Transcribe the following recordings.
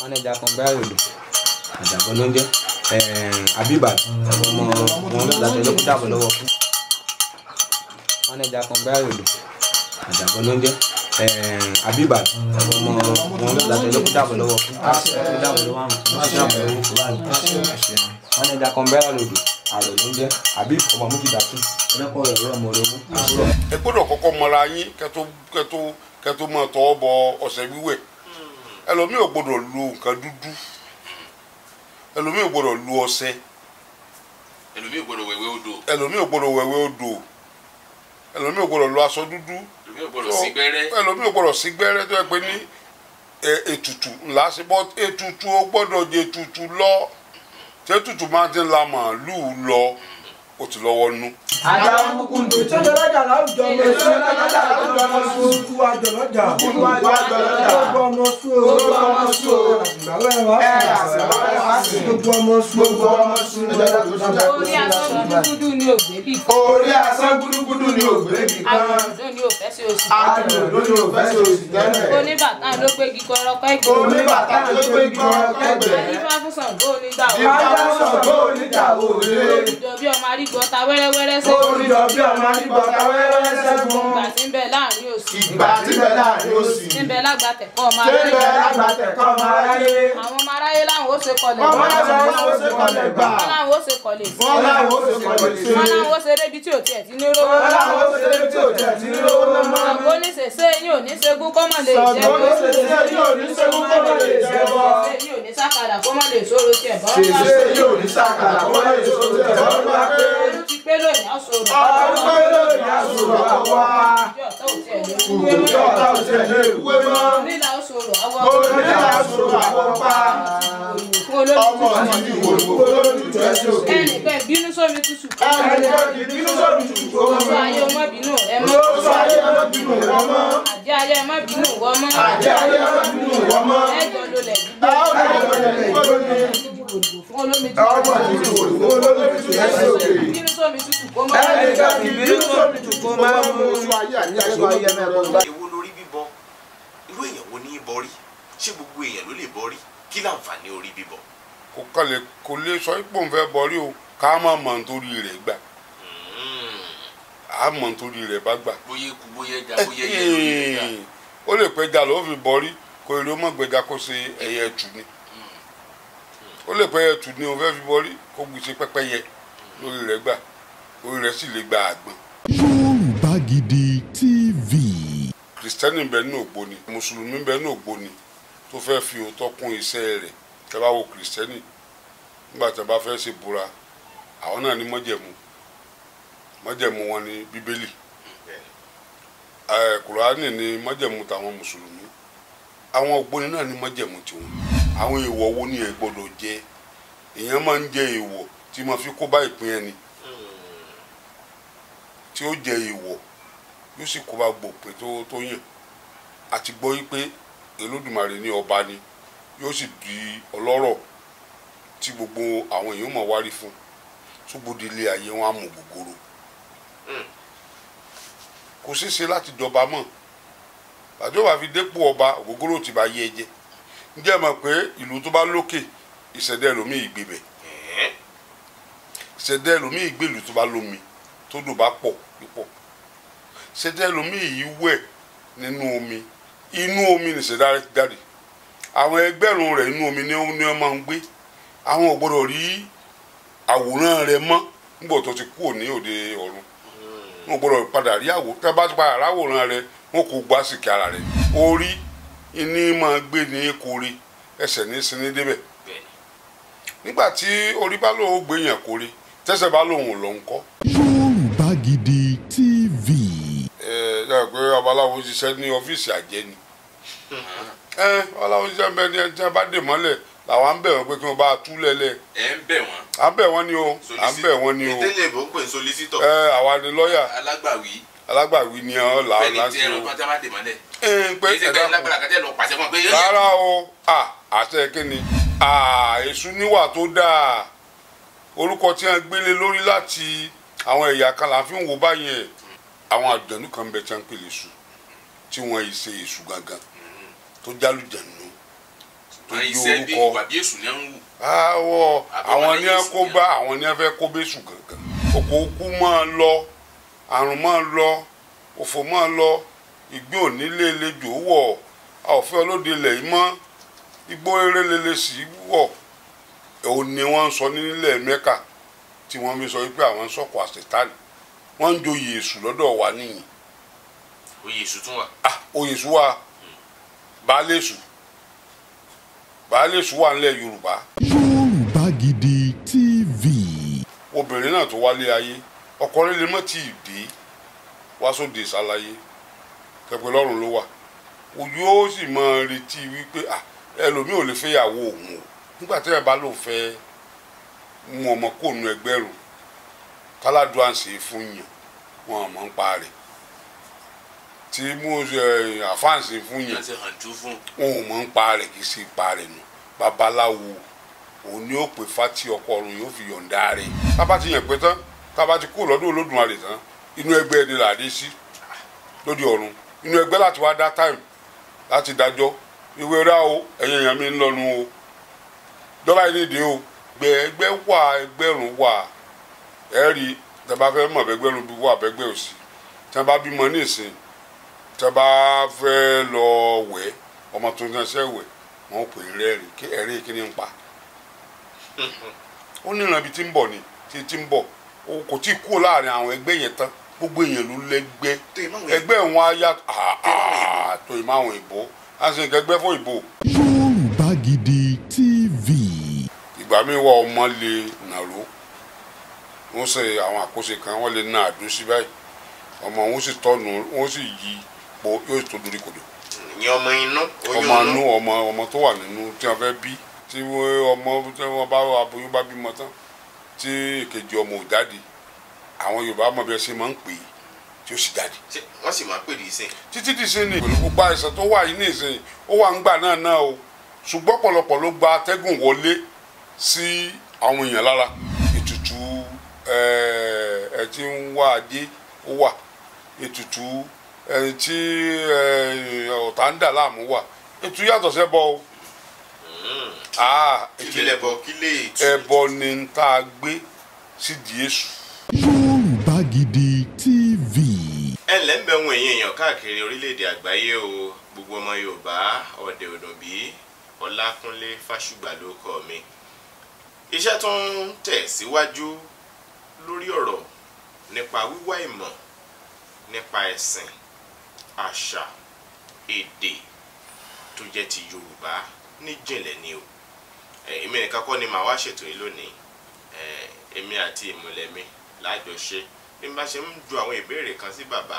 wọn ní ẹja kan gbá yòlò àjàgbọ́n ló ń jẹ́ Abibat ọmọ wọn lọ́dàtọ̀ ló kú dàbọ̀ lọ́wọ́ kú wọn ní ẹja kan gbá yòlò àjàgbọ́n ló ń jẹ́ Abibat ọmọ wọn lọ́dàtọ̀ ló kú dàbọ̀ lọ́wọ́ kú dàbọ̀ lọ́wọ́ àrùn wọn ní ẹja kan gbá yòlò àrò ló ń jẹ́ Abib ọmọ mú ti dàtú ẹ̀kọ́ rẹ̀ rọ̀ mọ́ lọ́wọ́. ẹ gbọ́dọ̀ kọ́kọ́ mọra yín kẹ́tó kẹ́tó kẹtó mọ tọwọ́ bọ ọṣẹ wíwẹ̀ ẹlòmíì ò gbọdọ̀ lu nǹkan dúdú ẹlòmíì ò gbọdọ̀ lu ọṣẹ ẹlòmíì ò gbọdọ̀ wẹ̀wẹ̀ odò ẹlòmíì ò gbọdọ̀ wẹ̀wẹ̀ odò ẹlòmíì ò gbọdọ̀ lu aṣọ dúdú ẹlòmíì ò gbọdọ̀ sígbẹ́rẹ́ ẹlòmíì ò gbọdọ̀ sígbẹ́rẹ́ tó yẹ pé ní ètùtù ńlá sí bọ́ ètùtù ó gbọdọ̀ jẹ ètùtù lọ tètùtù máa ti la màálù lọ. Mm ó ti lọ́wọ́ nú. àtàwọn kùkùndùn tí ọjọ́ lọ́jà láwùjọ ọmọ ẹ̀sìn lọ́jà láwùjọ ọmọ ẹ̀sìn kú àjọ lọ́jà kú àjọ lọ́jà gbogbo ọmọ sùn o gbogbo ọmọ sùn o àgbàwẹ̀ wá sí i gbogbo ọmọ sùn gbogbo ọmọ sùn lọ́jà tó sùn lọ́jà tó sùn lọ́jà. orí asán gúdúgúdú ni ògbé bì kan. orí asán gúdúgúdú ni ògbé bì kan. àdùnnú ni òfẹ́ sí oṣù tẹ́lẹ̀. oníbàtà ló gbé igi kọ́rọ́kọ́ ẹ̀gbẹ́. oníbàtà ló gbé igi kọ́rọ́kọ́ ẹ̀gbẹ́. àdìfáfúsàn gbóòní gbà wò. àdìfáfúsàn gbóòní gbà wò. ìjọba ọmọ gbọ́ta wẹ́rẹ́wẹ́rẹ́ sẹ́gun. ó rí lọ bí ọmọ arígbọ́ta sẹ́gun. ìgbà tí ń bẹ láàrin òsì. ìgbà tí ń bẹ láàrin òsì. tí ń bẹ lágbàtẹ̀kọ́ ọmọ aráyé. tí ń bẹ lágbàtẹ̀kọ́ ọmọ aráyé. àwọn ọmọ aráyé láwọn ó ṣe kọlẹ̀ gbà. wọ́n ó ṣe kọlẹ̀ gbà. wọ́n láwọn ó ṣe kọlẹ̀ sí. wọ́n láwọn ó ṣe débi tí ò tiẹ̀ ti ní rówó. wọ́n láwọn ó ṣe débi tí ò tiẹ̀ ti ní rówó lọ́mọ. ó ní sèse yín ò ní según kọ́mọ lè jẹ́ bọ́. ó ní sèse yín ò ní según kọ́mọ lè jẹ́ bọ́. sèse yín ò ní sàkàlà ní sàkàlà kọ́mọ lè tiẹ̀ bọ́ orí ti pé lónìí àsòrò. ọ̀rọ̀ pé lónìí àsòrò àwa. ìjọ ọ̀tá ò tiẹ̀ lé ìwé mọ́. onílà àsòrò àwa. onílà àsòrò àwa pa. ọmọ ìdí ìwòlùkọ́ lórí ìjọ ẹsẹ̀ òkè. ẹnìkan ìbínú sómi tútù. ẹnìkan ìbínú sómi tútù kó mọ́. lóṣù ayé ọmọ bínú ẹ mọ́. lóṣù ayé ọmọ bínú wọ́n mọ́. àjẹ́ ayé ọmọ bínú wọ́n mọ́. àjẹ́ ayé ọmọ bínú wọ́n mọ́. ẹ̀jọ̀ lolẹ̀ olómi tútù. ọgbọ́n tútù olómi tútù ẹsẹ̀ òkè. bínú sómi tútù kó máa mú. ẹnì kan kì bínú sómi tútù kó máa mú. oṣù ayé àní àṣọ ayé mẹ́rin ọgbà. èwo lórí bíbọ irú èèyàn wo ní í bọrí ṣé gbogbo èèyàn ló lè bọrí kí láǹfààní orí bíbọ. kò kàlẹ̀ kò lè sọ ipò ń fẹ́ bọrí o ká má mọ̀ nítorí rẹ̀ gbà á hmm. mọ̀ nítorí rẹ̀ bá gbà. bóyá ikú bóyá ẹja bóyá ẹyẹ ló lè gbà. ó lè pẹja ló fi bọrí kò èrè ó mọ̀ gbẹja kó ṣe ẹyẹ ẹtù ni ó lè pẹ́ ẹtù ni òun fẹ́ fi bọ́rí kó gbèsè pẹ́pẹ́yẹ lórí rẹ̀ gbà orí rẹ̀ sì lè gba àgbọn. Yorùbá Gidi TV. kìrìsìtẹ́nì ń bẹ nínú ògbóni mùsùlùmí ń bẹ nínú ògbóni tó fẹ́ fi òótọ́ kún iṣẹ́ rẹ̀ tẹ́ bá wo kìrìsìtẹ́nì nígbà tí a bá fẹ́ ṣe búra àwọn náà ní mọ́jẹ̀mú mọ́jẹ̀mú wọn ní bíbélì kùránì ní mọ́jẹ̀mú tàwọn mùsùlùmí àwọn ògbóni náà ní mọ́jẹ̀mú tiwọn àwọn èèwọ̀ wo ni ẹ gbọ́dọ̀ jẹ èèyàn máa ń jẹ èèwọ̀ tí mo fi kó bá ìpín ẹni tí ó jẹ èèwọ̀ yóò sì kó bá gbòpin tó tó yàn àti gbọ́ yí pé Olódùmarè ní ọba ni yóò sì di ọlọ́rọ̀ tí gbogbo àwọn èèyàn máa wárí fún ṣùgbọ́n ilé ayé wọn á mú gbogbooro kò ṣeé ṣe láti jọba mọ́ àjọba fi dépò ọba ògógóró ti bá yé jẹ ǹjẹ́ ẹ mọ̀ pé ìlú tó bá lókè ìṣẹ̀dá ẹlòmíì ìgbébẹ̀ ìṣẹ̀dá ẹlòmíì ìgbèlú tó bá lómi tó dùn bá pọ̀ púpọ̀ ìṣẹ̀dá ẹlòmíì yìí wẹ̀ nínú omi inú omi nìṣẹ̀dá rẹ̀ ti jáde àwọn ẹgbẹ̀rún rẹ̀ omi ni ó máa ń gbé àwọn ò gbọ́dọ̀ rí àwòrán rẹ̀ mọ́ nígbà tó ti kúrò ní òde ọ̀run hmm. wọn ò gbọ́dọ̀ padà rí àwòrán tí bá ti padà ráwòrán rẹ̀ wọn kò gbásìkì ara rẹ̀ orí iní máa gbé ní kórè ẹsẹ̀ ní sinmi débẹ̀ nígbà tí orí bá lòun gbé yàn kórè tẹ́sẹ̀ bá lòun lọ ń kọ́. Yorùbá Gidi TV. ẹ ẹ yàrá pé babaláwo ṣiṣẹ́ ní ọ́fíìsì àjẹni ẹ babaláwo ṣiṣẹ́ bẹ́ẹ̀ ni ẹ jẹ́ bá dè mọ́lẹ̀ làwọn ń bẹ̀ wọ́n pé kí wọ́n bá tú lẹ́lẹ̀. ẹ ń bẹ̀ wọ́n. à ń ni o à ń bẹ̀ wọ́n ni o. ètè lè bó pè ń solisitọ̀. ẹ àwa ni lọ́ọ̀yà. alágbàwí alágbàwí ni ọ là ọ lásìkò. ẹni tí ẹran tó ń tábà dè mọ́lẹ̀. ẹ pé ẹ dákun lágbára kẹtẹ lọ pàṣẹ fún ọ pé. rárá o àṣẹ kíni èṣù níwà tó dáa orúkọ tí wọn gbélé lórí láti àwọn ẹ̀yà kan là ń fi ń wo báyẹn àwọn àdánù kan bẹ tí wọn ń pèlè èṣù tí wọn yìí ṣe èṣù gangan tó jálùjànù tó yí orúkọ àwọ àwọn ni wọn kó bá àwọn ni wọn fẹ́ kó bẹ́ṣù gangan òkò òkú máa lọ àrùn máa lọ òfò máa lọ ìgbín òní lélẹ̀ jò wọ̀ a ò fẹ́ olóde ilẹ̀ yìí mọ́ igbó eré lélẹ̀ sì wọ̀ òun ni wọ́n ń sọ nílẹ̀ mẹ́ka tí wọ́n fi sọ wípé àwọn ń sọ̀kọ̀ àṣetánì wọ́n ń joyè èṣù lọ́dọ̀ wa nìyí. oyè èṣù tún wà. ah oyè èṣù wà baálé èṣù wà nílẹ̀ yorùbá. yorùbá gidi TV. obìnrin náà tó wálé ayé ọkùnrin lè má tí ì dé wá sóde ṣàlàyé tẹpẹ lọ́rùn ló wà òjò ó sì máa retí wípé ẹlòmíì ò lè fẹ́yàwó òun o nígbà tí ẹ bá lò fẹ́ mú ọmọ kóònù ẹgbẹ̀rún káládùá ń ṣe fún yàn wọn àmọ́ ń pa rẹ̀ tí mú àfáǹsì fún yàn wọn ò mọ̀ ń pa rẹ̀ kì í sì pa rẹ̀ nù babaláwo òun ni ó pè fati ọkọ ọ̀run yóò fi yọ̀ǹda rẹ̀ sábà ti yàn pé tán tá a bá ti kú lọ́dún Olódùmarè tán inú ẹgbẹ́ ẹni là á dé sí lóde ọ̀run inú ẹgbẹ́ láti wá dá táìmù láti dájọ́ ìwé rà o ẹ̀yìn èèyàn mi ń lọ́nu o dọ́là yìí nìdí o gbẹ ẹgbẹ́ wà ẹgbẹ́rún wà ẹ rí tẹ bá fẹ́ mọ̀ bẹ́gbẹ́rún bí wà bẹ́gbẹ́ òsì tẹ bá bímọ ní ìsìn tẹ bá fẹ́ lọ wẹ̀ ọmọ tuntun ṣẹ́ wẹ̀ wọ́n pè é rẹ́rìn kí ẹ̀rín kí ni ń pa ó níran ibi tí ń bọ̀ ni tí tí ń bọ̀ o kò tí ì kúrò láàrin àwọn ẹgbẹ́ yẹn tán gbogbo èèyàn ló lẹ́gbẹ́ ẹgbẹ́ wọn á yá tó ìmáwọn ìbò á sì gẹ́gbẹ́ fún ìbò. Yorùbá Gidi TV. ìgbà mi wà ọmọ lè nàró wọn ṣe àwọn àkóso kan wọn lè na àdó sí báyìí ọmọ wọn sì tọnu wọn sì yí po yóò tó dorí kodò. ìyẹn ọmọ inú oyún ọmọ ọmọ tó wà nínú tí wọn fẹ́ bí tí ọmọ tí wọn bá aboyún bá bímọ tán tí èkejì ọmọ ò jáde àwọn yorùbá mọ̀ bí ẹ ṣe máa ń pè é tí ó sì jáde. wọ́n sì máa pè ní ìsìn. títí di ìsìn ni pẹ̀lú gbogbo àìsàn tó wà yìí ní ìsìn ó wà ń gbà náà náà o ṣùgbọ́n pọ̀lọpọ̀ ló gba atẹ́gùn wọlé sí àwọn èèyàn lára ètùtù eh, ẹ ti ń wá adé ó wà ètùtù ẹ eh, ti eh, ọ̀tá ń dà láàmú wà ètùtù yàtọ̀ sẹ́bọ̀ o. Ah, ìbílẹ̀ bọ̀ kí lè tù. ẹbọ ni n tá a gbé sídìí èṣù. Yorùbá Gidi TV. ẹ lẹ́ńbẹ̀ ń wọ̀nyí èèyàn káàkiri orílẹ̀-èdè àgbáyé o gbogbo ọmọ Yorùbá ọ̀dẹ̀ òdòbí Ọlákúnlé Fásùgbà ló kọ mi iṣẹ́ tó ń tẹ̀síwájú lórí ọ̀rọ̀ nípa wíwá ìmọ̀ nípa ẹ̀sìn àṣà èdè tó jẹ́ ti Yorùbá ní jìnlẹ̀ ni o èmi nìkan kọ́ ni màá wá ṣètò yìí lónìí èmi àti ìmùlẹ̀mí lájọṣe bí mo bá ṣe ń ju àwọn ìbéèrè kan sí bàbá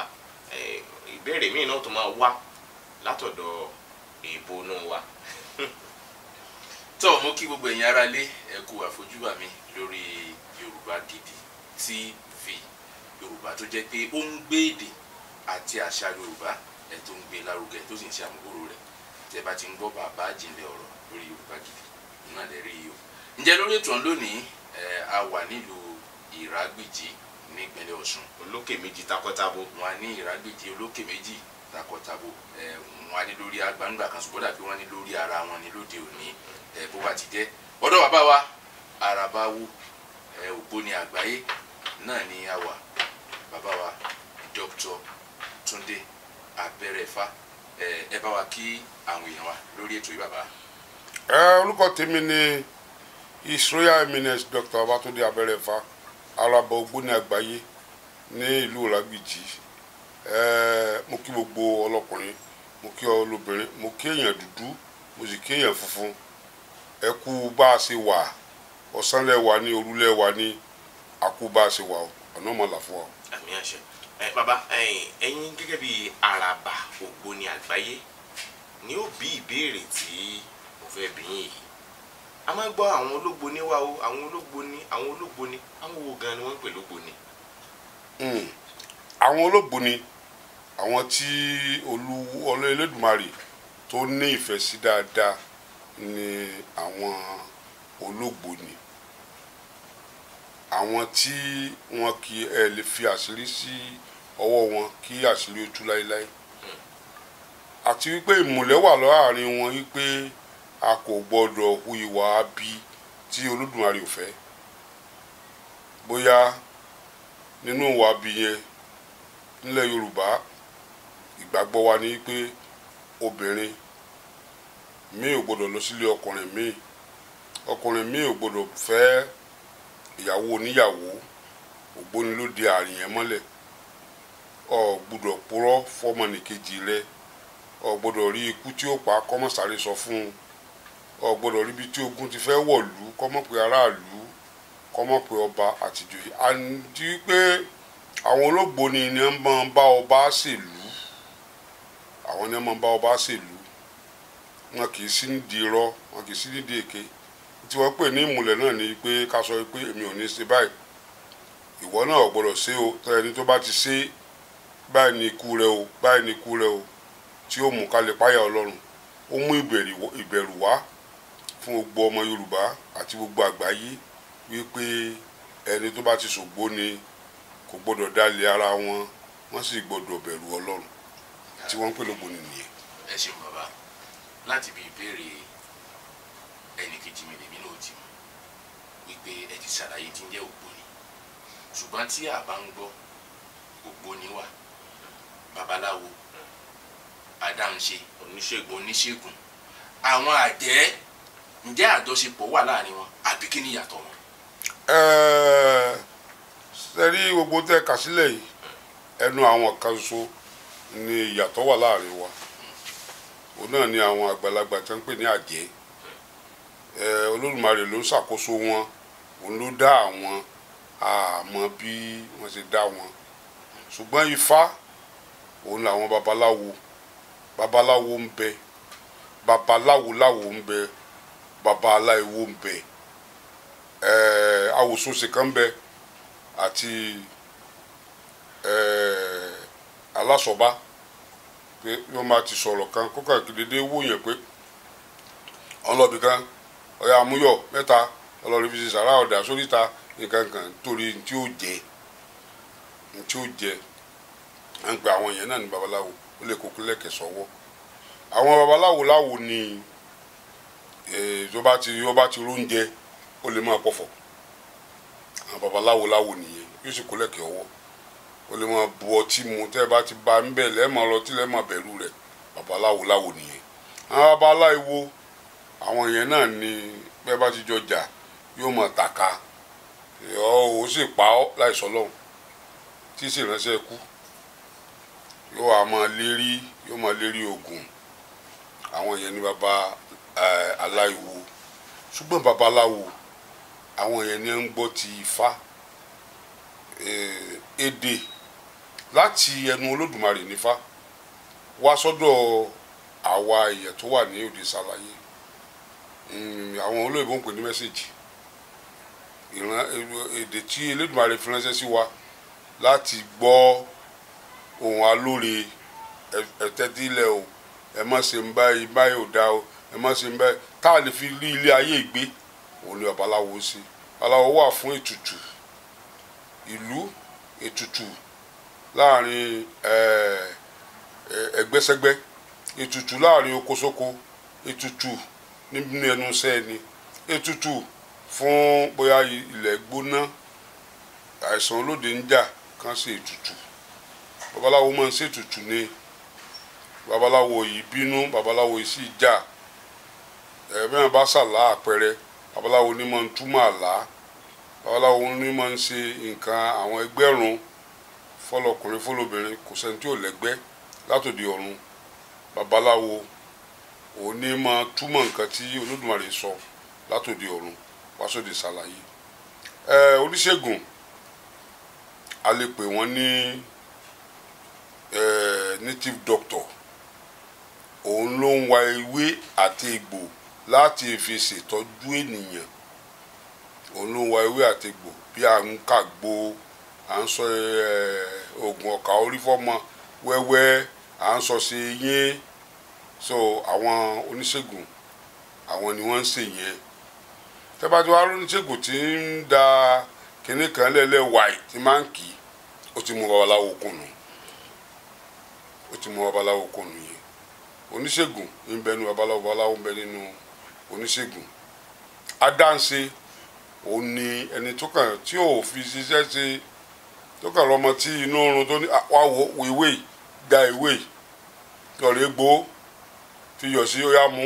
ìbéèrè míì náà tó máa wá látọ̀dọ̀ ìbonú wa. tó mo kí gbogbo ẹ̀yin ará lé ẹ kú mi lórí Yorùbá Gidi TV Yorùbá tó jẹ́ pé ó ń gbé èdè àti àṣà Yorùbá ẹ̀ tó ń gbé lárugẹ tó sì ń ṣe àmúgbòrò rẹ̀ tẹ́ bá ti ń gbọ́ bàbá àjìnlẹ̀ ọ̀rọ̀ lórí Yorùbá Gidi náà lè rí yìí ǹjẹ́ lórí ètò lónìí a wà nílùú Ìrágbìjí nípínlẹ̀ Ọ̀ṣun olókè méjì takọtabo wọn ní Ìrágbìjí olókè méjì takọtabo wọn ní lórí agbangba kan ṣùgbọ́n dàbí wọn ní lórí ara wọn ní lóde òní bó bá ti jẹ́ ọ̀dọ̀ bàbá wa Arabawo ògbóni àgbáyé náà ni a wà bàbá wa Dr. Túndé Abẹ́rẹ́fá ẹ bá wa kí àwọn èèyàn wa lórí ètò yìí bàbá. ẹ orúkọ tèmi ni his royal eminence dr babatunde abẹrẹfa alábọ ògbóni àgbáyé ní ìlú Lágbìjí ẹ mo kí gbogbo ọlọ́kùnrin mo kí olóbìnrin mo kí èèyàn dúdú mo sì kí èèyàn funfun ẹ kú bá a ṣe wà ọ̀sánlẹ̀ wa ní orúlẹ̀ ní àkú bá a ṣe wà ọ̀nà ọmọ làfọ́. àmì àṣẹ baba bàbá ẹ̀yin gẹ́gẹ́ bí àràbà ògbóni àgbáyé ni ó bí ìbéèrè tí mo fẹ́ bí yín yìí a máa ń gbọ́ àwọn ológbóni wá o àwọn ológbóni àwọn ológbóni àwọn wo gan ni wọ́n ń pè lógbóni. Hmm. àwọn ológbóni àwọn tí olú Olódùmarè tó ní ìfẹ́ sí dáadáa ni àwọn ológbóni. Mm àwọn tí wọn kì ẹ lè fi àṣírí sí ọwọ́ wọn kí àṣírí ó tú láéláé àti wípé ìmùlẹ̀ wà láàrin wọn wípé a kò gbọdọ̀ hu ìwà abi tí Olódùmarè ò fẹ́ bóyá nínú ìwà abi yẹn nílẹ̀ Yorùbá ìgbàgbọ́ wa ni wípé obìnrin mi ò gbọdọ̀ lọ sílé ọkùnrin mi ọkùnrin mi ò gbọdọ̀ fẹ́ ìyàwó oníyàwó ògbóni ló de àrùn yẹn mọ́lẹ̀ ọ gbọ́dọ̀ purọ́ fọmọnìkejì rẹ ọ gbọ́dọ̀ rí ikú tí ó pa kọ́mọ̀sáré sọ fún un ọ gbọ́dọ̀ rí ibi tí ogun ti fẹ́ wọ̀lú kọ́mọ̀pẹ́ aráàlú kọ́mọ̀pẹ́ ọba àtìjòyè àti pé àwọn olóògbóni ni wọ́n máa ń bá ọba ṣèlú àwọn ni wọ́n máa ń bá ọba ṣèlú wọn kì í sí nídìí irọ́ wọn kì í sí nídìí èké tí wọ́n pè ní ìmùlẹ̀ náà ni pé ká sọ pé èmi ò ní ṣe báyìí ìwọ náà ò gbọdọ̀ ṣe o tẹ́lẹ̀ ní tó bá ti ṣe báyìí ni ikú rẹ o báyìí ni ikú rẹ o tí ó mú ká lè páyà ọlọ́run ó mú ìbẹ̀rù wá fún gbogbo ọmọ yorùbá àti gbogbo àgbáyé wípé ẹni tó bá ti ṣògbó ni kò gbọdọ̀ dálẹ̀ ara wọn wọ́n sì gbọdọ̀ bẹ̀rù ọlọ́run tí wọ́n ń pè lóògùn nìyẹn. ẹ ṣeun bàbá láti bí ìbéèrè ẹnì kejì mi lèmi pé ẹ ti ṣàlàyé tí ń jẹ́ ògbóni ṣùgbọ́n tí a bá ń gbọ́ ògbóni wa babaláwo adáhunṣe oníṣègùn oníṣègùn àwọn àjẹ́ ǹjẹ́ àjọṣepọ̀ wà láàrin wọn àbí kí ni ìyàtọ̀ wọn. ṣe rí gbogbo tẹ́ kà sílẹ̀ yìí ẹnu àwọn kan ṣoṣo ni ìyàtọ̀ wà láàrin wa òun náà ni àwọn àgbàlagbà tí wọ́n ń pè ní àjẹ́ Olódùmarè ló ń ṣàkóso wọn òun ló dá àwọn àmọ́ bí wọ́n ṣe dá wọn ṣùgbọ́n ifá òun làwọn babaláwo babaláwo ń bẹ babaláwo láwo ń bẹ babaláwo ń bẹ ẹ̀ẹ́ awòsóṣe kan ń bẹ àti ẹ̀ẹ́ alásọ̀bá pé yóò máa ti sọ̀rọ̀ kan kókà dédé wò yẹn pé ọlọ́bì kan ọ̀yà àmúyọ̀ ọlọ́run fi ṣe sàrà ọ̀dà sóríta ìkankan torí tí ó jẹ tí ó jẹ à ń pe àwọn yẹn náà ní babaláwo ó lè kókó lẹ́kẹ̀ sọ́wọ́ àwọn babaláwo láwo ni tó bá ti ó bá ti róúnjẹ ó lè máa pọ̀fọ̀ àwọn babaláwo láwo nìyẹn yóò sì kó lẹ́kẹ̀ ọwọ́ ó lè máa bu ọtí mu tẹ́ ẹ bá ti ba ń bẹ̀ lẹ́ẹ̀mọ́ lọ tí lẹ́ẹ̀mọ́ bẹ̀rù rẹ̀ babaláwo láwo nìyẹn àwọn babaláwo àwọn yẹn náà ni bẹ́ẹ̀ bá ti jọ jà yóò mọ̀ tàka ìyọ́ ò sì pa ọ́ láìsọ lọ́hùn tí sì ránṣẹ́ kú yóò wá máa lérí yóò máa lérí oògùn àwọn yẹn ní baba aláìwo ṣùgbọ́n babaláwo àwọn yẹn ní ń gbọ́ ti ifá èdè láti ẹnu olódùmarè nífá wá sọ́dọ̀ àwa èèyàn tó wà ní òde sàlàyé hmm, àwọn olóyìnbó ń pè ní mẹ́sẹ̀gì ìran èdè tí Elédùmarè fi ránṣẹ́ sí wa láti gbọ́ ohun alóore ẹ̀tẹ́tílẹ̀ o ẹ má ṣe ń báyìí báyìí ò dá o ẹ má ṣe ń báyìí tá a lè fi rí ilé ayé ìgbé òun ni ọba aláwo ṣe aláwo wà fún ètùtù ìlú ètùtù láàrin ẹgbẹ́sẹ́gbẹ́ ètùtù láàrin okosoko ètùtù nínú ẹnu iṣẹ́ ẹni ètùtù. E fún bóyá ilẹ̀ gbóná àìsàn olóde ń jà kán ṣe ètùtù babaláwo máa ń ṣètùtù ni babaláwo yìí bínú babaláwo yìí sì jà ẹ̀ẹ́dẹ́gbẹ́rún bá ṣàlá àpẹẹrẹ babaláwo ní máa ń túmọ̀ àlá babaláwo ní máa ń ṣe nǹkan àwọn ẹgbẹ́rún fọlọkùnrin fọlọbìnrin kò sẹ́ni tí ò lẹ́gbẹ́ látòdì ọ̀run babaláwo òní máa túmọ̀ nǹkan tí olódùmarè sọ látòdì ọ̀run wàásùdì ṣàlàyé ẹ oníṣègùn a lè pè wọ́n ní ẹ native doctor òun ló ń wa ewé àti egbò láti fi ṣètọ́jú ènìyàn òun ló ń wa ewé àti egbò bí à ń kàgbo à ń sọ ẹ oògùn ọkà orí fọ́mọ wẹ́wẹ́ à ń sọ ṣe yín so àwọn oníṣègùn àwọn ni wọ́n ń ṣe yẹn tẹ́bá tí wàá rí oníṣègùn tí ń da kinní kan lẹ́lẹ́ wáì tí máa ń kì í ó ti mú babaláwo kùnú ó ti mú babaláwo kùnú yẹn oníṣègùn ń bẹ nínú babaláwo babaláwo ń bẹ nínú oníṣègùn adáǹṣe òun ẹni tó kàn tí ò fi ṣiṣẹ́ ṣe tó kàn lọ́mọ tí inú oorun tó ní wá ìwé da ìwé lọ́ọ̀rẹ́ gbó fi yọ̀ sí ó yá mú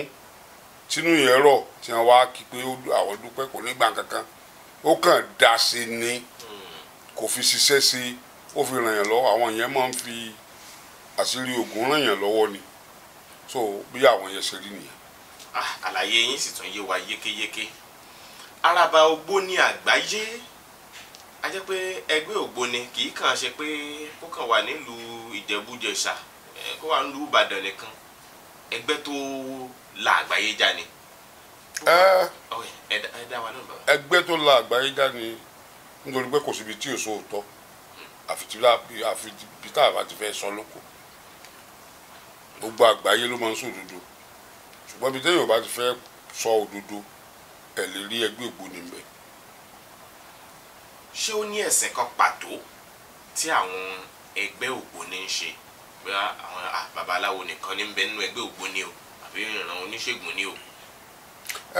tínú yẹn rọ̀ tí wọ́n wá kí pé àwọn dúpẹ́ kò ní gbà kankan ó kàn dá sí ni kò fi ṣiṣẹ́ sí ó fi ràn yàn lọ́wọ́ àwọn yẹn máa ń fi àṣírí oògùn ràn yàn lọ́wọ́ ni so bí àwọn yẹn ṣe rí nìyẹn. Ah, àlàyé yín sì tún yé wa yékéyéké araba ògbóni àgbáyé a jẹ́ pé ẹgbẹ́ ògbóni kì í kàn ṣe pé kó kàn wà nílùú ìjẹ̀bújẹ̀ṣà kó wà nílùú ìbàdàn nìkan ẹgbẹ́ tó la àgbáyé já ni. ẹgbẹ́ tó la àgbáyé já ni nítorí pé kò síbi tí ò sóò tọ́ àfi bí tá a bá ti fẹ́ sọ lóko gbogbo àgbáyé ló máa ń sòdodo ṣùgbọ́n bí téèyàn bá ti fẹ́ sọ òdodo ẹ̀ lè rí ẹgbẹ́ ni mbẹ́. ṣé ó ní ẹ̀sìn kan pàtó tí àwọn ẹgbẹ́ ògbóni ń ṣe pé àwọn babaláwo nìkan ní ń bẹ nínú ẹgbẹ́ ògbóni o àbí ìran oníṣègùn ni o.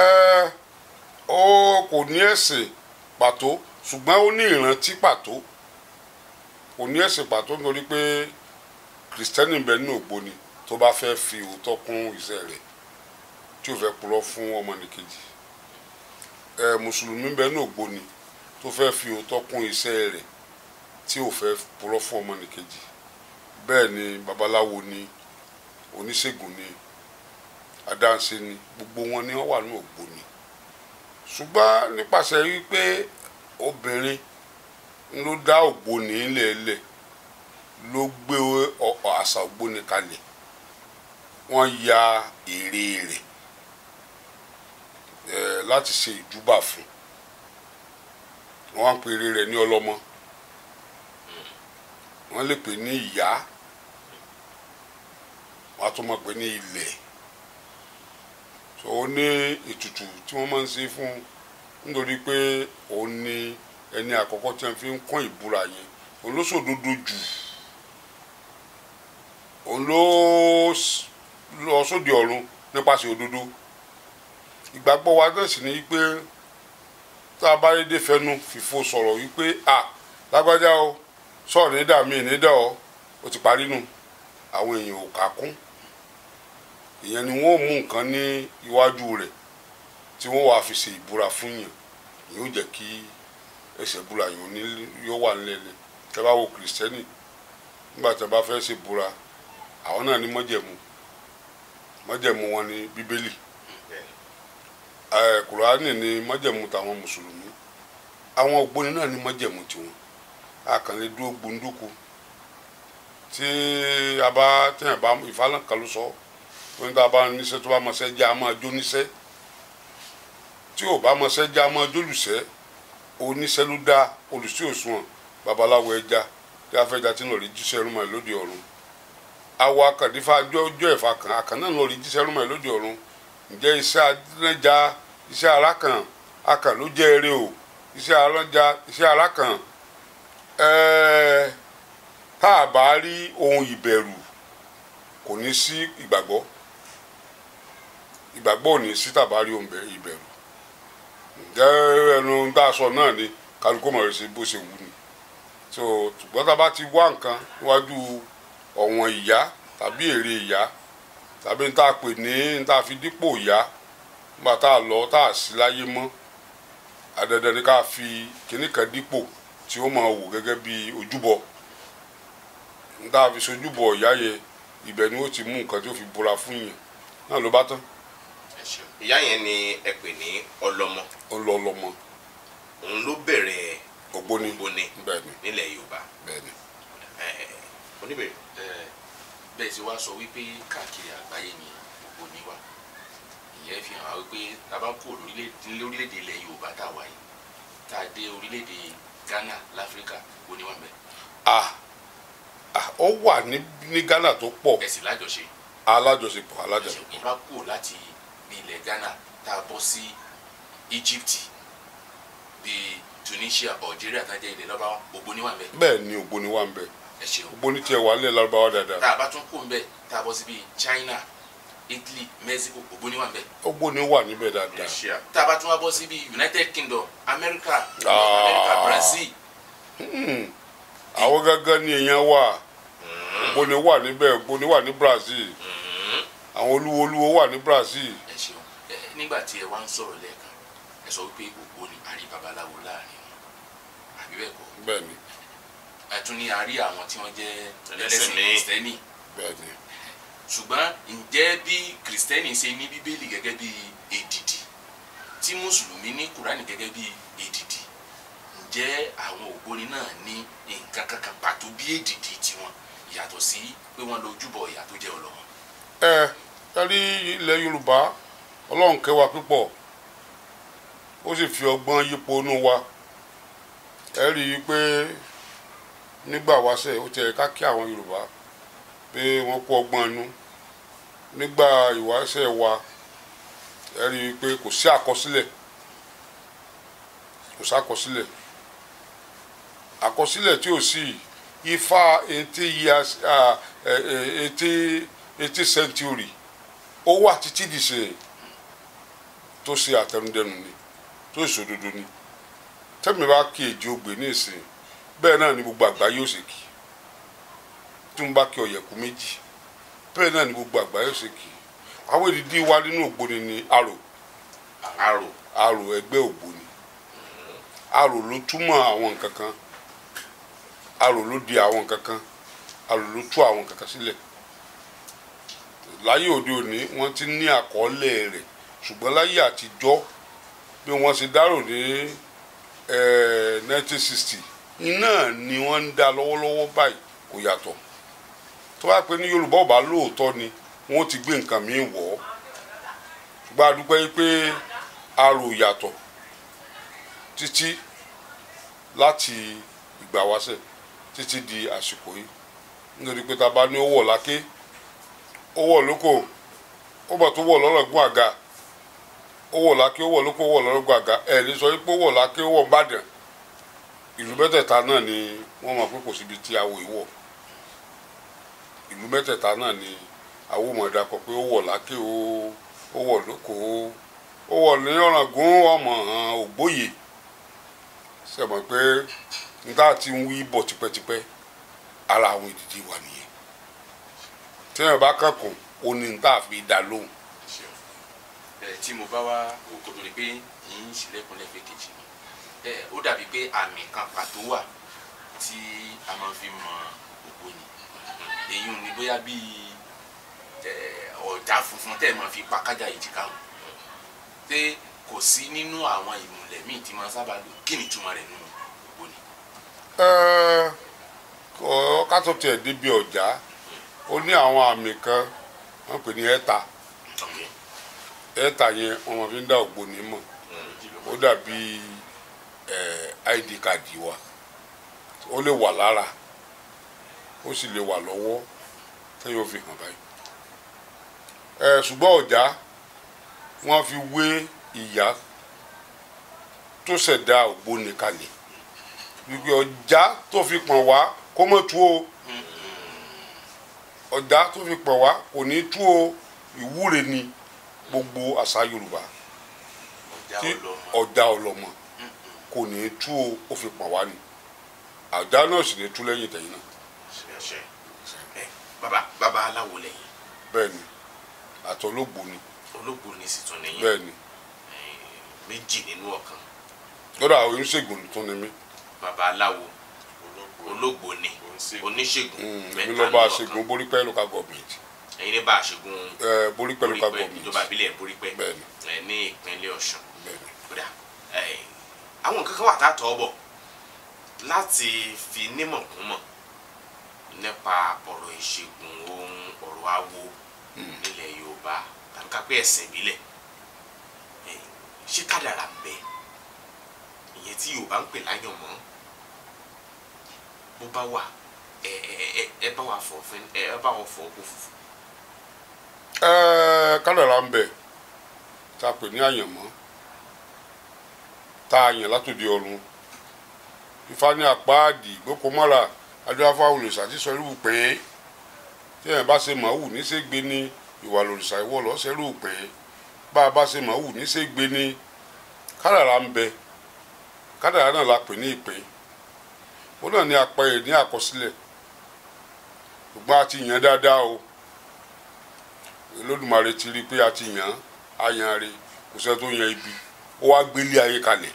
ẹ ó kò ní ẹ̀sìn pàtó ṣùgbọ́n ó ní ìrántí pàtó kò ní ẹ̀sìn pàtó nítorí pé kìrìsìtẹ́nì ń bẹ nínú ògbóni tó bá fẹ́ fi òótọ́ kún iṣẹ́ rẹ̀ tí ò fẹ́ purọ́ fún ọmọnìkejì ẹ mùsùlùmí ń bẹ nínú ògbóni tó fẹ́ fi òótọ́ kún iṣẹ́ rẹ̀ tí ò fẹ́ purọ́ fún ọmọnìkejì bẹ́ẹ̀ ni babaláwo ni oníṣègùn ni adáǹsẹ ni gbogbo wọn ni wọn wà ní ni ṣùgbọ́n nípasẹ̀ wípé obìnrin ló dá ògbóni lẹ́lẹ̀ ló gbé àṣà ògbóni kalẹ̀ wọ́n ya ère rẹ̀ ẹ̀ láti ṣe ìjúbà fún wọ́n á pèrè rẹ̀ ní ọlọ́mọ wọ́n lè pè ní ìyá wọ́n á tún mọ̀ pé ní ilẹ̀ so ó ní ètùtù tí wọ́n máa ń ṣe fún nítorí pé òun ni ẹni àkọ́kọ́ tí wọ́n fi ń kún ìbúra yẹn òun ló sòdodo jù òun ló lọ sóde ọ̀run nípasẹ̀ òdodo ìgbàgbọ́ wa gẹ̀ẹ́sì ni wípé tá a bá rí dé fẹnu fìfo sọ̀rọ̀ wípé à lágbájá o sọ̀rọ̀ nídà mí nídà o ó ti parí nù àwọn èèyàn ò kà kún ìyẹn ni wọ́n mú nǹkan ní iwájú rẹ̀ tí wọ́n wàá fi ṣe ìbúra fún yàn yóò jẹ́ kí ẹsẹ̀ búra yòó ní yóò wà nílẹ̀ tẹ́ bá wo kìrìsìtẹ́nì nígbà tí wọ́n bá fẹ́ ṣe búra àwọn náà ní mọ́jẹ̀mú mọ́jẹ̀mú wọn ní bíbélì kùránì ní mọ́jẹ̀mú tàwọn mùsùlùmí àwọn ògbóni náà ní mọ́jẹ̀mú tiwọn àkànlé dúró gbóńdúkú tí a bá tẹ̀yàn bá ìfàlànkà ló sọ ọ́ wọ́n a bá níṣẹ́ tó bá mọṣẹ́ jẹ́ a máa jó níṣẹ́ tí ò bá mọṣẹ́ jẹ́ a máa jólùṣẹ́ oníṣẹ́ ló dá olùsí òṣùwọ̀n babaláwo ẹja tí a fẹ́ ja tí ń lọ rí jíṣẹ́ rúmọ̀ lóde ọ̀run awọ akàndífà ọjọ́ ẹ̀fà kan àkànná lọ rí jíṣẹ́ rúmọ̀ lóde ọ̀run ǹjẹ́ iṣẹ́ adínẹ́ja iṣẹ́ arákan akàn ló jẹ́ eré o iṣẹ́ aránja iṣẹ́ arákan tá a bá rí ohun ìbẹ̀rù kò ní sí ìgbàgbọ́ ìgbàgbọ́ òní sí tàbárí òun ìbẹ̀rù ǹjẹ́ ẹnu tá a sọ náà ni kálukú mọ̀ rẹ̀ sí bó ṣe wù ni so ṣùgbọ́n tá a bá ti wá nǹkan níwájú ọ̀wọ́n ìyá tàbí èrè ìyá tàbí tá a pè ní tá a fi dípò ìyá nígbà tá a lọ tá a sí láyé mọ́ àdẹ̀dẹ̀ ni ká fi kíní kan dípò tí ó máa wò gẹ́gẹ́ bí ojúbọ tá a fi sojúbọ ìyá yẹn ibẹ̀ ni ó ti mú nǹkan tí ó fi bora fún yẹn náà ló bá tán ìyá yẹn ni ẹ pè ní ọlọmọ. ọlọlọmọ. òun ló bẹ̀rẹ̀ ògbóni ògbóni nílẹ̀ yorùbá. bẹ́ẹ̀ni. oníbèrè. bẹ́ẹ̀ sì wá sọ wípé káàkiri àgbáyé ni ògbóni wà ìyẹn fi hàn wípé tá bá kó lórílẹ̀‐èdè ilẹ̀ yorùbá tá a wà yìí tá a dé orílẹ̀‐èdè ghana láfíríkà ògbóni wà mẹ́. ah ah ó wà ní ghana tó pọ̀. ẹ̀sìn lájọṣe. alájọṣepọ̀ alájọṣepọ̀. ìyẹn bá kú láti ní ilẹ̀ Ghana tá a bọ́ sí Egypt bíi Tunisia Algeria tá a jẹ́ ilẹ̀ lọ́bàá ògbó ni wà ń bẹ. bẹ́ẹ̀ ni ògbó ni wà ń bẹ ògbó ni tiẹ̀ wà nílẹ̀ lọ́bàá dáadáa. tá a bá tún kó ń bẹ tá a bọ́ sí bíi China Italy Mexico ògbó ni wà ń bẹ. ògbó ni wà níbẹ̀ dáadáa. tá a bá tún wá bọ́ sí bíi United Kingdom America ah. America Brazil. Hmm. àwọn gángan ni èèyàn wà hmm. ògbó ni wà níbẹ̀ ògbó ni wà ní Brazil hmm. àwọn olúwo olúwo wà ní Brazil. Eh nígbà tí ẹ wá ń sọ̀rọ̀ lẹ́ẹ̀kan ẹ sọ wípé òpó ni a rí babaláwo láàrin wọn àbí bẹ́ẹ̀ kọ́. bẹ́ẹ̀ni. a tún ní a rí àwọn tí wọ́n jẹ́ ẹlẹ́sìn kristẹni. bẹ́ẹ̀ni. ṣùgbọ́n ǹjẹ́ bí kristẹni ṣe ní bíbélì gẹ́gẹ́ bí èdìdì tí mùsùlùmí ní kùránì gẹ́gẹ́ bí èdìdì ǹjẹ́ àwọn ògbóni náà ní nǹkan kankan pàtó bí èdìdì tiwọn yàtọ̀ sí pé wọ́n lójúbọ ìyà tó jẹ́ Ọlọ́run. ẹ ẹ rí ilẹ̀ Yorùbá ọlọ́run kẹ́ wa púpọ̀ ó sì fi ọgbọ́n yípo inú wa ẹ rí i pé nígbà wáṣẹ̀ ó tiẹ̀ ká kí àwọn yorùbá pé wọ́n kó ọgbọ́n inú nígbà ìwáṣẹ̀ wa ẹ rí i pé kò sí àkọsílẹ̀ kò sí àkọsílẹ̀ àkọsílẹ̀ tí ò sí ifá eighty years eighty eighty century ó wà títí dìsẹ̀ yìí tó ṣe àtẹnudẹnu ni tó ìṣòdodo ni tẹ́mi bá kí èjì ogbè ní ìsìn bẹ́ẹ̀ náà ni gbogbo àgbáyé ò ṣe kì tí mo bá kí ọ̀yẹ̀kú méjì bẹ́ẹ̀ náà ni gbogbo àgbáyé ò ṣe kì àwọn èdìdí wa nínú ògbóni ni arò arò arò ẹgbẹ́ ògbóni arò ló túmọ̀ àwọn nǹkan kan arò ló di àwọn nǹkan kan arò ló tú àwọn nǹkan kan sílẹ̀ láyé òde òní wọ́n ti ní àkọọ́lẹ̀ rẹ̀ ṣùgbọ́n láyé àtijọ́ bí wọ́n ṣe dárò ní nineteen sixty iná ni wọ́n ń dá lọ́wọ́lọ́wọ́ báyìí kò yàtọ̀ tó bá pé ní Yorùbá ọba lóòótọ́ ni wọ́n ti gbé nǹkan míì wọ̀ ọ́ ṣùgbọ́n a dúpẹ́ pé arò yàtọ̀ títí láti ìgbà wáṣẹ̀ títí di àsìkò yìí nítorí pé tá a bá ní ó wọ̀ láké ó wọ̀ lóko ó bọ̀ tó wọ̀ lọ́lọ́gbọ́n àga ó làkè lákè wọ̀ lóko ó wọ̀ lọ́gbà ga ẹ̀ sọ pé wọ̀ lákè ìlú mẹ́tẹ̀ẹ̀ta náà ni wọ́n mọ̀ pé kò síbi tí awo ìwọ̀ ìlú mẹ́tẹ̀ẹ̀ta náà ni awo mọ̀ọ́dà kọ pé wọ̀ lóko ní ọmọ Ògbóyè ṣe pé níta ti ń wí ara àwọn ìdíje wà nìyẹn tí tí mo bá wá òkòtò ni pé yìí ń ṣílẹ̀kùn lẹ́gbẹ̀ẹ́ kejì mi ó dàbí pé àmì kan pàtó wà tí a máa fi mọ ògbó ni èyí ò ní bóyá bíi ọ̀dà funfun tẹ́ ẹ̀ máa fi pàkájà ìjìká hù pé kò sí nínú àwọn ìmùlẹ̀ míì tí máa sábà lò kí ni túmọ̀ rẹ̀ nù ògbó ni. ká tó tiẹ̀ débi ọ̀já ó ní àwọn àmì kan wọ́n pè ní ẹ̀ta ẹ̀ẹ́ta yẹn wọ́n máa fi ń dá ògbóni mọ̀ ó dàbí eh, id card wa ó lè wà lára ó sì lè wà lọ́wọ́ tẹ́yìn ó fi hàn báyìí eh, ṣùgbọ́n ọ̀já wọ́n fi wé ìyá tó ṣẹ̀dá ògbóni kalẹ̀ wípé ọ̀já tó fi pọ̀n wá kó mọ̀ tú o ọ̀já tó fi pọ̀n wá kò ní tú o ìwúre ni gbogbo àṣà yorùbá tí ọ̀dà ọlọ́mọ kò ní í tú o ó fi pọ̀ wá ni àdá náà sì lè tú lẹ́yìn tẹ̀yìn náà. bàbá bàbá aláwo lẹ́yìn. bẹ́ẹ̀ni àti olóògbò ni. olóògbò ni sì tún lẹ́yìn. bẹ́ẹ̀ni. méjì nínú ọ̀kan. lọ́dọ̀ àwọn oníṣègùn tún ni mí. bàbá aláwo olóògbò ni oníṣègùn hmm, mẹ́ta nínú ọ̀kan. mi lọ́ba ṣègùn borí pẹ́ẹ́lú ká gọ̀ọ́mẹ̀ntì ẹ̀yin ní bá a ṣẹ́gun borípẹ́ ìjọba ìbílẹ̀ borípẹ́ ní ìpínlẹ̀ ọ̀ṣun kódà àwọn nǹkan kan wà tá a tọ́ bọ̀ láti fi nímọ̀kúnmọ̀ nípa ọ̀rọ̀ ìṣègùn ohun ọ̀rọ̀ awo hmm. nílẹ̀ yorùbá tàbí kápẹ́ ẹ̀sìn ìbílẹ̀ ṣé kádàrà ń bẹ ìyẹn tí yorùbá ń pè láyànmọ́ bó bá wà ẹ ẹ ẹ bá wà fọ̀ fún ẹ bá wà fọ̀ kó funfun la ń bẹ tá a pè ní àyànmọ́ tá a yàn látòdì ọ̀run ifá ní àpáàdì gbókòmọ́ra adúláfà olùsà ti sọ irú pẹ́ẹ́ tí èèyàn bá ṣe màá wù ní ní ìwà ìwọ irú bá a bá ṣe màá wù ní ṣègbè ní ń bẹ kádàrá náà la pè ní ìpín ó náà ní ní àkọsílẹ̀ ṣùgbọ́n a ti yàn dáadáa o. olódùmarè ti rí pé a ti yàn á yàn rè kò sẹ́ tó yan ibi ó wá gbélé ayé kalẹ̀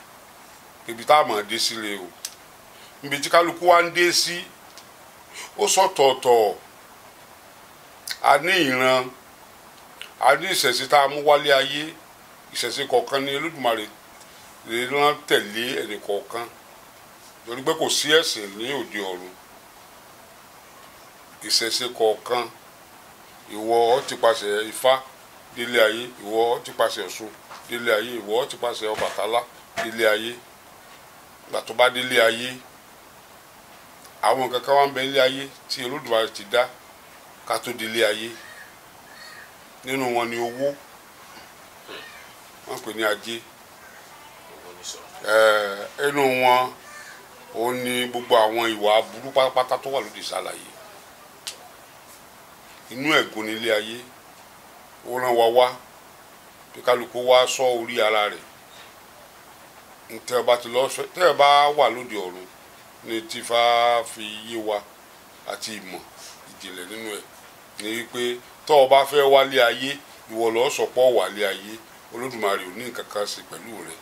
ibi tá a mọ̀ dé sílé o ibi tí kálukú wá ń dé sí ó sọ̀tọ̀ọ̀tọ̀ a ní ìran a ní ìṣẹ̀sí tá a mú wálé ayé ìṣẹ̀sí kọ̀ọ̀kan ní olódùmarè lè rán tẹ̀lé ẹnì kọ̀ọ̀kan torí pé kò sí ẹ̀sìn ní òde ọ̀run ìṣẹ̀sí kọ̀ọ̀kan ìwọ ọ ti pàṣẹ ifá délé ayé ìwọ ọ ti pàṣẹ ọ̀ṣun délé ayé ìwọ ọ ti pàṣẹ ọbàtálá délé ayé ìgbà tó bá délé ayé àwọn nǹkan kan wà ń bẹ nílé ayé tí olódùmarè ti dá ká tó délé ayé nínú wọn ni owó wọn pè ní ajé ẹnu wọn òun ni gbogbo àwọn ìwà burú pátápátá tó wà lóde ìsàlàyé inú ẹ̀gún nílé ayé ó rán wa wá pé kálukú wá sọ orí ara rẹ̀ tẹ́ ẹ bá ti lọ sọ tẹ́ ẹ bá wà lóde ọ̀run ní tífà fi yé wa àti ìmọ̀ ìjìnlẹ̀ nínú ẹ̀ ní wípé tọ́ ọ bá fẹ́ wálé ayé ìwọ sọ̀pọ̀ wálé ayé olódùmarè ò ní nǹkan kan ṣe pẹ̀lú rẹ̀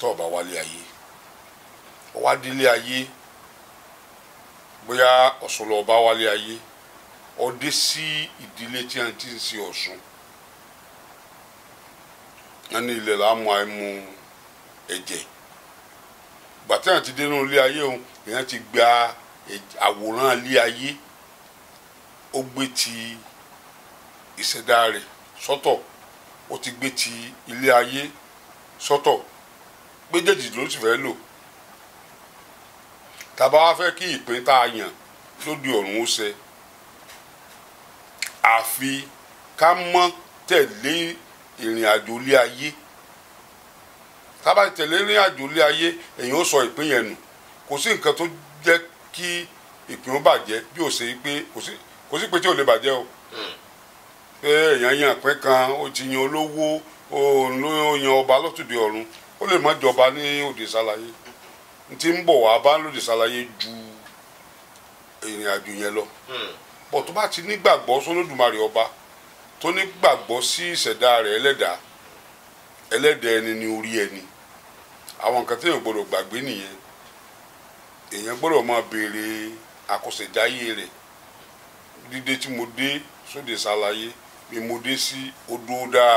tọ́ ọ bá wálé ayé ọwádìí ayé bóyá ọ̀sùn lọ́ọ́ wálé ayé ọdẹ sí ìdílé tí a ti ń ṣe ọ̀ṣun wọn ní ilẹ̀ láàmú àìmú ẹ̀jẹ̀ bàtí àti dénú ilé ayé òun ìyẹn ti gba àwòrán ilé ayé ó gbé ti ìṣẹ̀dá rẹ̀ sọ́tọ̀ ó ti gbé ti ilé ayé sọ́tọ̀ méjèèjì ló sì fẹ́ lò tàbá wá fẹ́ kí ìpín tá a yàn lóde ọ̀run ó ṣe àfi ká mọ́ tẹ̀lé ìrìn àjò ilé ayé tá tẹ̀lé ìrìn àjò ilé ayé èyàn ó sọ ìpín yẹn nù kò sí nǹkan tó jẹ́ kí ìpín ó bàjẹ́ bí ó ṣe pé kò sí pé tí ò lè o pé èyàn yan kan ó ti yan olówó òun ló yan ọba lọ́tùdí ọ̀run ó lè má jọba ní òde sálàyé ń bọ̀ wá bá bọ̀ tó bá ti nígbàgbọ́ sólódùmarè ọba tó nígbàgbọ́ sí ìṣẹ̀dá rẹ̀ ẹlẹ́dàá ẹlẹ́dàá ẹni ni orí ẹni àwọn nǹkan téèyàn gbọ́dọ̀ gbàgbé nìyẹn èèyàn gbọ́dọ̀ máa béèrè àkọsẹ̀jáyé rẹ̀ dídé tí mo dé sóde ṣàlàyé mi mo dé sí odò dáa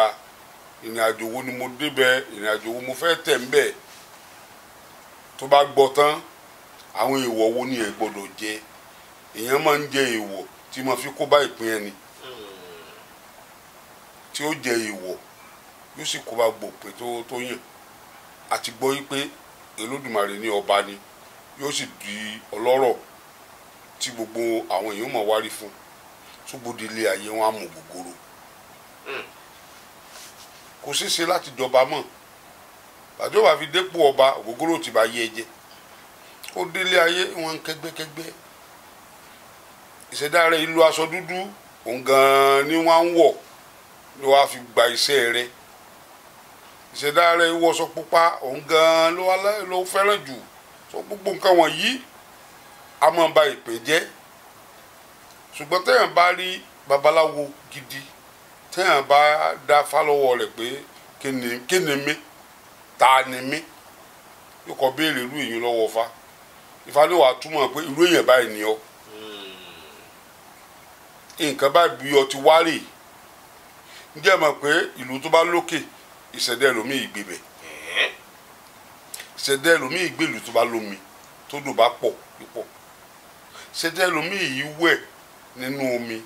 ìrìnàjò wo ni mo débẹ̀ ìrìnàjò wo mo fẹ́ tẹ̀ ń bẹ̀ tó bá gbọ́ tán àwọn èèwọ̀ wo ni ẹ gbọ́dọ̀ jẹ èèyàn máa ń jẹ èèwọ̀ tí mo fi kó bá ìpín ẹni tí ó jẹ èèwọ̀ yóò sì kó bá gbòpin tó tó yàn àti gbọ́ yí pé Olódùmarè ní ọba ni yóò sì di ọlọ́rọ̀ tí gbogbo àwọn èèyàn mọ̀ wárí fún ṣùgbọ́n ilé ayé wọn á mọ̀ gbogbooro kò ṣeé ṣe láti jọba mọ́ bàjọ́ bá fi dépò ọba ògógóró ti bá yé ẹ jẹ ó délé ayé wọn kẹgbẹ́kẹgbẹ́ ìṣẹ̀dá rẹ̀ ìlú aṣọ dúdú òun gan-an ni wọ́n ń wọ̀ ló wá fi gba iṣẹ́ rẹ̀ ìṣẹ̀dá rẹ̀ ìwọṣọ pupa òun gan-an ló fẹ́ràn jù sọ gbogbo nǹkan wọ̀nyí a máa ba ìpè jẹ́ ṣùgbọ́n téèyàn bá rí babaláwo gidi téèyàn bá dá fálọ́wọ́ rẹ̀ pé kí ni mí ta ni mí yóò kọ́ béèrè irú èyí lọ́wọ́ fa ìfà ló wàá túmọ̀ pé irú èyàn báyìí ni ọ́ nǹkan bá bí ọtí wárì ǹjẹ́ ẹ mọ̀ pé ìlú tó bá lókè ìṣẹ̀dá ẹlòmíì ìgbébẹ̀ ìṣẹ̀dá ẹlòmíì ìgbèlú tó bá lómi tó dùn bá pọ̀ púpọ̀ ìṣẹ̀dá ẹlòmíì yìí wẹ̀ nínú omi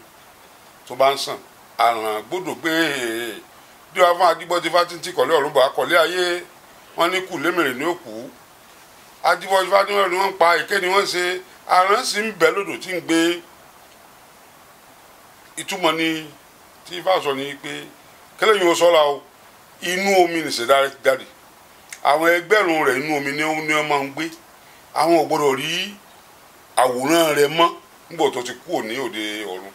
tó bá ń sàn àràn gbọ́dọ̀ gbé bí wàá fún adibọ́dé fátìntì kọ̀lé ọ̀rùn bọ̀ akọ̀lé ayé wọn ní kù lémèrè ní òkú adibọ́dé fátìntì ni wọ́n ń pa èké ni wọ́n ń ṣe àràn sì ń bẹ lódò tí ń gbé ìtumọ̀ ni tí ifá sọ ni pé kẹlẹ́yìn o sọ́ra o inú omi nìṣẹ́ dáre àwọn ẹgbẹ̀rún rẹ̀ inú omi ni wọ́n máa ń gbé àwọn ò gbọ́dọ̀ rí àwòrán rẹ̀ mọ́ nígbà tó ti kúrò ní òde ọ̀run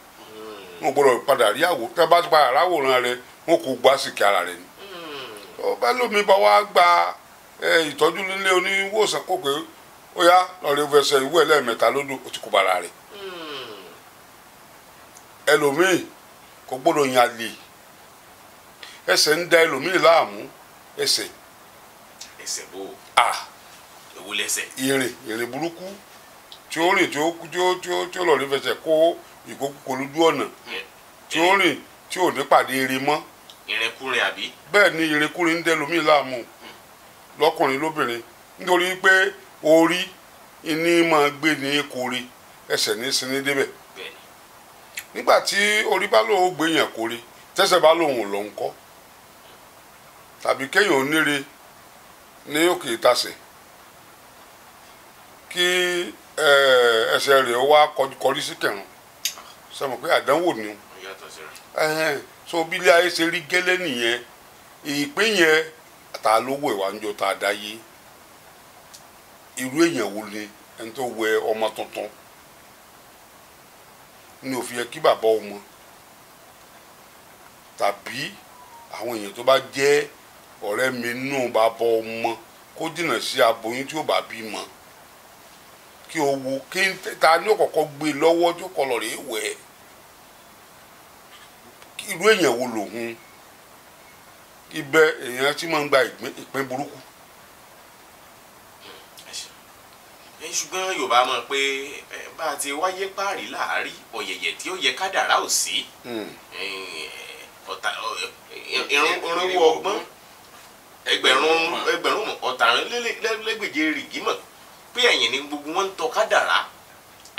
wọn gbọ́dọ̀ padà rí àwò tá a bá padà ráwòrán rẹ̀ wọn kò gbá sìkì ara rẹ̀ ni ọba lómi bá wá gba ìtọ́jú nílé oníwòsàn kó pé ó yá lọ́ọ́ rí fẹsẹ̀ ìwé ẹlẹ́mẹ̀ta lódò ó ti kó bara rẹ̀ ẹlòmíì kò gbọ́dọ̀ yàn ẹsẹ̀ ń da ẹlòmíì láàmú ẹsẹ̀. ẹsẹ̀ bò ó. a ewu lẹsẹ̀. ìrìn ìrìn burúkú tí ó rìn tí ó tí ó tí ó tí ó lọ rí fẹsẹ̀ kó ìkókó ọ̀nà tí ó rìn tí ní pàdé mọ́. bẹ́ẹ̀ ni ń da ẹlòmíì láàmú lọ́kùnrin lóbìnrin nítorí pé orí ni máa gbé ní ẹsẹ̀ nígbà tí orí bá lòun gbé yàn kórè tẹ́sẹ̀ bá lòun ò lọ ń kọ́ tàbí kéèyàn oníre ní òkè ìtasẹ̀ kí ẹsẹ̀ rẹ̀ wá kọrí sí kẹrùn sọmọ pé àdánwò ni so bí ilé ayé ṣe rí gẹ́lẹ́ nìyẹn ìpín yẹn ta ló wẹ̀ wá ń jọ tá a dá yé irú èèyàn wo ni ẹni tó wẹ ọmọ tuntun ni òfin yẹ kí bàbá ọmọ tàbí àwọn èèyàn tó bá jẹ́ ọ̀rẹ́ mi nù bàbá ọmọ kó jìnnà sí aboyún tí ó bá bí mọ kí o wo kí n ta ní ọ̀kọ̀ọ̀kọ̀ gbé e lọ́wọ́ tó kọlọ̀ rè wẹ̀ irú èèyàn wo lòun ibẹ̀ èèyàn ti máa ń gba ìpín burúkú Eh, ṣùgbọ́n yorùbá mọ̀ pé eh, bá a ti wáyé páàrí láàárí ọ̀yẹ̀yẹ̀ tí ó yẹ kádàrá ò sí hmm. eh, irunwó ọgbọ́n ẹgbẹ̀rún ẹgbẹ̀rún ọ̀tàrínlélẹ́gbèje rìgímọ̀ pé ẹ̀yìn ni gbogbo wọn ń tọ kádàrá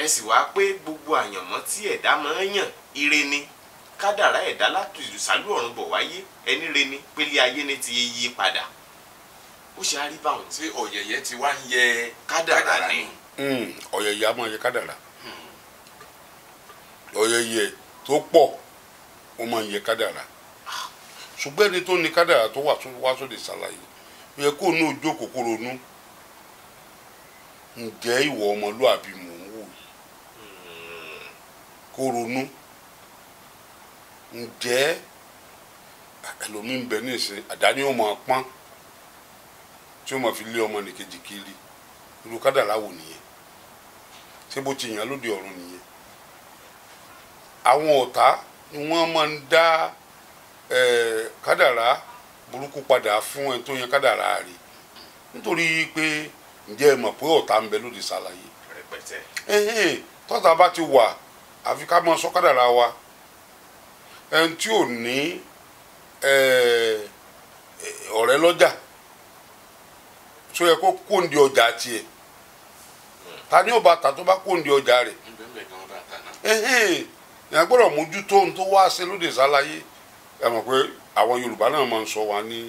ẹ sì wá pé gbogbo àyànmọ́ tí ẹ̀dá máa ń yàn ire ni kádàrá ẹ̀dá látùsálù ọ̀run bọ̀ wáyé ẹni re ni pélé ayé ni ti yí padà ó ṣe á rí báwọn. tí ọ̀yẹ̀yẹ̀ ti wá ń yẹ kádàrà ni. Hmm, ọ̀yẹ̀yẹ̀ a máa yẹ kádàrà hmm. ọ̀yẹ̀yẹ̀ tó pọ̀ ó máa ń yẹ kádàrà ṣùgbọ́n ẹni tó ní kádàrà tó wá sóde ṣàlàyé ó yẹ kó ní ojú òkòkò ronú ǹjẹ́ ìwọ ọmọlúàbí mò ń wò kó ronú ǹjẹ́ ẹlòmíín bẹ ní ìsìn àdáni ó máa pọ́n tí wọ́n máa fi lé ọmọ nìkejì kiri irú kádàrá nìyẹn ṣé bó ti yàn lóde ọ̀run nìyẹn àwọn ọ̀tá ni wọ́n máa ń dá kádàrá burúkú padà fún ẹni tó yan kádàrá rẹ̀ nítorí pé ǹjẹ́ ẹ mọ̀ pé ọ̀tá ń bẹ lóde ṣàlàyé tọ́ta bá ti wà àfi ká máa sọ kádàrá wa ẹni tí ò ní ọ̀rẹ́ lọ́jà so yẹ kó kóńdé ọjà tiẹ̀ ta ni ó bá ta tó bá kóńdé ọjà rẹ̀ ìyá gbọ́dọ̀ mójútó ohun tó wá sí lóde sáláyé ẹ mọ̀ pé àwọn Yorùbá náà máa ń sọ wa ní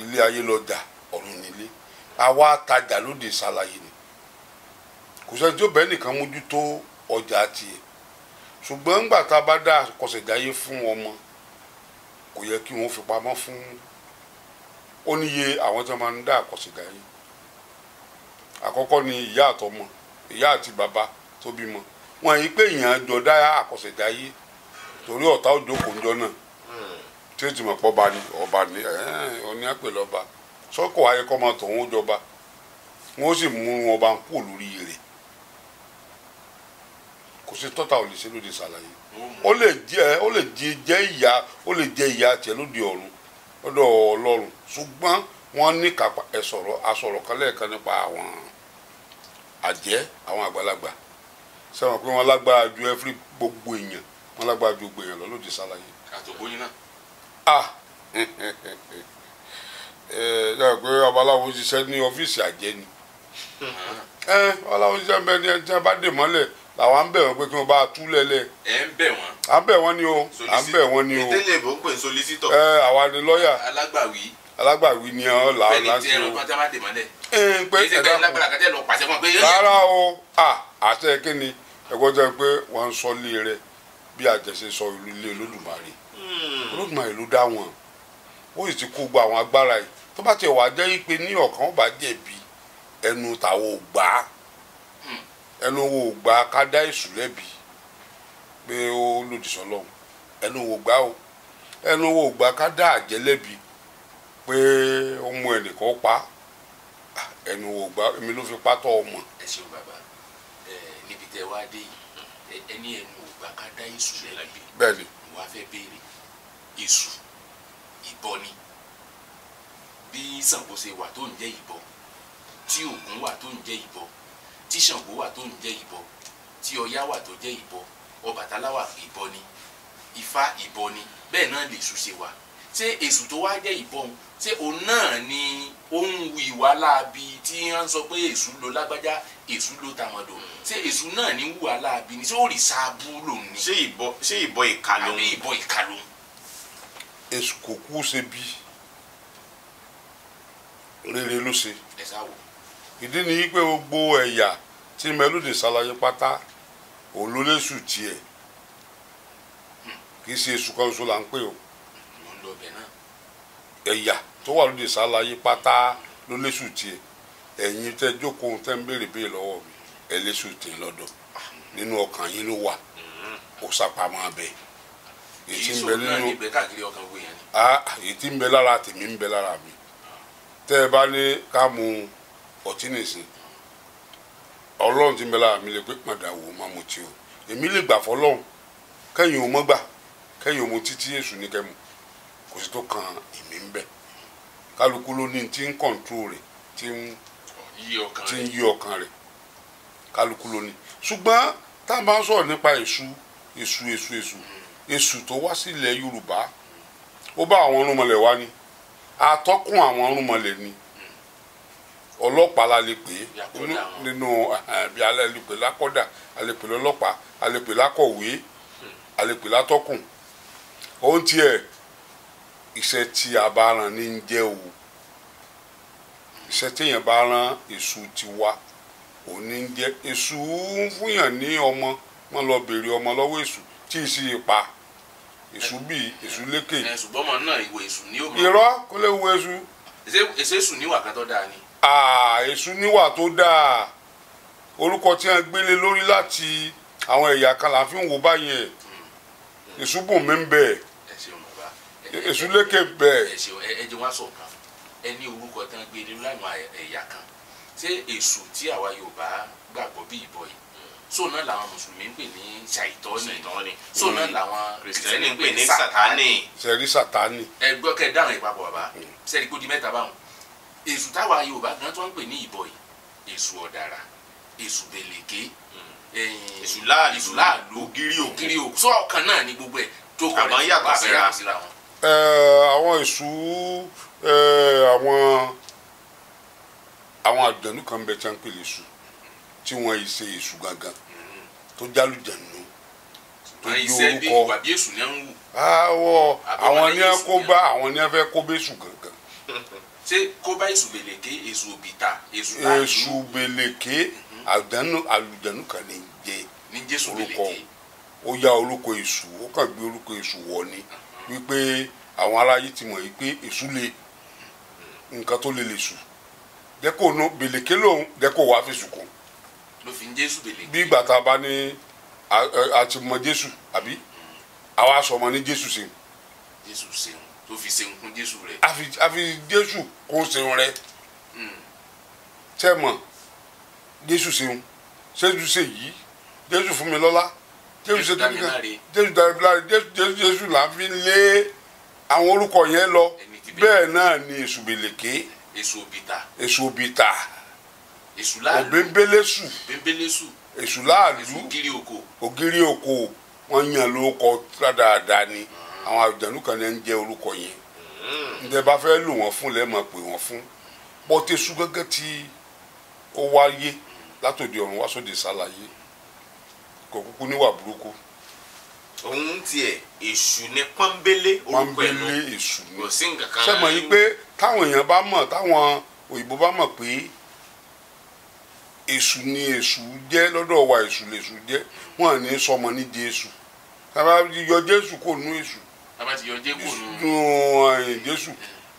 ilé ayé lọ́jà ọ̀run nílé àwa tajà lóde sáláyé ni kò sẹ́ni tí ó bẹ́ẹ̀ nìkan mójútó ọjà tiẹ̀ ṣùgbọ́n ńgbà tá a bá dá àkọsẹ̀dáyé fún ọmọ kò yẹ kí wọ́n fi pamọ́ fún ó níye àwọn tí wọ́n máa ń dá àkọsígà yìí àkọ́kọ́ ni ìyá àtọmọ ìyá àti bàbá tó bímọ wọn yìí pé èèyàn jọ dá àkọsígà yìí torí ọ̀tá òjò kò ń jọ náà tí ó ti mọ̀ pọ́ ba ni ọba ni ọ̀ní àpèlè ọba sọ́kọ̀ ayé kọ́ máa tọ̀hún jọba wọ́n sì mú wọn bá ń kú lórí rẹ̀ kò sí tọ́ta ò lè ṣe lóde ṣàlàyé ó lè jẹ ìyá ó lè jẹ ìyá tiẹ̀ lóde ọ̀run lọ́dọ̀ ọlọ́run ṣùgbọ́n wọ́n ní kápá ẹ sọ̀rọ̀ asọ̀rọ̀ kan lẹ́ẹ̀kan nípa àwọn àjẹ́ àwọn àgbàlagbà sẹ́wọ̀n pé wọ́n lágbára ju ẹ́fírí gbogbo èèyàn wọ́n lágbára ju gbogbo èèyàn lọ lòdì sálàyé. àtògbóyin náà. ah ẹ ẹ pé babaláwo ṣiṣẹ́ ní ọ́fíìsì àjẹ́ ni ẹ babaláwo ṣiṣẹ́ bẹ́ẹ̀ ni ẹni tí wọ́n bá dè mọ́lẹ̀ làwọn ń bẹ̀ wọ́n pé kí wọ́n bá tú lẹ́lẹ̀. ẹ ń bẹ̀ wọ́n. à ń bẹ̀ wọ́n ni o à ń bẹ̀ wọ́n ni o. ètè lè bó ń pè ń solisitọ̀. ẹ àwa ni lọ́ọ̀yà. alágbàwí alágbàwí ni ọ là ọ lásìkò. ẹni a bá dè mọ́lẹ̀. ẹ pé ẹ dákun fún ọ rárá o àṣẹ kínni ẹgbẹ́ jẹ́ pé wọ́n ń sọ ilé rẹ bí àjẹsẹ sọ ilé olódùmarè hmm. olódùmarè ló dá wọn ó sì ti kó gba àwọn agbára yìí tó bá ti wà jẹ́ ipe ní ọ̀kan bá jẹ̀bi ẹnu tàwọn ò gbà á hmm. ẹnu wo ò gbà á ká dá èṣù lẹ́bi pé ó lòdì sọ́lọ́hún ẹnu wo gbà ó ẹnu wo ò gbà á ká dá àjẹ́ lẹ́bi pé ọmọ ẹnìkan pa ẹnu ò gbá èmi ló fi pátọ ọmọ. ẹ ṣeun bàbá ẹ níbi tẹ wá dé yìí ẹni ẹnu ò gbà ká dá èṣù lẹ́bi bẹ́ẹ̀ni wà á fẹ́ béèrè èṣù ìbọn ni bí Ṣàngó ṣe wà tó ń jẹ́ ìbọn tí Ògún wà tó ń jẹ́ ìbọn tí Ṣàngó wà tó ń jẹ́ ìbọn tí Ọya wà tó jẹ́ ìbọn Ọbàtálá wà ìbọn ni Ifá ìbọn ni bẹ́ẹ̀ náà lèṣù ṣe wà ṣé èṣù tó wá jẹ́ ìbọn ṣé òun náà ni ohun ìwà láabi tí wọ́n sọ pé èṣù ló lágbájá èṣù ló tàmọ̀dò ṣé èṣù náà ní wùwà láabi ni ṣé òrìṣà abú lòun ni. ṣé ìbọ ṣé ìbọ ìka lòun. àbí ìbọ ìka lòun. èṣù kò kú ṣe bí rere ló ṣe. ìdí ni wípé gbogbo ẹ̀yà tí mẹ́lódì ṣàlàyé pátá òun ló lè sùn tiẹ̀ hmm. kì í ṣe èṣù kan ṣoṣo là ń pè o lọ bẹ̀ náà ẹ̀yà tó wà lóde sálàyé pátá ló léṣù tiẹ̀ ẹ̀yin tẹ́ jókòó tẹ́ ń béèrè béèrè lọ́wọ́ mi ẹ̀ léṣù tẹ̀ lọ́dọ̀ nínú ọkàn yín ló wà mm-hmm. ó sàpamọ́ abẹ́ èyí ń bẹ nínú ah, èyí tí ń bẹ lára tèmi ń bẹ lára mi tẹ́ ẹ bá ní ká mu ọtí nìsín ọlọ́run ti ń bẹ lára mi lè pé padà wò ó má mu tí o èmi lè gbà fọlọ́run kẹ́yìn ò mọ́ gbà kẹ́yìn ò mu títí èṣù ní kẹ́mu kò sí tó kan èmi ń bẹ kálukú ló ní ti ń kọ̀ǹtró rẹ̀ ti ń yí ọkàn rẹ̀ kálukú ló ní ṣùgbọ́n tá a máa ń sọ̀rọ̀ nípa èṣù èṣù èṣù èṣù èṣù tó wá sílẹ̀ Yorùbá ó bá àwọn irúnmọlẹ̀ wá ní atọ́kùn àwọn irúnmọlẹ̀ ni ọlọ́pàá la nínú eh, bí a lè pè a lè lọ́lọ́pàá a lè pè lákọ̀wé a lè tiẹ̀ iṣẹ́ tí a bá rán ní ń jẹ́ òwò iṣẹ́ téèyàn bá rán èṣù ti wá òní ń jẹ́ èṣù ń fúnyàn ní ọmọ wọn lọ béèrè ọmọ lọ́wọ́ èṣù tí ì sì pa èṣù bíi èṣù lékè. ṣùgbọ́n ọmọ náà ìwé èṣù ní òmò. irọ́ kó lè wo èṣù. èṣù èṣù níwà kan tó dáa ni. èṣù níwà tó dáa orúkọ tí wọn gbélé lórí láti àwọn ẹ̀yà kan là wò báyẹn hmm. èṣù bùn mi ń bẹ̀ẹ́ èṣù lékè bẹ́ẹ̀. ẹ ṣeun ẹ jẹ́ wá sọ kan ẹ ní orúkọ tán gbé ní láwọn ẹ̀yà kan ṣé èṣù tí àwa Yorùbá gbàgbọ́ bí ìbọ yìí sóònà làwọn mùsùlùmí ń pè ní ṣàìtọ́ni sóònà làwọn kìrìsìtẹ́nì ń pè ní sàtánì. sẹ́rí sàtánì. ẹ gbọ́ kẹ́ dáhùn ẹ̀ papọ̀ bàbá sẹ́rí mm. kó di mẹ́ta báwọn èṣù táwa Yorùbá gan tó ń pè ní ìbọ yìí èṣù ọ̀dàrà èṣù bèlèké mm. èṣù láàlú ògiri ògiri sọ́ọ̀kan náà ni gbogbo ẹ̀ tó kọ̀ rẹ̀ àbáyàtọ̀ síra Eh, àwọn èṣù eh, àwọn àwọn àjọ̀nù kan bẹ tí wọ́n ń pèlè èṣù tí wọ́n yìí ṣe èṣù gangan tó jálùjẹ̀nu tó yí orúkọ àwọ àwọn ní kó bá àwọn ní fẹ́ kó bẹ́ṣù gangan. ṣé kó bá èṣù bèlèké èṣù òbítà èṣù láàyè. èṣù bèlèké mm-hmm. àlùjẹ̀nu kan ní jẹ́ orúkọ ó yá orúkọ èṣù ó kàn gbé orúkọ èṣù wọ̀ ni. Uh -huh wípé àwọn aráyé ti mọ̀ wípé èṣù le nǹkan tó le lè sù dẹ́kọ̀ no bèlèké lòun dẹ́kọ̀ wàá fi sùkùn. ló fi ń jésù bèlèké. bí ìgbà tá a bá ní a ti mọ jésù àbí hmm. àwa sọmọ ní jésù sèun. jésù sèun tó fi sèun kún jésù rẹ. a fi jésù kún sèun rẹ. tẹ́ hmm. mọ̀ jésù sèun ṣéjú sèyí jésù fún mi lọ́lá jésù ṣe kíni kan jésù dániláre jésù jésù là ń fi lé àwọn orúkọ yẹn lọ bẹ́ẹ̀ náà ni èṣù bèlèké èṣù òbítà èṣù òbítà èṣù láàlú òbéńbélésù òbéńbélésù èṣù láàlú ògiri oko ògiri oko wọ́n yàn lórúkọ dáadáa ni hmm. àwọn àjànú kan ní ń jẹ́ orúkọ yẹn ǹjẹ́ hmm. bá fẹ́ lò wọ́n fún lẹ́ẹ̀ pè wọ́n fún pọ́tẹ́sù gẹ́gẹ́ tí ó wáyé látòdì ọ̀run wá sóde sálàyé kò kúkú níwà burúkú. òun tiẹ̀ èṣù ni pọ́nbélé orúkọ ẹ̀ lọ pọ́nbélé èṣù ni kò sí nǹkan kan. sẹ́mọ̀ yìí pé táwọn èèyàn bá mọ̀ táwọn òyìnbó bá mọ̀ pé èṣù ni èṣù jẹ́ lọ́dọ̀ wa èṣù lèṣù jẹ́ wọn ní sọmọ ní jésù tàbá yọ jésù kò nú èṣù tàbá ti yọ jésù kò nú eh, jésù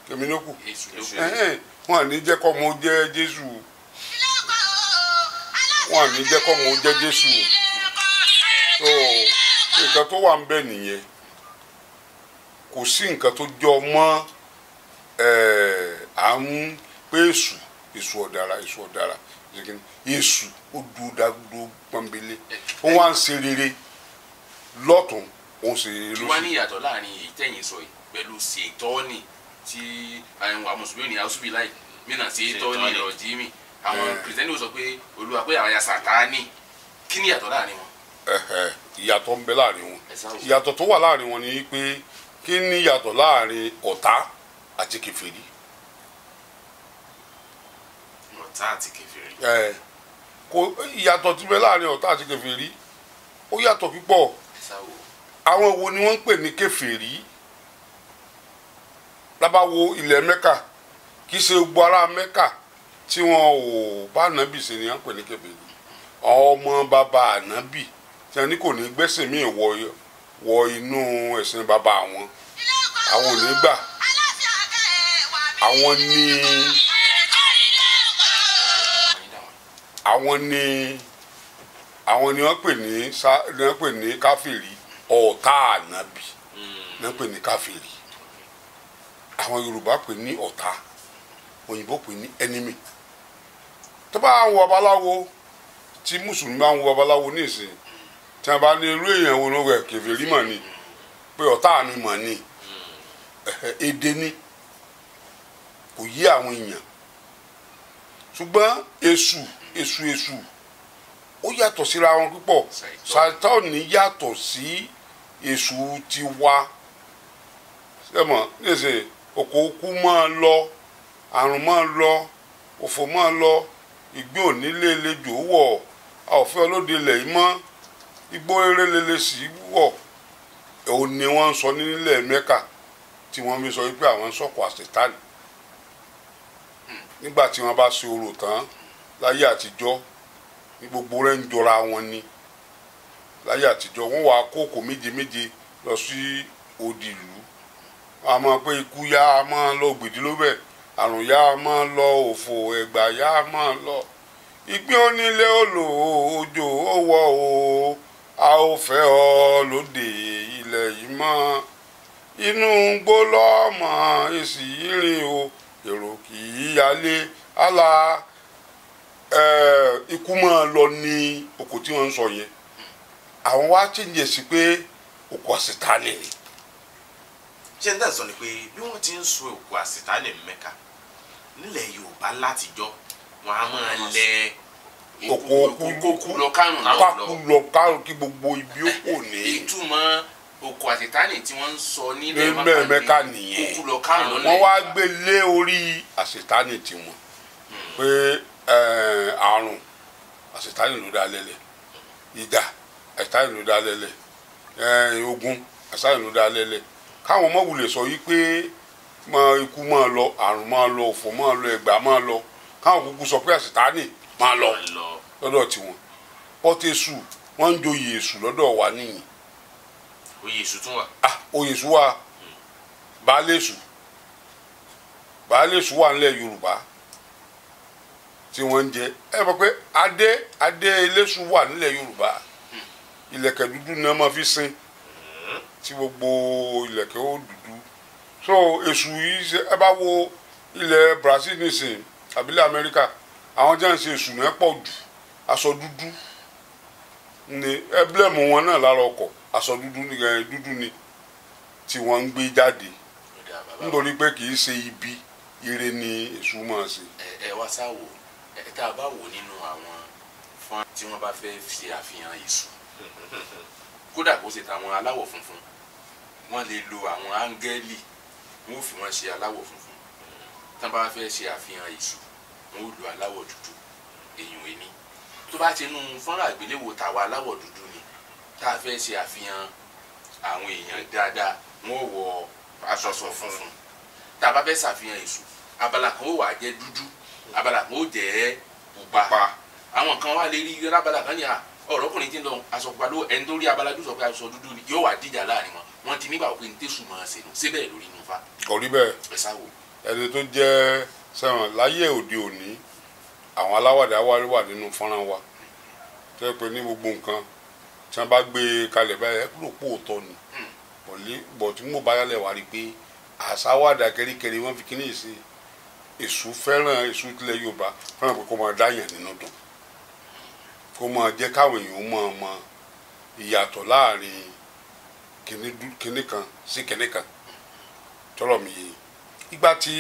kèmí ló kù eh, eh, wọn ní jẹ́ kọ́ mo jẹ́ jésù wọn ní jẹ́ kọ́ mo jẹ́ jésù so nǹkan tó wà ń bẹ nìyẹn kò sí nǹkan tó jọ mọ́ à ń pé èṣù èṣù ọ̀dàrà èṣù ọ̀dàrà èṣù ó dúró dágbó pọ́nbélé ó wá ń ṣe rere lọ́tún ó ń ṣe rere lóṣù. kí wàá ní ìyàtọ̀ láàrin èyí tẹ̀yìn sọ yìí pẹ̀lú ṣètọ́ọ̀nì tí àwọn mùsùlùmí ní àwùsùbí láì mìíràn ṣètọ́ọ̀nì ìrọ̀jì mi àwọn eh. kìrìtẹ́nì ó sọ pé olúwa pé àwọn ya sàtáánì kí ni ìyàtọ̀ láàrin wọn ìyàtọ̀ ń bẹ láàrin wọn ìyàtọ̀ tó wà láàrin wọn ni pé kí ni ìyàtọ̀ láàrin ọ̀tá àti kèfèrí. ọ̀tá àti kèfèrí. ẹ kò ìyàtọ̀ ti bẹ láàrin ọ̀tá àti kèfèrí ó yàtọ̀ púpọ̀ àwọn wo ni wọ́n ń pè ní kèfèrí lábá wo ilẹ̀ mẹ́kà kì í ṣe gbogbo ará mẹ́kà tí wọn ò bá ànábì ṣe ni wọ́n pè ní kèfèrí ọmọ bàbá ànábì tí wọ́n ní kò ní gbẹ́sìn míì wọ wọ inú ẹ̀sìn bàbá àwọn àwọn ò ní gbà àwọn ní àwọn ní àwọn ni wọ́n pè ní ni wọ́n pè ní káfíìrì ọ̀tá ànábì ni wọ́n pè ní káfíìrì àwọn Yorùbá pè ní ọ̀tá òyìnbó pè ní ẹnimi tó bá ń wo babaláwo tí mùsùlùmí bá ń wo babaláwo ní ìsìn tí wọn bá ní irú èèyàn wo ló wẹ kèfèrí mọ̀ ni pé ọ̀tá mi mọ̀ ni èdè ni kò yí àwọn èèyàn ṣùgbọ́n èṣù èṣù èṣù ó yàtọ̀ síra wọn púpọ̀ sátánì yàtọ̀ sí èṣù tiwa sẹ́mọ̀ níṣe òkò okú máa lọ àrùn máa lọ òfò máa lọ ìgbín ònílé lejò wọ̀ àwòfẹ́ olóde ilẹ̀ yìí mọ́ igbó rere lele sì wọ̀ òun ni wọ́n ń sọ nílẹ̀ mẹ́ka tí wọ́n fi sọ wípé àwọn ń sọ̀kò àṣetánì nígbà tí wọ́n bá ṣe orò tán láyé àtijọ́ ní gbogbo rẹ̀ ń jọra wọn ni láyé àtijọ́ wọ́n wàá kókò méje méje lọ sí odi ìlú a máa pé ikú yá a máa lọ gbèdí ló bẹ̀ àrùn yá a máa lọ òfò ẹ̀gbà yá a máí lọ ìgbín onílé olò òjò ó wọ òó a ó fẹ́ ọ lóde ilẹ̀ yìí mọ́ inú gbó lọ́mọ èsì yìí rìn o èrò kì í yálé ala ikú máa lọ ní oko tí wọ́n ń sọ yẹn àwọn wá chíǹjẹ sí pé oko àṣetánì ni. ṣé ń dàsọ ni pé bí wọ́n ti ń so oko àṣetánì mẹ́ka nílẹ̀ Yorùbá látijọ́ wọn a máa lẹ òkòkú lọ kárùn láwọn lọ kákú lọ kárùn kí gbogbo ibi ó kò ní. ìtumọ̀ òkò àtìtánì tí wọ́n ń sọ nílẹ̀ mẹ́ka nìyẹn òkú lọ kárùn lọ́lẹ̀. wọ́n wá gbé lé orí àṣetánì tiwọn hmm. pé àrùn àṣetánì ló dá lẹ́lẹ̀ ìdá àṣetánì ló dá lẹ́lẹ̀ ogun àṣetánì ló dá lẹ́lẹ̀ káwọn ọmọ wulẹ̀ sọ yìí pé ikú máa lọ àrùn máa lọ òfò máa lọ ẹgbàá máa lọ káwọn kúkú sọ pé àṣetánì máa lọ lọ́dọ̀ tiwọn pọ́tẹ́sù wọ́n ń joyè èṣù lọ́dọ̀ wa nìyí. oyè èṣù tún wà. ah oyè èṣù wà baálé èṣù baálé èṣù wà nílẹ̀ yorùbá tí wọ́n ń jẹ ẹ mọ̀ pé adé adé eléṣù wà nílẹ̀ yorùbá ìlẹ̀kẹ̀ dúdú náà máa fi sin tí gbogbo ìlẹ̀kẹ̀ ó dúdú so èṣù yìí ẹ bá wo ilẹ̀ brazil nìsín àbílẹ̀ amẹ́ríkà àwọn jẹ́ ń ṣe ìṣúná pọ̀ jù aṣọ dúdú ni ẹbílẹ̀mù wọn náà lára ọkọ̀ aṣọ dúdú eh, dúdú ni tí wọ́n ń gbé jáde nítorí pé kì í ṣe ibi ire ni èṣù máa ṣe. ẹ ẹ wá sáwò ẹ tá a bá wò nínú àwọn fún tí wọ́n bá fẹ́ ṣe àfihàn èṣù kódà kó ṣe tàwọn aláwọ̀ funfun wọ́n lè lo àwọn áńgẹ́lì wọ́n ò fi wọ́n ṣe aláwọ̀ funfun tí wọ́n bá fẹ́ ṣe àfihàn èṣù wọn ò lo aláwọ̀ dúdú èyàn ẹni tó bá ti nu fọ́nrán àgbéléwò tàwa aláwọ̀ dúdú ni tá a fẹ́ ṣe àfihàn àwọn èèyàn dáadáa wọn ò wọ aṣọ sọ funfun tá a bá fẹ́ ṣàfihàn èṣù abala kan ó wà jẹ́ dúdú abala kan ó jẹ́ pupa àwọn kan wà lè rí abala kan ní à ọ̀rọ̀kùnrin tí ń lọ aṣọ pupa ló ẹni tó rí abala dúdú sọ pé aṣọ dúdú ni yóò wà díjà láàrin wọn wọn ti nígbà pé ní tẹ̀sùn máa ṣe nù síbẹ̀ lórí nufa. kò rí bẹ́ẹ̀ ẹni tó jẹ́ sẹ́wọ̀n láyé òde òní àwọn aláwàdà wa wà nínú fọ́nrán wa tó yẹ pé ní gbogbo nǹkan tí wọ́n bá gbé kalẹ̀ báyìí ẹ kúrò pò tọ́ ni bọ̀ tí mo bá yálẹ̀ wá rí i pé àsáwàdà kẹ́ríkẹ́rí wọ́n fi kíní ìsìn èṣù fẹ́ràn èṣù tilẹ̀ Yorùbá fẹ́ràn pé kó máa dáyàn nínú dùn kó máa jẹ́ káwọn èèyàn máa mọ ìyàtọ̀ láàrin kíní kan sí kíní kan tọ́lọ̀ mi yìí ìgbà tí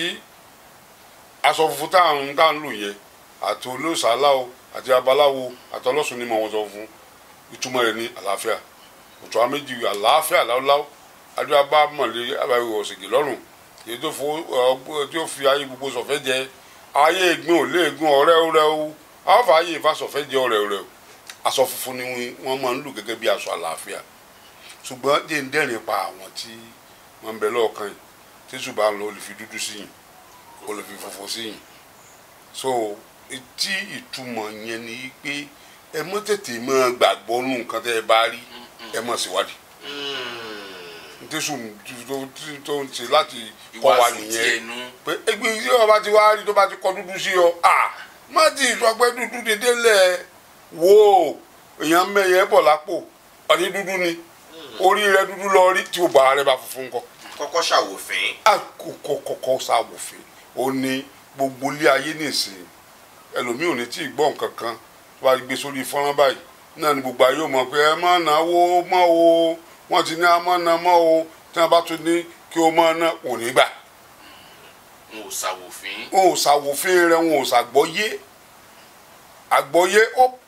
aṣọ funfun tá à ń dá ń lò yẹn àti olóòṣàlá o àti babaláwo àti ọlọ́sùn ni mọ̀ wọ́n sọ fún ìtumọ̀ rẹ̀ ní àlàáfíà òtún àméjì àlàáfíà láúláú adúlá bá mọ̀lẹ́ àbáyọ ọ̀sẹ̀gẹ̀ lọ́rùn èyí tó fi ayé gbogbo sọ̀fẹ́ jẹ ayé ègbón ò lé ègbón ọ̀rẹ́ ọ̀rẹ́ o àwọn fà ayé ìfà sọ̀fẹ́ jẹ ọ̀rẹ́ ọ̀rẹ́ o aṣọ funfun ni wọ́n máa ń lò gẹ́gẹ́ bí aṣọ àlàáfíà ṣùgbọ́n jẹ́ ń dẹ́rìn pa àwọn tí wọ́n ń bẹ lọ́ọ̀kan yìí tí ṣùgbọ́n àwọn olùfi dúdú sí yìí ó lọ fi fòfò síyìn so tí ìtumọ̀ yẹn ni pé ẹ mọ́ tètè mọ́ gbàgbọ́ nù nǹkan tẹ́ ẹ bá rí ẹ mọ́ síwádìí mm. ntẹ́sù tó ń ṣe láti kọ́ wa nìyẹn pé ẹgbẹ́ tí ọba ti wá rí tó bá ti kọ dúdú sí ọ má ti ìtọ́gbẹ́ dúdú dédé lẹ̀ wò ó èèyàn mẹ́yẹ bọ̀ lápò ọ̀ní dúdú ni mm. orí rẹ dúdú lọ rí tí o bá rẹ bá funfun kọ. kọ́kọ́ ṣàwòfín. a kò kọ́kọ́ ṣàwòfín ó ní gbogbo ilé ayé nìsín ẹlòmíì ò ní tí ì gbọ́ nǹkan kan tó bá gbé sórí fọ́nrán báyìí náà ni gbogbo ayé ò mọ̀ pé ẹ má nà wó mọ́ o wọ́n ti ní a má nà mọ́ o tí wọ́n bá tún ní kí o mọ́ ná ò ní gbà. n ò ṣàwòfín. n ò ṣàwòfín rẹ n ò ṣàgbọ́yé àgbọ́yé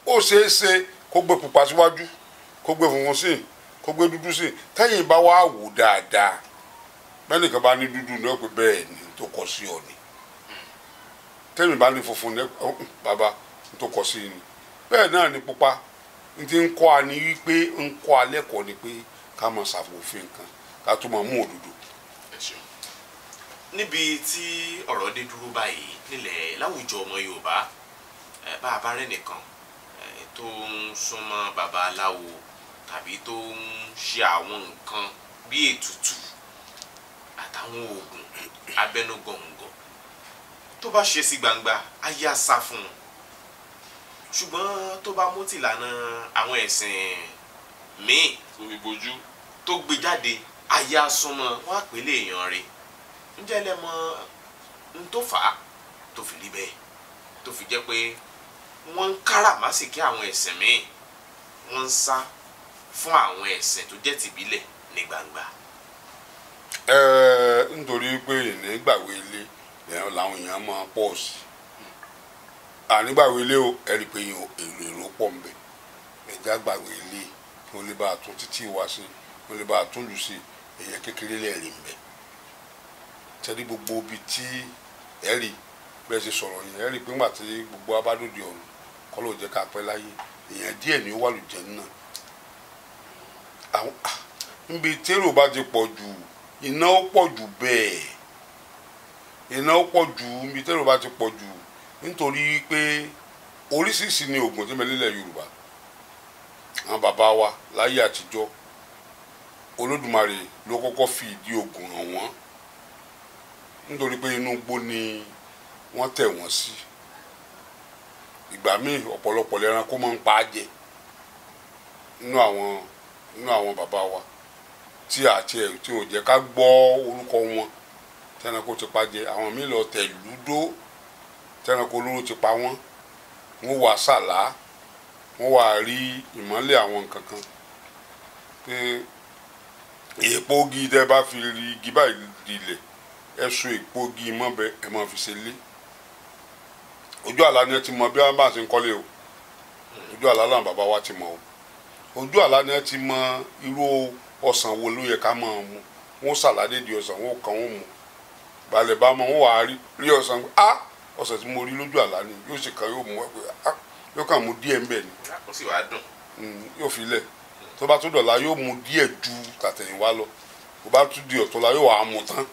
ó ṣeé ṣe kó gbé pupa síwájú kó gbé funfun sí kó gbé dúdú sí tẹ́yìn bá wá wò dáadáa bẹ́ẹ̀ nìkan bá ní dúdú náà pé bẹ́ẹ̀ ni tó kọ sí ọ ni tẹ́mi bá ní funfun ní hm, bàbá tó kọ sí ni bẹ́ẹ̀ náà ni pupa n ti ń kọ́ a ní wípé ń kọ́ a lẹ́kọ̀ọ́ ni pé ká máa ṣàfòfin nǹkan ká tó máa mú òdodo. níbi tí ọ̀rọ̀ dé dúró báyìí nílẹ̀ láwùjọ ọmọ Yorùbá bá a bá rẹ̀ nìkan tó ń súnmọ́ babaláwo tàbí tó ń ṣe àwọn nǹkan bíi ètùtù àtàwọn oògùn abẹnugọ̀ngàn tó bá ṣe sí gbangba ayé á sá fún un ṣùgbọ́n tó bá mú tìlànà àwọn ẹ̀sìn míì tó fi bojú tó gbé jáde ayé á súnmọ́ wọn á pèlè èèyàn rẹ̀ ǹjẹ́ lẹ mọ̀ n tó fà á tó fi rí bẹ́ẹ̀ tó fi jẹ́ pé wọ́n ń káràmásìkí àwọn ẹ̀sìn míì wọ́n ń sá fún àwọn ẹ̀sìn tó jẹ́ tìbílẹ̀ ní gbangba. ẹ ẹ nítorí pé ìní gbàwé ilé lẹ́yìn làwọn èèyàn máa pọ̀ sí ànígbàwé lé o ẹ̀rí pé èrò pọ̀ ń bẹ̀ ẹ̀já gbàgbé lé kí wọ́n lè bá a tún títí wá sí kí wọ́n lè bá a tún lù sí ẹ̀yẹ kékeré lẹ́ẹ̀rí ń bẹ̀ tẹ́lẹ̀ gbogbo ibi tí ẹ̀rí bẹ́ẹ̀ ṣe sọ̀rọ̀ yẹn ẹ̀rí pé ńgbà tí gbogbo abádòde ọ̀run kọ́ ló jẹ́ ká pẹ́ láyé èèyàn díẹ̀ ni ó wà lùjẹ́ náà àwọn ah, níbi tẹ́rù iná pọ̀ jù mi tẹ́lẹ̀ bá ti pọ̀ jù nítorí pé oríṣiríṣi ni oògùn tí mẹ́lẹ́lẹ̀ Yorùbá àwọn bàbá wa láyé àtijọ́ Olódùmarè ló kọ́kọ́ fi ìdí oògùn hàn wọ́n nítorí pé inú igbó ni wọ́n tẹ̀ wọ́n sí ìgbà míì ọ̀pọ̀lọpọ̀ lẹ́ranko máa ń pa á jẹ nínú àwọn nínú àwọn bàbá wa tí àti ẹ̀ tí ò jẹ́ ká gbọ́ orúkọ wọn tẹranko ti pa jẹ àwọn míì lọ tẹ̀lú dó tẹranko olóró ti pa wọ́n wọ́n wà sàlá wọ́n wà rí ìmọ́lẹ̀ àwọn nǹkan kan pé èèpo igi tẹ bá fi rí igi báyìí dilẹ̀ ẹ so èèpo igi mọ́bẹ ẹ mọ́ fi ṣe lé ojú àlá ni ẹ ti mọ bí wọn bá ti ń kọ́lé o ojú àlá làwọn bàbá wa ti mọ o ojú àlá ni ẹ ti mọ irú ọsàn wo ló yẹ ká máa mu wọn sàládé di ọsàn wọn kàn wọn mu balẹ̀ bá mọ̀ wọ́n wà á rí rí ọ̀sán pé ah ọ̀sẹ̀ tí mo rí lójú àlá ni yóò ṣe kàn yóò mú ẹ pé ah yóò kàn mú díẹ̀ ńbẹ̀ ni. ó sì wàá dùn. Mm, yóò fi lẹ̀ tó bá tún dọ̀la yóò mú díẹ̀ ju tàtẹ̀yìnwá lọ tó bá tún di ọ̀tọ̀la yóò wàá mú tán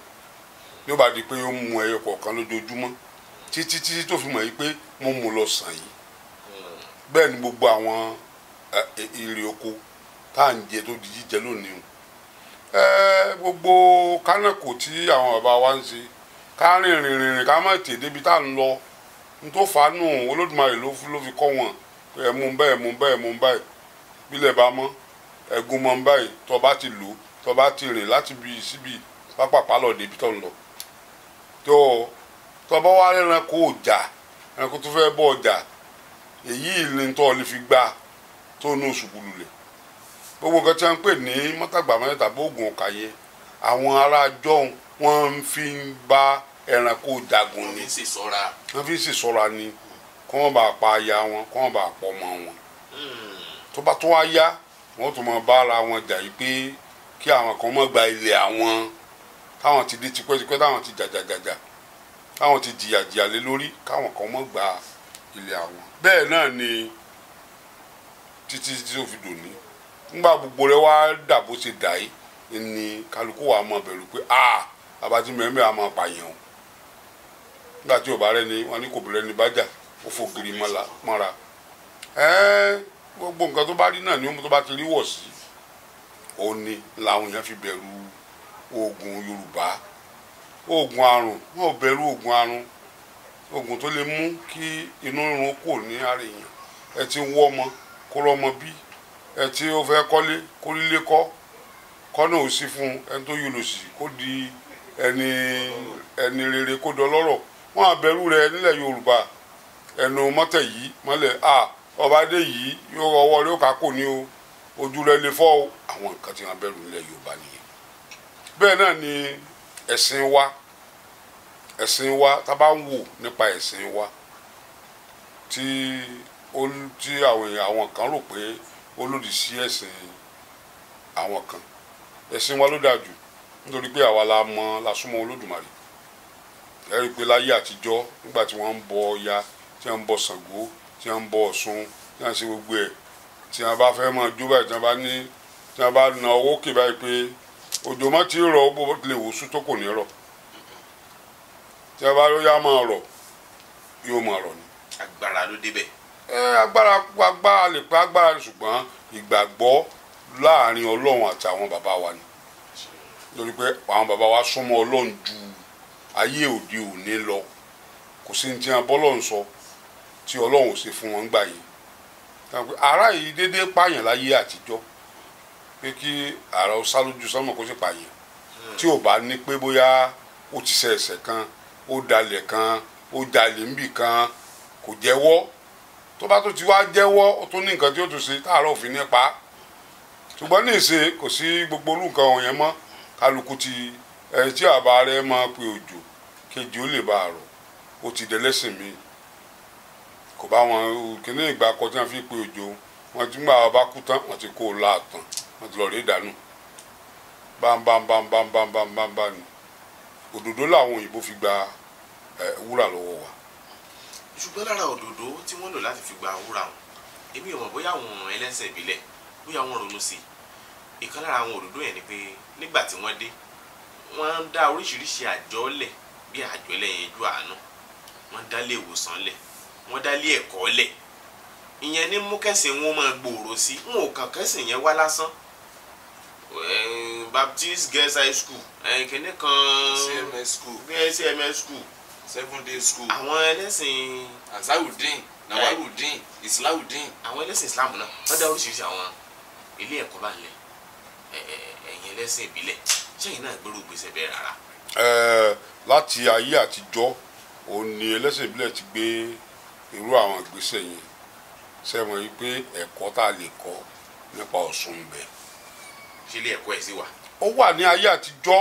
yóò bá di pé yóò mú ẹyọ kọ̀ọ̀kan lójoojúmọ́ títí títí tó fi mọ̀ yìí pé mo mú lọ sàn yìí hmm. bẹ́ẹ̀ ni gbogbo àwọn èrè oko tá à ń jẹ tó di jíjẹ lónìí gbogbo kánàkò tí àwọn bàbá wa ń ṣe ká rìn rìn rìn rìn ká má tè débi tá à ń lọ n tó fa nù olódùmarè ló fi kọ́ wọn ẹ mú báyìí mú báyìí mú báyìí bílẹ̀ bá mọ́ ẹ̀gún mọ́ báyìí tó bá ti lò tó bá ti rìn láti bi síbi pápápá lọ débi tó ń lọ tó tó bá wá ẹranko ọjà ẹranko tó fẹ́ bọ̀ ọjà èyí ni tó lè fi gbà tó nù sùkúlù lẹ̀ gbogbo nǹkan tí wọ́n ń pè ní mọ́tàgbà mẹ́ta bóògùn ọ̀kàyé àwọn ará jọ́hún wọ́n fi ń bá ẹranko jagun ni wọ́n fi ń ṣèṣọ́ra ni kó wọ́n bá pa aya wọn kó wọ́n bá pọ̀ ọmọ wọn hmm. tó bá tó wá yá wọ́n tún máa bá ara wọn jà yìí pé kí àwọn kan má gba ilẹ̀ àwọn táwọn ti dé tipẹ́tipẹ́ táwọn ti jàjàjàjà táwọn ti jìyà jìyà lé lórí káwọn kan má gba ilẹ̀ àwọn bẹ́ẹ̀ náà ni títí tí ó fi dòní ńgbà gbogbo rẹ wá dà bó ṣe dà yìí ni kálukú wa mọ bẹ̀rù pé ah abati mẹ́mẹ́ a máa pààyàn o ńgbà tí òbá rẹ ni wọn ní kò bẹ̀rẹ̀ ní bájà ó fò giri mọ́ra ẹ́ẹ́ gbogbo nǹkan tó bá rí náà ni ohun tó bá ti rí wọ̀ sí ó ní làwọn èèyàn fi bẹ̀rù oògùn Yorùbá oògùn àrùn wọn ò bẹ̀rù oògùn àrùn oògùn tó lè mú kí inú rírun kò ní ara èèyàn ẹ ti wọ́ ọmọ kó rọ́mọ bíi ẹ tí ó fẹ́ kọ́lé kó lílé kọ́ kọ́nà ò sí fún ẹni tó yọ lòsì kó di ẹni ẹni rere kó di ọlọ́rọ̀ wọn àbẹ̀rù rẹ nílẹ̀ yorùbá ẹnu mọ́tẹ̀ yìí mọ́lẹ̀ a ọba dé yìí yóò ọwọ́ rẹ ó kà kò ní o ojú rẹ lè fọ́ o àwọn nǹkan tí wọn bẹ̀rù nílẹ̀ yorùbá nìyẹn bẹ́ẹ̀ náà ni ẹ̀sìn wa ẹ̀sìn wa tá a ń wò nípa ẹ̀sìn wa tí ó ti àwọn kan rò pé ó lòdì sí ẹ̀sìn àwọn kan ẹ̀sìn wa ló dáa jù nítorí pé àwa la mọ la súnmọ́ olódùmarè ẹ rí i pé láyé àtijọ́ nígbà tí wọ́n ń bọ Ọya tí wọ́n ń bọ Ṣàngó tí wọ́n ń bọ Ọ̀ṣun tí wọ́n ń ṣe gbogbo ẹ̀ tí wọ́n bá fẹ́ máa jó báyìí tí wọ́n bá ní tí wọ́n bá na owó kè báyìí pé òjò má ti rọ̀ bó lè wò sùn tó kò ní rọ̀ tí wọ́n bá yá máa rọ̀ yóò máa rọ̀ ni. agbára ló débẹ̀ agbára agbára lè pa agbára ṣùgbọ́n ìgbàgbọ́ láàrin ọlọ́run àtàwọn bàbá wa ni lórí pé àwọn bàbá wa súnmọ́ ọlọ́run ju ayé òde òní lọ kò sí ní tí wọn bọ́lọ́run sọ tí ọlọ́run ò ṣe fún wọn gbà yìí ara yìí dédé pààyàn láyé àtijọ́ pé kí ara ó sá lójú sọ́mọ̀ kó sì pààyàn tí ò bá ní pé bóyá ó ti ṣe ẹ̀ṣẹ̀ kan ó dalẹ̀ kan ó jalè ńbì kan kò jẹ́wọ́ tó bá tó ti wá jẹ́wọ́ ó tó ní nǹkan tí ó tún ṣe táàrọ̀ òfin nípa ṣùgbọ́n ní ìṣe kò sí gbogbo olú nǹkan wọ̀nyẹn mọ́ kálukú ti ẹni tí àbá rẹ máa pe òjò kejì ó lè bá a rọ̀ ó ti dẹlẹ́sìn mi kò bá wọn kíní ìgbà kan tí wọ́n fi pe òjò wọn ti gbà wọn bá kú tán wọ́n ti kó o láàtàn wọ́n ti lọ rí ìdánù bámbámbámbámbámbámbá ni òdòdó làwọn òyìnbó fi gba wúrà lọ́wọ́ wa ṣùgbọ́n lára òdòdó tí wọ́n lò láti fi gba wúrà wọn èmi ò mọ̀ bóyá àwọn ọ̀ràn ẹlẹ́sẹ̀ ìbílẹ̀ bóyá wọ́n ronú sí i ìkan lára àwọn òdòdó yẹn ni pé nígbà tí wọ́n dé wọ́n ń dá oríṣiríṣi àjọ lẹ̀ bí àjọ ẹlẹ́yin ojú àánú wọ́n dá lé ìwòsàn lẹ̀ wọ́n dá lé ẹ̀kọ́ lẹ̀ ìyẹn ní mú kẹ́sìn wọn máa gbòòrò sí i wọn ò kàn kẹ́sìn yẹn wá lásán Baptist Girls High School kìnnìkan CMS school seven day school. àwọn ẹlẹ́sìn. azawudeen nawaludeen islawudeen. àwọn ẹlẹ́sìn islam náà wọ́n dá oríṣiríṣi àwọn ilé ẹ̀kọ́ bá ń lẹ̀ ẹ̀yìn ẹlẹ́sìn ìbílẹ̀ sẹ́yìn náà gbèrú gbèsè bẹ́ẹ̀ rárá. láti ayé àtijọ́ òun ni ẹlẹ́sìn ìbílẹ̀ ti gbé irú àwọn ìgbésẹ̀ yẹn sẹ́wọ̀n yìí pé ẹ̀kọ́ tá a lè kọ́ nípa Ọ̀ṣun ń bẹ. sílé ẹ̀kọ́ ẹ̀ sí wa. ó wà ní ayé àtijọ́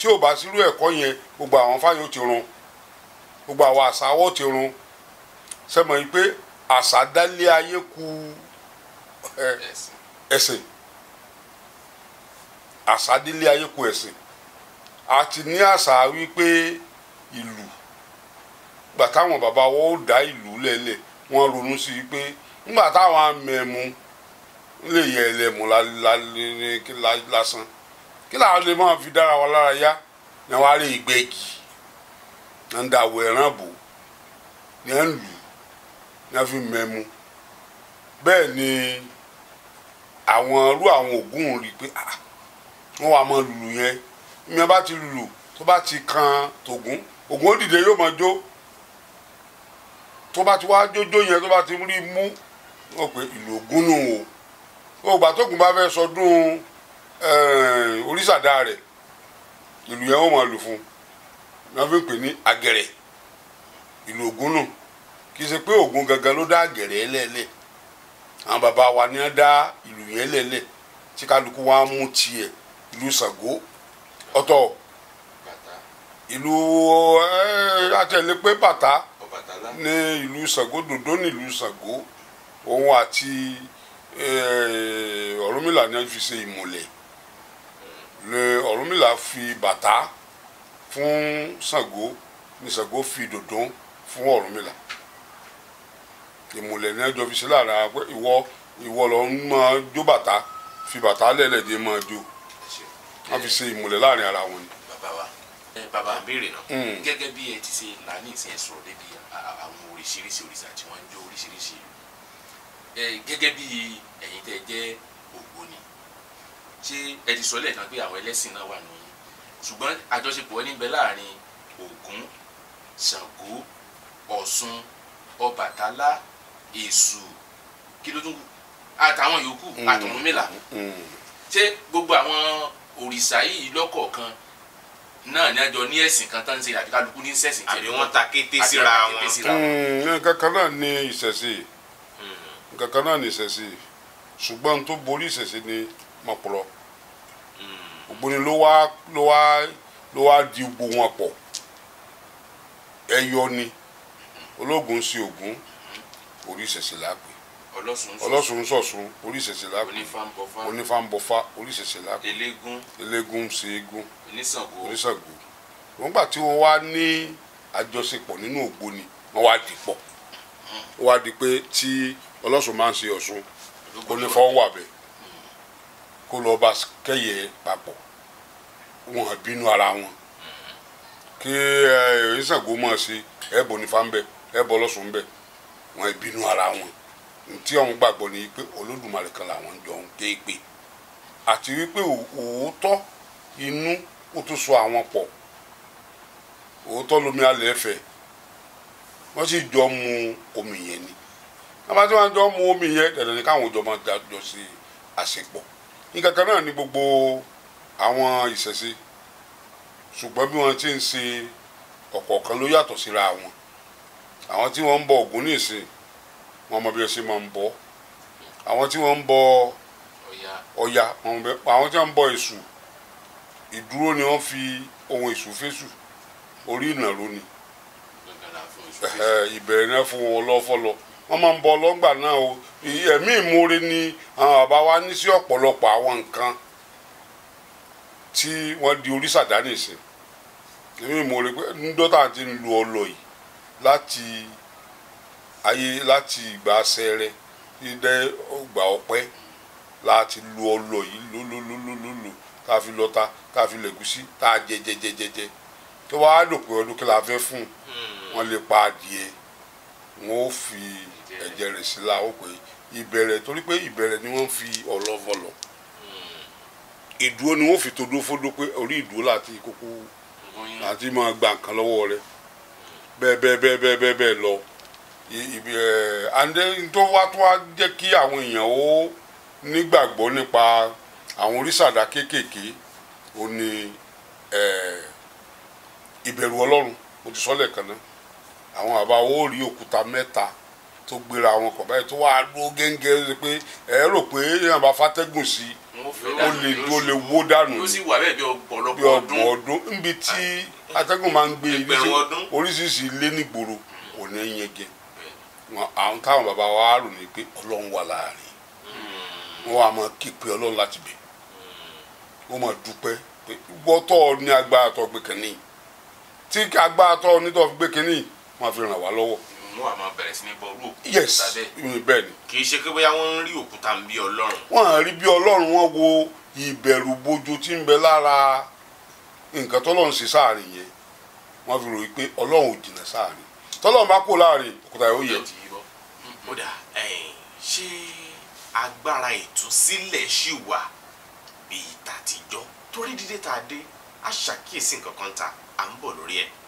tí ò bá sírú ẹ̀kọ́ yẹn gbogbo àwọn fáyọ̀ ti run gbogbo àwọn àṣàwọ̀ ti run sẹ́mọ̀ yìí pé àṣà dálé ayé ku ẹ̀sìn àṣà délé ayé ku ẹ̀sìn àti ní àṣà wípé ìlú gbà táwọn bàbá wọn ó dá ìlú lẹ́lẹ̀ wọ́n ronú sí i pé nígbà táwọn amẹ̀mú lè yẹ ẹlẹ́mu lásán. La, la, la, la, la, la, la, la, kí làwọn lè máa fi dára wa lára yá ni wàá rí ìgbẹ́jì ní ń da àwọ̀ ẹ̀ràn bò ní ń lù ní wọ́n fi mẹ́mu bẹ́ẹ̀ ni àwọn irú àwọn ògùn rí pé wọ́n wàá máa lùlù yẹn ìyẹn bá ti lùlù tó bá ti kan tògún ògùn ó dìde yóò máa jó tó bá ti wá jójó yẹn tó bá ti rí mú wọ́n pé ìlú ògún nù o ògbà tó gùn bá fẹ́ sọdún. So Eh, oríṣàdá rẹ̀ ìlú yẹn wọ́n máa lò fún náà fi ń pè ní àgẹ̀rẹ̀ ìlú Ògún nù kì í ṣe pé Ògún gangan ló dá àgẹ̀rẹ̀ lẹ́lẹ̀ àwọn bàbá wa ni wọ́n dá ìlú yẹn lẹ́lẹ̀ tí kálukú wa mú tiẹ̀ ìlú Ṣàngó ọ̀tọ̀ ìlú àtẹ̀lé eh, pé bàtà ní ìlú Ṣàngó dòdó ní ìlú Ṣàngó òun àti eh, Ọ̀rúnmìlà ni wọ́n fi ṣe ìmùlẹ̀ lè ọ̀rúnmìlà fi bàtà fún ṣàngó ní ṣàngó fi dòdò fún ọ̀rúnmìlà ìmùlẹ̀ ní ẹjọ́ fi ṣe lára pé ìwọ ìwọ lọ ń máa jó bàtà fi bàtà lẹ́lẹ̀ dé máa jó wọ́n fi ṣe ìmùlẹ̀ láàrin ara wọn bàbá wa bàbá àbèrè náà hmm. gẹ́gẹ́ bí ẹ ti ṣe lànà ìsìn sọ̀rọ̀ débi àwọn oríṣiríṣi òrìṣà tí wọ́n jó oríṣiríṣi gẹ́gẹ́ bí ẹ̀yin tẹ́ jẹ́ ṣé ẹ ti sọ lẹ́ẹ̀kan pé àwọn ẹlẹ́sìn náà wà nù yín ṣùgbọ́n àjọṣepọ̀ ní bẹ láàrin Ògún Ṣàngó Ọ̀ṣun Ọbàtálá Èṣù kí ló tún kù àtàwọn yòókù mm. àtọ̀rúnmìlà mm. ṣé gbogbo àwọn òrìṣà yìí lọ́kọ̀ọ̀kan náà ní àjọ ní ẹ̀sìn kan tán ń ṣe àbí kálukú ní sẹ̀sìn tẹ̀lé wọn ta kété síra wọn. Mm, nǹkan kan náà ni ìṣẹ̀sìn nǹkan kan náà ni ìṣẹ̀sìn ṣùgbọ́n tó borí ìṣẹ̀sìn ni mọ̀pọ̀lọ́ Ògbóni ló wá ló wá ló wá di gbogbo wọn pọ̀ ẹyọ ni ológun sí ogun orí ìṣẹ̀ṣẹ̀ lápè ọlọ́sùn sọ̀sùn orí ìṣẹ̀ṣẹ̀ lápè onífàǹbọ̀fà orí ìṣẹ̀ṣẹ̀ lápè elégún sí eégún oníṣàngó wọ́n gbà tí wọ́n wá ní àjọṣepọ̀ nínú Ògbóni wọ́n wá di pọ̀ wọ́n wá di pé tí ọlọ́sùn máa ń ṣe Ọ̀ṣun onífọ́ wà bẹ́ẹ̀ kó lọ bá kẹyẹ papọ̀ wọn bínú ara wọn kí ẹ ìṣàgó mọ̀ sí ẹ bọ̀ nífa ń bẹ ẹ bọ̀ lọ́sùn ń bẹ wọn bínú ara wọn ntí àwọn gbàgbọ́ ni pé olódùmarè kan làwọn jọ ń kéèpé àti wípé òótọ́ inú kò tó so àwọn pọ̀ òótọ́ lomi alẹ́ fẹ́ wọ́n sì jọ mu omi yẹn ni àbájọ́ wọn jọ mu omi yẹn dandan ni káwọn jọ máa dájọ́ sí àṣepọ̀ nǹkan kan náà ni gbogbo àwọn ìṣẹ̀ṣe ṣùgbọ́n bí wọ́n ti ń ṣe ọ̀kọ̀ọ̀kan ló yàtọ̀ síra wọn àwọn tí wọ́n ń bọ Ògún ní ìsìn wọn mọ bí wọ́n ṣe máa ń bọ àwọn tí wọ́n ń bọ Ọya àwọn tí wọ́n ń bọ Èṣù ìdúró ni wọ́n fi ohun Èṣù fésù orí ìnà lónìí ìbẹ̀rẹ̀ náà fún wọn lọ́fọ́ wọ́n máa ń bọ lọ́gbà náà o ẹ̀mí ìmoore ni àwọn bàbá wa ní sí ọ̀pọ̀lọpọ̀ àwọn nǹkan tí wọ́n di oríṣàdánì sí ẹ̀mí ìmoore pé ndọ́tà ti ń lu ọlọ yìí láti ayé láti ìgbà sẹrẹ dídẹ ọgbà ọpẹ́ láti lu ọlọ yìí lólólólólólò tá a fi lọta tá a fi lẹ̀gúsí tá a jẹ jẹjẹjẹjẹ tó wàá dòpin ọdún kí la fẹ́ fún hmm. wọn lè pa adìẹ wọn ó fi. ẹ̀jẹ̀ rẹ̀ sí la ó pé ìbẹ̀rẹ̀ torí ni wọ́n fi ọlọ́fọ̀ lọ ìdúró ni wọ́n fi tó dúró ori pé orí ìdúró láti kókó láti máa gba nǹkan lọ́wọ́ rẹ̀ bẹ́ẹ̀ bẹ́ẹ̀ bẹ́ẹ̀ bẹ́ẹ̀ bẹ́ẹ̀ bẹ́ẹ̀ lọ ibi ẹ̀ tó wá tó wá jẹ́ kí àwọn èèyàn ó nígbàgbọ́ nípa àwọn oríṣàdá kéékèèké ó ní ẹ̀ ìbẹ̀rù ọlọ́run mo ti sọ́lẹ̀ kan náà tó gbéra wọn kọ̀ báyìí tó pé ẹ rò pé èèyàn bá fàtẹ́gùn sí ó lè ó lè wó dànù bí ọgbọ̀n ọdún níbi tí atẹ́gùn máa ń gbé oríṣiríṣi ilé nígboro kò ní yẹn àwọn táwọn bàbá wa rò ní pé ọlọ́run wà láàrin wọn wà máa ké ọlọ́run láti bẹ̀ máa hmm. dúpẹ́ pé ní agbára tó gbé tí agbára tó gbé kínní fi ràn wọ́n á máa bẹ̀rẹ̀ sí ní bọ orú òkúta bẹ́ẹ̀ bẹ́ẹ̀ ni. kì í ṣe pé bóyá wọ́n ń rí òkúta bí ọlọ́run. wọ́n á rí bí ọlọ́run wọ́n wo ìbẹ̀rù bojo tí ń bẹ lára nǹkan tọ́lọ́run ṣe sáàrin yẹn wọ́n fi ròyìn pé ọlọ́run ò jìnnà sáàrin tọ́lọ́run bá kó láàrin òkúta yóò yẹ. ó dà ṣé agbára ìtúsílẹ̀ ṣì wà bíi tàtijọ́ torí dídé tá a dé a ṣàkíyèsí nǹkan kan ta à ń bọ̀ lórí ẹ̀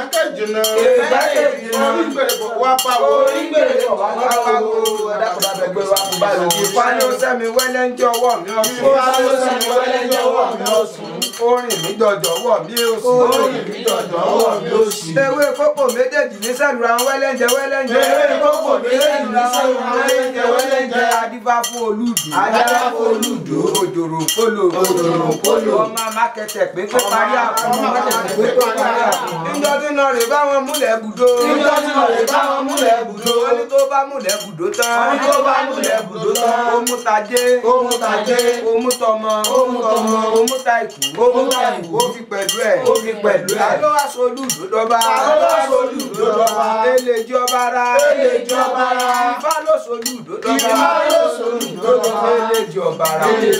akẹ́jùnà ìgbàkẹ́jùnà orígbèrèbọ̀ wá pawó orígbèrèbọ̀ wá pawó ẹ̀dàkùnrin abẹ́gbẹ́ wa kò bá lò. ìfani sẹ́mi wẹ́lẹ́ ń jẹ́ ọwọ́ mi ọ̀sùn. ìfani sẹ́mi wẹ́lẹ́ ń jẹ́ ọwọ́ mi ọ̀sùn. orin mi dọ̀dọ̀ wọ̀ mí òsùn. orin mi dọ̀dọ̀ wọ̀ mí òsùn. ewé kókò méjèèjì ní sẹ́lura wẹ́lẹ́njẹ wẹ́lẹ́njẹ. ewé kókò méjèèjì ní sẹ́lura wẹ́lẹ́njẹ wẹ́lẹ́njẹ. adífá fún olùdó. adífá fún olùdó. òjòrò kólò. òjòrò kólò. ọmọ amákẹ́tẹ̀ pé pé parí àpò. ọmọ amákẹ́tẹ̀ pé pé parí àpò nínú rẹ̀ bá wọn múlẹ̀ bùdó. níjọ́ nínú rẹ̀ bá wọn múlẹ̀ bùdó. ó ní tó bá múlẹ̀ bùdó tán. ó ní tó bá múlẹ̀ bùdó tán. ó mú tajé. ó mú tajé. ó tọmọ. ó tọmọ. ó ta ìkú. ó mú ta ìkú. ó fi pẹ̀lú ẹ̀. ó fi pẹ̀lú ẹ̀. àlọ́ aṣojú ìdódọ́ba. àlọ́ aṣojú ìdódọ́ba. èlè jọba ra. èlè jọba ra. ìfá ló sojú ìdódọ́ba. ìfá ló sojú ìdódọ́ba. èlè jọba ra. èlè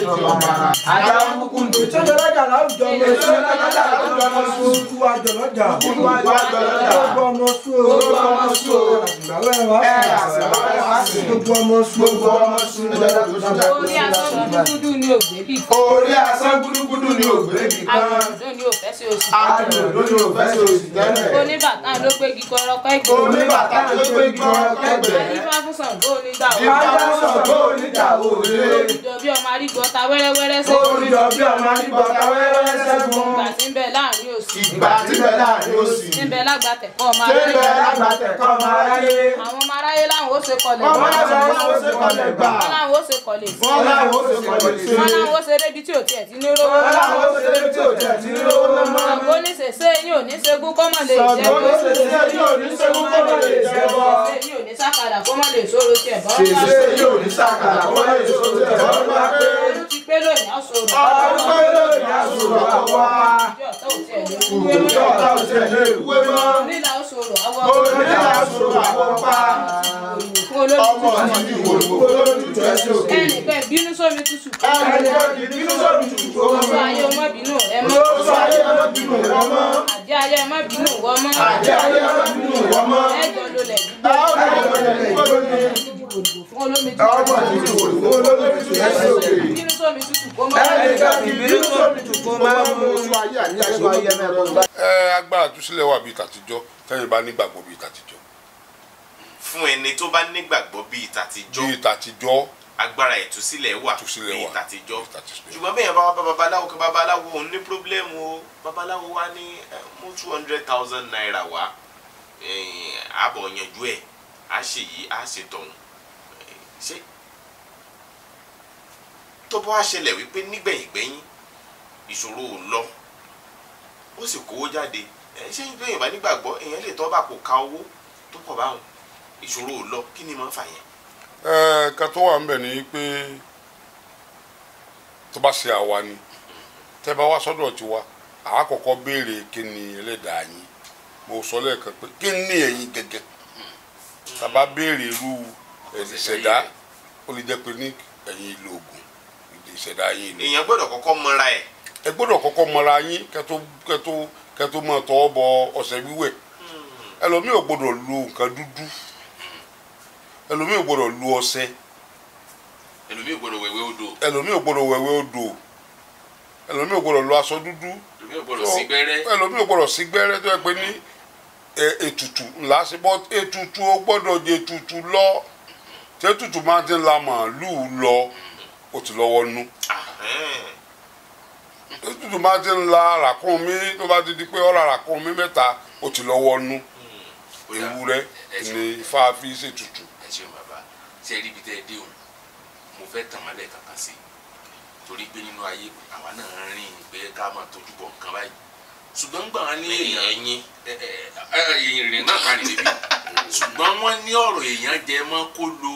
jọba wá gbọ́dọ̀ gbogbo ọmọ sùn gbogbo ọmọ sùn gbàgbọ́ ẹ̀ wá sí gbogbo ọmọ sùn gbogbo ọmọ sùn lọ́dọ̀ tó sùn lọ́dọ̀ tó sùn lọ́dọ̀ tó sùn lọ́dọ̀ orí asán gúdúgúdú ni ògbé bì kan àdùn ló ní òfẹ́ sí oṣù tẹ́lẹ̀ oníbàtà ló gbé igi kọ́rọ́kọ́ ẹgbẹ́ oníbàtà ló gbé igi kọ́rọ́kọ́ ẹgbẹ́ ìfáfúsàngó onígbà òrèlè olùjọ bí ọmọ arígbọ́ta wẹ́rẹ́wẹ́rẹ́ sẹ́gun olùjọ bí ọmọ arígbọ́ta wẹ́rẹ́wẹ́rẹ́ sẹ́gun ìgbà tí ń bẹ láàrin òsì ìgbà tí ń bẹ láàrin òsì òsì. níbẹ̀ lágbàtẹ̀kọ́ ọmọ aráyé. níbẹ̀ lágbàtẹ̀kọ́ ọmọ aráyé. àwọn ọmọ aráyé láwọn ó ṣe kọlẹ̀ gbà. wọ́n láwọn ó ṣe kọlẹ̀ gbà. wọ́n láwọn ó ṣe kọlẹ̀ sí. wọ́n láwọn ó ṣe kọlẹ̀ sí. wọ́n láwọn ó ṣe débi tí ò tiẹ̀ ti ní rówó. wọ́n láwọn ó ṣe débi tí ò tiẹ̀ ti ní rówó mọ́. àgbo ní sèse yín ò ní según kọ́mọ lè jẹ́ bọ́. sèse yín ò ní según kọ́mọ lè ìwé mọ́. onílà sọ̀rọ̀ àwọn pa ọmọ ti di òyìnbó lórí tó ẹ sókè. ẹnìkan ìbínú sómi tútù. ẹnìkan ìbínú sómi tútù ó mọ́. ayé ọmọ bínú rẹ mọ́. ayé ọmọ bínú rẹ àjẹ́ ayé ọmọ bínú wọ àjẹ́ ayé ọmọ bínú wọ ẹjọ́ ló lẹ̀ ẹjọ́ ló lẹ̀ olómi tútù. ọmọ tútù olómi tútù ẹsẹ òkè. ìbínú sómi tútù kó máa mú. ẹnì kan ìbínú sómi tútù kó máa mú. ẹsùn ayé mẹ́rin. ẹ agbára túsílẹ̀ wà bíi tàtijọ́ tẹ́yìn bá nígbàgbọ́ bíi tàtijọ́. fún ẹni tó bá nígbàgbọ́ bíi tàtijọ́. bíi tàtijọ́ agbára ìtúsílẹ̀ wà bíi tàtijọ́ ṣùgbọ́n bẹ́ẹ̀ bá wá bá babaláwo kan babaláwo òun ní pírọ́blẹ́mù o babaláwo wá ní mú two hundred thousand naira wá àbọ̀ yanjú ẹ̀ á ṣèyí á ṣètọ̀hún ṣe tó bá ṣẹlẹ̀ wípé nígbẹ̀yìngbẹ̀yìn ìṣòro ò lọ ó sì kówó jáde ẹ̀ ṣé ìgbẹ́ yorùbá nígbàgbọ́ èèyàn lè tọ́ bá kò ka owó tó pọ̀ báwọn ìṣòro ò lọ kí ni mo ń fà yẹn. ẹ ká tó wà ń bẹ̀ ni pé tó bá ṣe àwa ni tẹ bá wá sọ́dọ̀ tiwa àá kọ́kọ́ béèrè kí ni ẹlẹ́dàá yín mo sọ lẹ́ẹ̀kan pé kí ni ẹ̀yin gẹ́gẹ́ hmm. tàbá béèrè irú ìṣẹ̀dá ó lè jẹ́ pé ní ẹ̀yin ìlò oògùn ìṣẹ̀dá yín ni. èèyàn gbọ́dọ̀ kọ́kọ́ mọra ẹ̀. ẹ gbọ́dọ̀ kọ́kọ́ mọra yín kẹ́tó kẹ́tó kẹ́tó mọ tọwọ́ bọ ọṣẹ wíwẹ̀ hmm. ẹlòmíì ò gbọ́dọ̀ lo nǹkan dúdú hmm. ẹlòmíì ò gbọ́dọ̀ lo ọṣẹ ẹlòmíì ò gbọ́dọ̀ wẹ̀wẹ̀ odò ẹlòmíì ò gbọ́dọ̀ wẹ̀wẹ̀ odò ẹlòmíì ò gbọ́dọ̀ lo aṣọ dúdú ẹlòmíì ò gbọ́dọ̀ sígbẹ́rẹ́ ẹlòmíì ò gbọ́dọ̀ sígbẹ́rẹ́ tó yẹ pé ní e, ètùtù ńlá sí bọ́ ètùtù ó gbọ́dọ̀ jẹ ètùtù lọ tètùtù máa ti ń la màálùú lọ o ti lọ́wọ́ nú tètùtù máa ti ń la ràkún mi tó bá ti di pé ọ̀rọ̀ ràkún mi mẹ́ta ó ti lọ́wọ́ nú ewúrẹ́ ni ifá fi ṣètùtù. ẹ ṣeun bàbá ṣe rí ibi tẹ́ ẹ dé o mo fẹ́ tàn mọ́lẹ̀ kankan sí i torí pé nínú ayé àwa náà rìn pé ká máa tójú bọ̀ nǹkan báyìí ṣùgbọ́n gbà wọ́n ní èèyàn ẹ̀yìn rìn náà kan níbí ṣùgbọ́n wọ́n ní ọ̀rọ̀ èèyàn jẹ mọ́ kó lo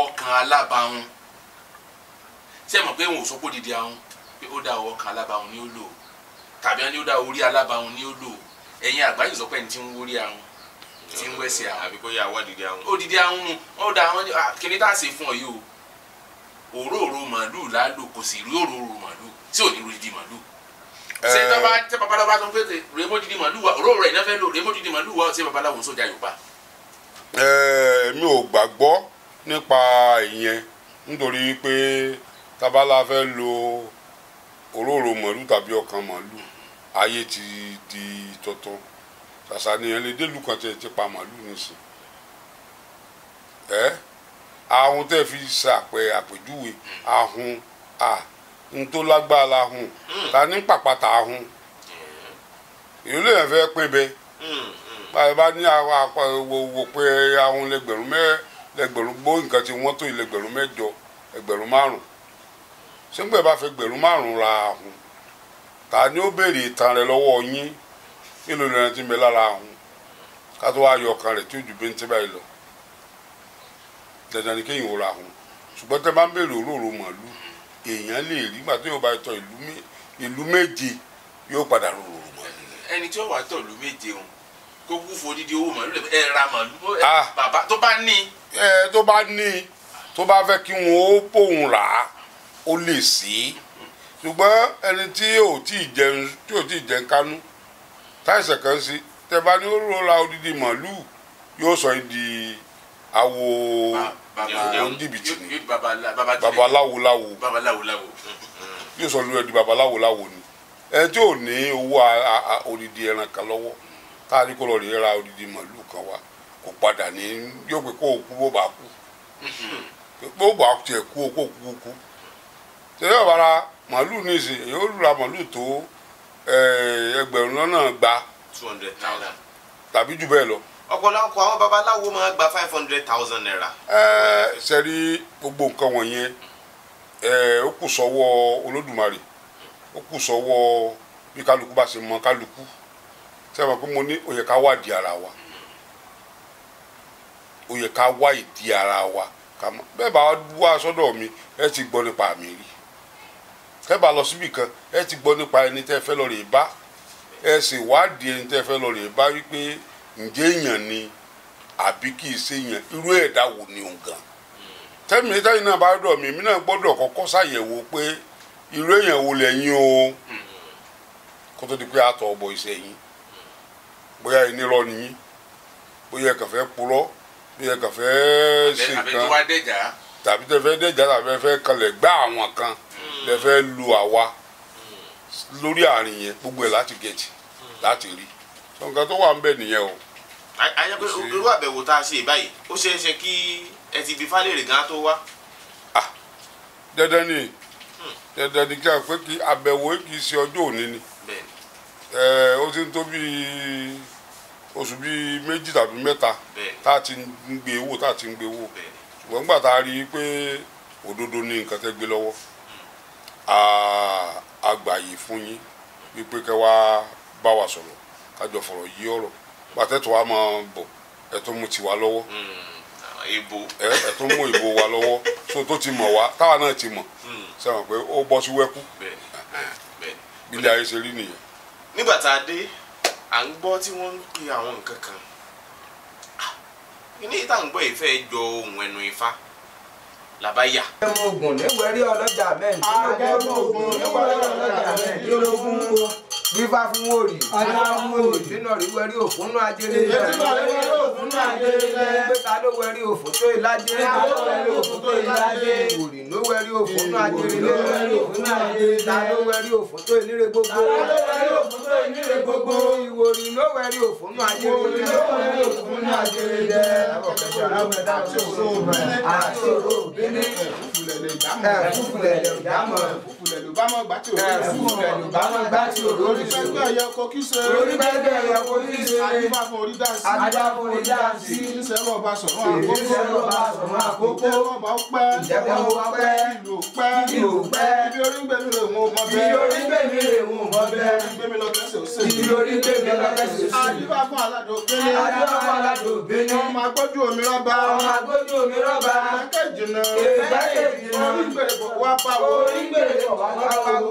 ọkàn alábàáhùn ṣé ẹ mọ̀ pé òun ò sọ pé òdìdí pé ó dá ọkàn alábàáhùn ni ó lò tàbí wọn ni ó dá orí alábàáhùn ni ó lò ẹ̀yin àgbáyé sọ pé ẹni tí ń wórí ahùn tí ń wẹ̀sẹ̀ àwọn. àbí kò yà wá dìde àwọn. ó dìde àwọn nù ó da àwọn kíni tá a ṣe fún ọ yìí o òróró màálù lálò kò sì rí òróró màálù tí ò ní rí di màálù ṣé eh, tọ́ba tẹ babaláwo bá tó ń pèsè rèémọ́ dídì màlúù wa òróró rẹ̀ náà lo lò rèémọ́ dídì màlúù wa ṣé babaláwo ń sójà Yorùbá. Eh, mi ò gbàgbọ́ nípa ìyẹn nítorí pé tabala fẹ́ lo òróró màlúù tàbí ọkàn màlúù ayé ti di tuntun ṣàṣà ni ẹni délùú kan tẹ̀ ti pa màlúù nìsín ẹ eh, ahun tẹ́ fi ṣàpẹ àpèjúwe ahun a. Ah n tó lágbára la hun hmm. ta ní pàpàtà hun ìlú yẹn fẹ́ pín bẹ báyìí bá ní àwọ pé àwọn lẹgbẹ̀rún mẹ́ lẹgbẹ̀rún gbó nǹkan tí wọ́n tó lẹgbẹ̀rún mẹ́jọ ẹgbẹ̀rún márùn sẹ́gbẹ̀ bá fẹ́ gbẹ̀rún márùn ra hun ta ni ó béèrè ìtàn rẹ lọ́wọ́ yín nílò ìrìn tí ń bẹ lára hun ká tó wá yọ ọkàn rẹ tí ó ju bí ń tẹ́ báyìí lọ dandan ni kéèyàn ó ra hun ṣùgbọ́n tẹ́ bá ń béèrè òróró màálù èèyàn lè rí gbà tó yóò bá tọ ìlú méje yóò padà rorò mọ́. ẹni tí ó wàá tọ ìlú méje o kó kú fòdìdí owó màálù ẹ ra màálù ah. bàbá tó bá ní. ẹ tó bá ní tó bá fẹ́ kí wọn ó pòun rà á ó lè sí i ṣùgbọ́n ẹni tí ò tí ì jẹun tí ò tí ì jẹun kánú táìsàn kan sí tẹ bá ní ó rọra odidi màálù yóò sọ yìí di awo. Ah onídìbìtì babaláwo láwo yóò sọ lórí ẹni babaláwo láwo ni ẹni tí ò ní owó odidi ẹran kan lọ́wọ́ táàrí kó lọ rí ra odidi màlúù kan wa kò padà ní yóò pé kó o kú bó bá kú mm-hmm. bó bá tiẹ̀ kú o kó kú kú tẹ̀lé ọ̀bára màlúù ní ìsìn yóò lura màlúù tó ẹgbẹ̀rún lọ́nà gba tàbí jù bẹ́ẹ̀ lọ ọ̀pọ̀lọpọ̀ àwọn babaláwo máa gba five hundred thousand naira. ẹ ṣe rí gbogbo nǹkan wọ̀nyẹn ẹ ó kù sọ́wọ́ olódùmarè ó kù sọ́wọ́ bí kálukú bá ṣe mọ kálukú ṣe mọ̀ pé mo ní ó yẹ ká wádìí ara wa ó yẹ ká wá ìdí ara wa bẹ́ẹ̀ bá wá sọ́dọ̀ mi ẹ ti gbọ́ nípa mi rí ẹ bá lọ síbì kan ẹ ti gbọ́ nípa ẹni tẹ́ fẹ́ lọ rè bá ẹ sì wádìí ẹni tẹ́ fẹ́ lọ rè bá wípé Nje èèyàn ni àbí kì í ṣe èèyàn irú ẹ̀dá wo ni òun gan tẹ́mi táyìn náà bá dọ̀ mí sayewo náà gbọ́dọ̀ kọ́kọ́ ṣàyẹ̀wò pé irú o kó tó di pé àtọ̀ ọ̀bọ̀ iṣẹ́ bóyá ìnirọ́ ni yín bóyá ẹ̀kàn fẹ́ purọ́ bóyá ẹ̀kàn fẹ́ ṣe nǹkan tàbí tẹ́ fẹ́ dẹ́jà tàbí fẹ́ kan tẹ́ fẹ́ lu àwa lórí àárín yẹn gbogbo ẹ̀ láti gẹ̀ẹ́tì láti nǹkan tó wà ń bẹ nìyẹn o. pé irú àbẹ̀wò tá a ṣe báyìí ó ṣeé ṣe kí ẹ ti bi fálẹ́rì gan tó wá. dandan ni hmm. dandan ni kí a pé kí àbẹ̀wò kì í ṣe ọjọ́ òní ti ń tó bíi oṣù bíi méjì tàbí mẹ́ta tá ti ń gbé wò tá a ti ń gbé wò ṣùgbọ́n nígbà tá a rí i pé òdodo ni nǹkan tẹ́ gbé lọ́wọ́ hmm. fún yín wípé kẹ́ wá wa sọ̀rọ̀ kájọ fọ̀rọ̀ yí ọ̀rọ̀ pàtẹ́tù wa máa bọ̀ ẹ tó mú tiwa lọ́wọ́ hmm, ẹ tó mú ìbò wa lọ́wọ́ so tó ti mọ̀ wá táwa náà ti mọ̀ sẹ́wọ̀n hmm. pé ó bọ́ sí wẹ́kú ilé ayé ṣe rí nìyẹn. nígbà tá a dé à ń gbọ́ tí wọ́n ń pe àwọn nǹkan kan ilé ìta ń gbọ́ ìfẹ́ jọ ohun ẹnu ifá làbáyà. ẹ̀rọ ogun níwẹ̀rí ọlọ́jà mẹ́rin. àgẹ̀rọ ogun níwẹ̀rí ọlọ́jà mẹ́rin bíbá fún wòrì bíbá fún wòrì nínú ìwẹ́rí òfúnnú ajẹ́lẹ́ gbẹ́ta ló wẹ́rí òfún tó ìlàjẹ́ wòrì ló wẹ́rí òfúnnú ajẹ́lẹ́ ta ló wẹ́rí òfún tó ìníre gbogbo ìwòrì ló wẹ́rí òfúnnú ajẹ́lẹ́ àti òrò bíní ẹ̀fúfulẹ̀ lè dámọ̀ ẹ̀fúfulẹ̀ ló bá mọ̀ gbá tí òrò orígbẹ́gbẹ́ ẹ̀yà kò kí ṣe. orígbẹ́gbẹ́ ẹ̀yà kò kí ṣe. adébáfọ̀ orí dá sí. adébáfọ̀ orí dá sí. ìṣẹ́ lọ bá sọ̀rọ̀ àkókò. ìṣẹ́ lọ bá sọ̀rọ̀ àkókò. ìjẹ́kọ̀ bá pẹ́. ìjẹ́kọ̀ bá pẹ́. ìlú pẹ́. ìlú pẹ́. ibi orígbẹ́mi rè wọ́n mọ bẹ́ẹ̀. ibi orígbẹ́mi rè wọ́n mọ bẹ́ẹ̀. ibi orígbẹ́mi lọ kẹsẹ̀ òsè. ibi orígbẹ́mi lọ kẹsẹ̀ òsè. adébáfọ̀ aládògbélé. adébáfọ̀ aládògbélé. ọmọ agbójú omi rọ́bà. ọmọ agbójú omi rọ́bà. ìgbàkejì náà. ìgbàkejì náà. orígbèrè bọ̀ wá pa wo. orígbèrè bọ̀ wá pa wo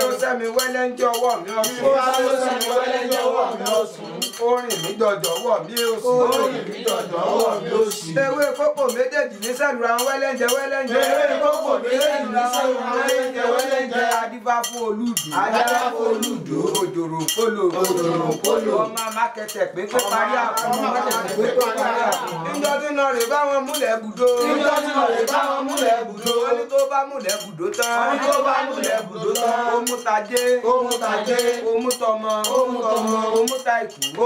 ló sẹ́mi wẹ́lẹ́ ń jẹ́ ọwọ́ mi ọ̀sùn. ìfá ló sẹ́mi wẹ́lẹ́ ń jẹ́ mi ọ̀sùn ó mi mí dọ̀dọ̀ mi mí òsì. ó rìn mí dọ̀dọ̀ wọ̀ mí òsì. ewé kókò méjèèjì ní sẹ́lura wẹ́lẹ́ǹjẹ wẹ́lẹ́ǹjẹ. ewé kókò méjèèjì ní sẹ́lura wẹ́lẹ́ǹjẹ wẹ́lẹ́ǹjẹ. adífá fún olúdò. adífá fún olúdò. òjòrò kólò. òjòrò kólò. ọmọ amákẹ́tẹ̀ pé pé parí àpò. ọmọ amákẹ́tẹ̀ pé pé parí àpò. níjọ́ tí lọ rè báwọn múlẹ̀ gùdó. níjọ́ tí lọ rè báwọn múlẹ̀ gùdó. wọ́n ní tó bá múlẹ̀ gùdó tán. wọ́n ní tó bá múlẹ̀ gùdó tán. ó mú tajé. ó mú tajé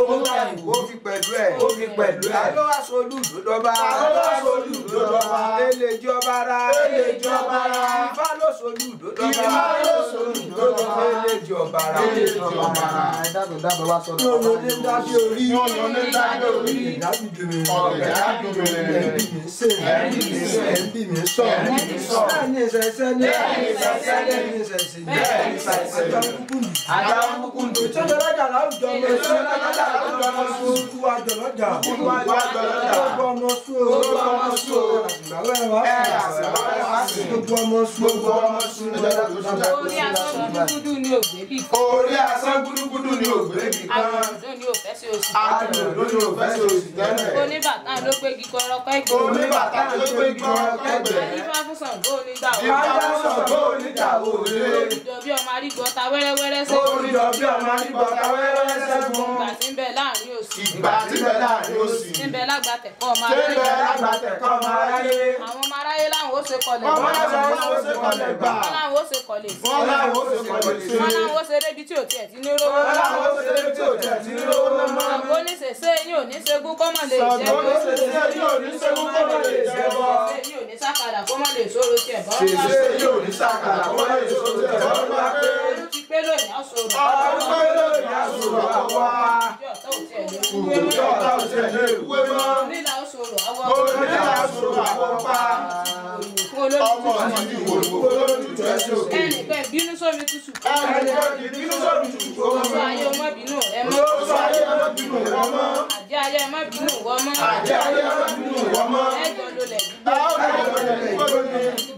ó fi pẹ̀lú ẹ̀ ó fi pẹ̀lú ẹ̀ ló wá solú lódọ́ba ló wá solú lódọ́ba ele jọba ra ele jọba ra ifá ló solú lódọ́ba ifá ló solú lódọ́ba ele jọba ra ele jọba ra dábò dábò wá sọ lọ. yóò lè orí yóò lè dábì orí ìdábì dùnmí ọ̀gá dùnmí ẹ̀rí mi sè ẹ̀rí mi sè ẹ̀rí mi sọ ẹ̀rí mi sọ ẹ̀rí ọmọ sùn olúwa jọlọjà olúwa orí asán gúdúgúdú ni ògbé bì kan. orí asán gúdúgúdú òfẹ́ sí oṣù tẹ́lẹ̀. oníbàtà ló pé igi kọrọkọ ẹgbẹ́. oníbàtà ló pé igi kọrọkọ ẹgbẹ́. ìfá fún Ṣàngó onígbà òde. bí ọmọ arígbọta wẹ́rẹ́wẹ́rẹ́ sẹ́gun. olùjọ bí ọmọ arígbọta wẹ́rẹ́wẹ́rẹ́ sẹ́gun bẹ láàrin òsì. ìgbà tí bẹ láàrin òsì. tí bẹ lágbàtẹ̀kọ́ ọmọ aráyé. tí bẹ lágbàtẹ̀kọ́ ọmọ aráyé. àwọn ọmọ aráyé láwọn ó ṣe kọlẹ̀ gbà. wọ́n láwọn ó ṣe kọlẹ̀ gbà. wọ́n láwọn ó ṣe kọlẹ̀ sí. wọ́n láwọn ó ṣe kọlẹ̀ sí. wọ́n láwọn ó ṣe rébi tí ò tiẹ̀ ti ní rówó. wọ́n láwọn ó ṣe rébi tí ò tiẹ̀ ti ní rówó mọ́. àgbo ní sèse yín ò ní según kọ́mọ lè jẹ́ bọ́. sèse yín ò ní según kọ́mọ lè jẹ́ bọ́. sèse yín ò ní sàkàlà kọ́mọ lè sóró tiẹ̀ bọ́. sèse yín ò ní sàkàlà kọ́mọ lè sóró tiẹ̀ bọ́. olùtí pé lónìí á sọ̀rọ̀. olùtí pé lónìí á sọ̀rọ̀ àwa òkúta ọ̀tá òtẹ̀ lé ìwé mọ́. onílà oṣoòrò àwọn ọ̀pá ọmọ ti di ìwòlùkó lórí ìjọ ẹsẹ̀ òkè. ẹnìkan ìbínú sómi tútù. ẹnìkan ìbínú sómi tútù. olóṣù ayé ọmọ bínú rẹ mọ́. olóṣù ayé ọmọ bínú rẹ mọ́. àjẹ́ ayé ọmọ bínú wọ́ mọ́. àjẹ́ ayé ọmọ bínú wọ́ mọ́. ẹjọ́ ló lẹ̀ dúró. ẹjọ́ ló lẹ̀ dúró.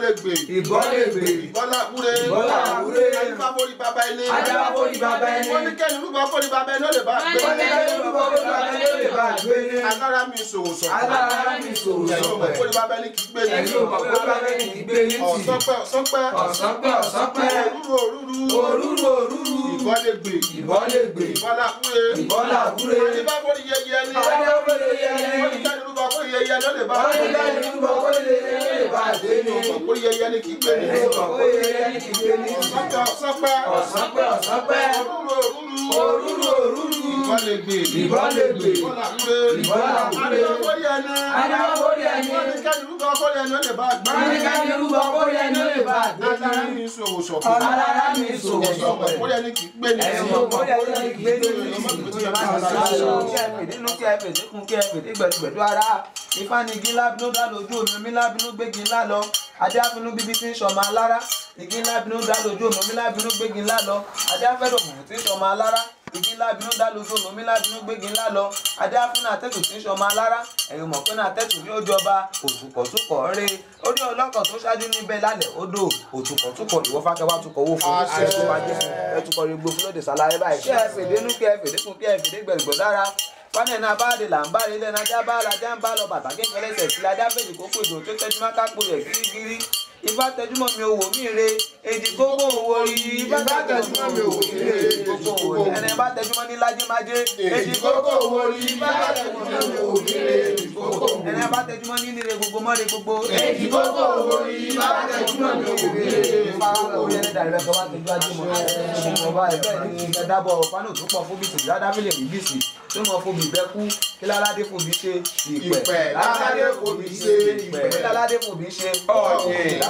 ìbọ́lẹ̀gbè ìbọ́lẹ̀gbè ìbọ́làkúrẹ́ ìbọ́làkúrẹ́ ajífà forí bàbá ilé ajífà forí bàbá ilé wọ́n ní kẹ́ni olúbọ̀ forí bàbá ilé ó lè bá gbé wọ́n ní kẹ́ni olúbọ̀ forí bàbá ilé ó lè bá gbé ní. agbára mi sòwò sọ̀pẹ̀ agbára mi sòwò sọ̀pẹ̀ forí bàbá ilé kì í gbé ní. ẹ̀yin ò mọ̀ forí bàbá ilé kì í gbé ní. ọ̀sánpẹ́ ọ̀sánpẹ́ ọ̀sánpẹ́ ọ̀sánpẹ́ òrúru òrúru òrúru ìbọ́lẹ̀gbè ìbọ́lẹ̀gbè ìbọ́làkúrẹ́ ìbọ́làkúrẹ́ ajífà forí yẹyẹ ní. ajífà forí yẹyẹ ní. wọ́n ní kẹ́ni olúbọ̀ forí yẹyẹ ní ó lè bá gbé ní oyeye ni kí gbé nínú oyeye ni kí gbé nínú ọ̀sánpẹ́ ọ̀sánpẹ́ ọ̀sánpẹ́ ọ̀rúrú òrúrú òrúrú òrúrú ìbálẹ̀gbè ìbálẹ̀gbè ìbálàkúrè ìbálàkúrè adáwọ̀kórí ẹni adáwọ̀kórí ẹni wọ́n ní kẹ́ni rúbọ kórí ẹni ó lè bá gbà wọ́n ní kẹ́ni rúbọ kórí ẹni ó lè bá gbà alára mi ṣòwò ṣọ̀pọ̀ alára mi ṣòwò ṣọ̀pọ̀ kórí ẹni kì í gbé ní ẹ̀sìn kórí ẹni kì í gbé ní ẹ̀sìn ọmọ adé àfinú bíbí tí ń sọmọ alára igi ńlá bínú dá lójú òmùmí ńlá bínú gbégi ńlá lọ adé àfẹ́dọ̀ fùfù tí ń sọmọ alára ìdí ńlá bínú dá lójú omi ńlá bínú gbégi ńlá lọ adé afúnà atẹ́tù tí ń ṣọmọ alára ẹ̀yìn mọ̀kúnà atẹ́tù ní ojọba òtùkọ̀tùkọ̀ rè orí ọlọ́kọ̀ tó ṣáájú níbẹ̀ lálẹ́ odò òtùkọ̀tùkọ̀ ìwọ fákẹ́wà tukọ̀ owó fún ẹ̀tùkọ̀ ajé fún ẹ̀tùkọ̀ rẹ̀ gbòfin lóde sàlàyé báyìí fánẹ̀ náà bá de là ń bá de lẹ́nu ajá bá lajá ń bá lọ bàbá kékeré ṣẹ̀ sí lajá fèdè kókò ìdò tó tẹ́jú má ká kó gírígírí ìbá tẹjúmọ́ mi ò mi re èdè gbogbo òwò yìí ìbá tẹjúmọ́ mi ò mi mí re èdè gbogbo òwò ẹnì ìbá tẹjúmọ́ ní lájímájé èdè gbogbo òwò yìí ìbá tẹjúmọ́ mi ò wò mí re èdè gbogbo òwò ẹnì ìbá tẹjúmọ́ ní nílé gbogbo mọ́re gbogbo èdè gbogbo òwò yìí ìbá tẹjúmọ́ mi ò wò mí re èdè gbogbo òwò ẹnì ìdàrẹ́ bẹ́ẹ̀ wá tẹjú ajímọ̀ ọba ẹ̀fẹ́ ní ìdádàbọ̀ pánò tó pọ̀ fóbìsì ládàbílẹ̀ bíbìsì tó mọ̀ fóbì bẹ́kú kí láládé fòbí ṣe ìpẹ́ láládé fòbí ṣe ìpẹ́ láládé fòbí ṣe ọ̀ọ́dẹ̀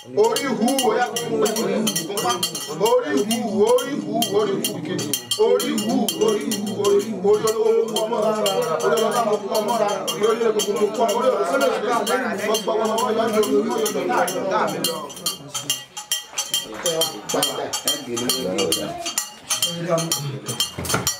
orí hu oya orí hu orí hu orí hu kejì orí hu orí hu orí hu orí olówó kọ mọ́ra orí ọlọ́dà mo kọ mọ́ra orí olóyè gbogbo mo kọ orí ọlọ́dà mo kọ mọ́ra mo gbọ́ wọn wọ́n yọ ní orí orí ọ̀dọ̀ náà yọ̀ náà mi lọ. Thank you.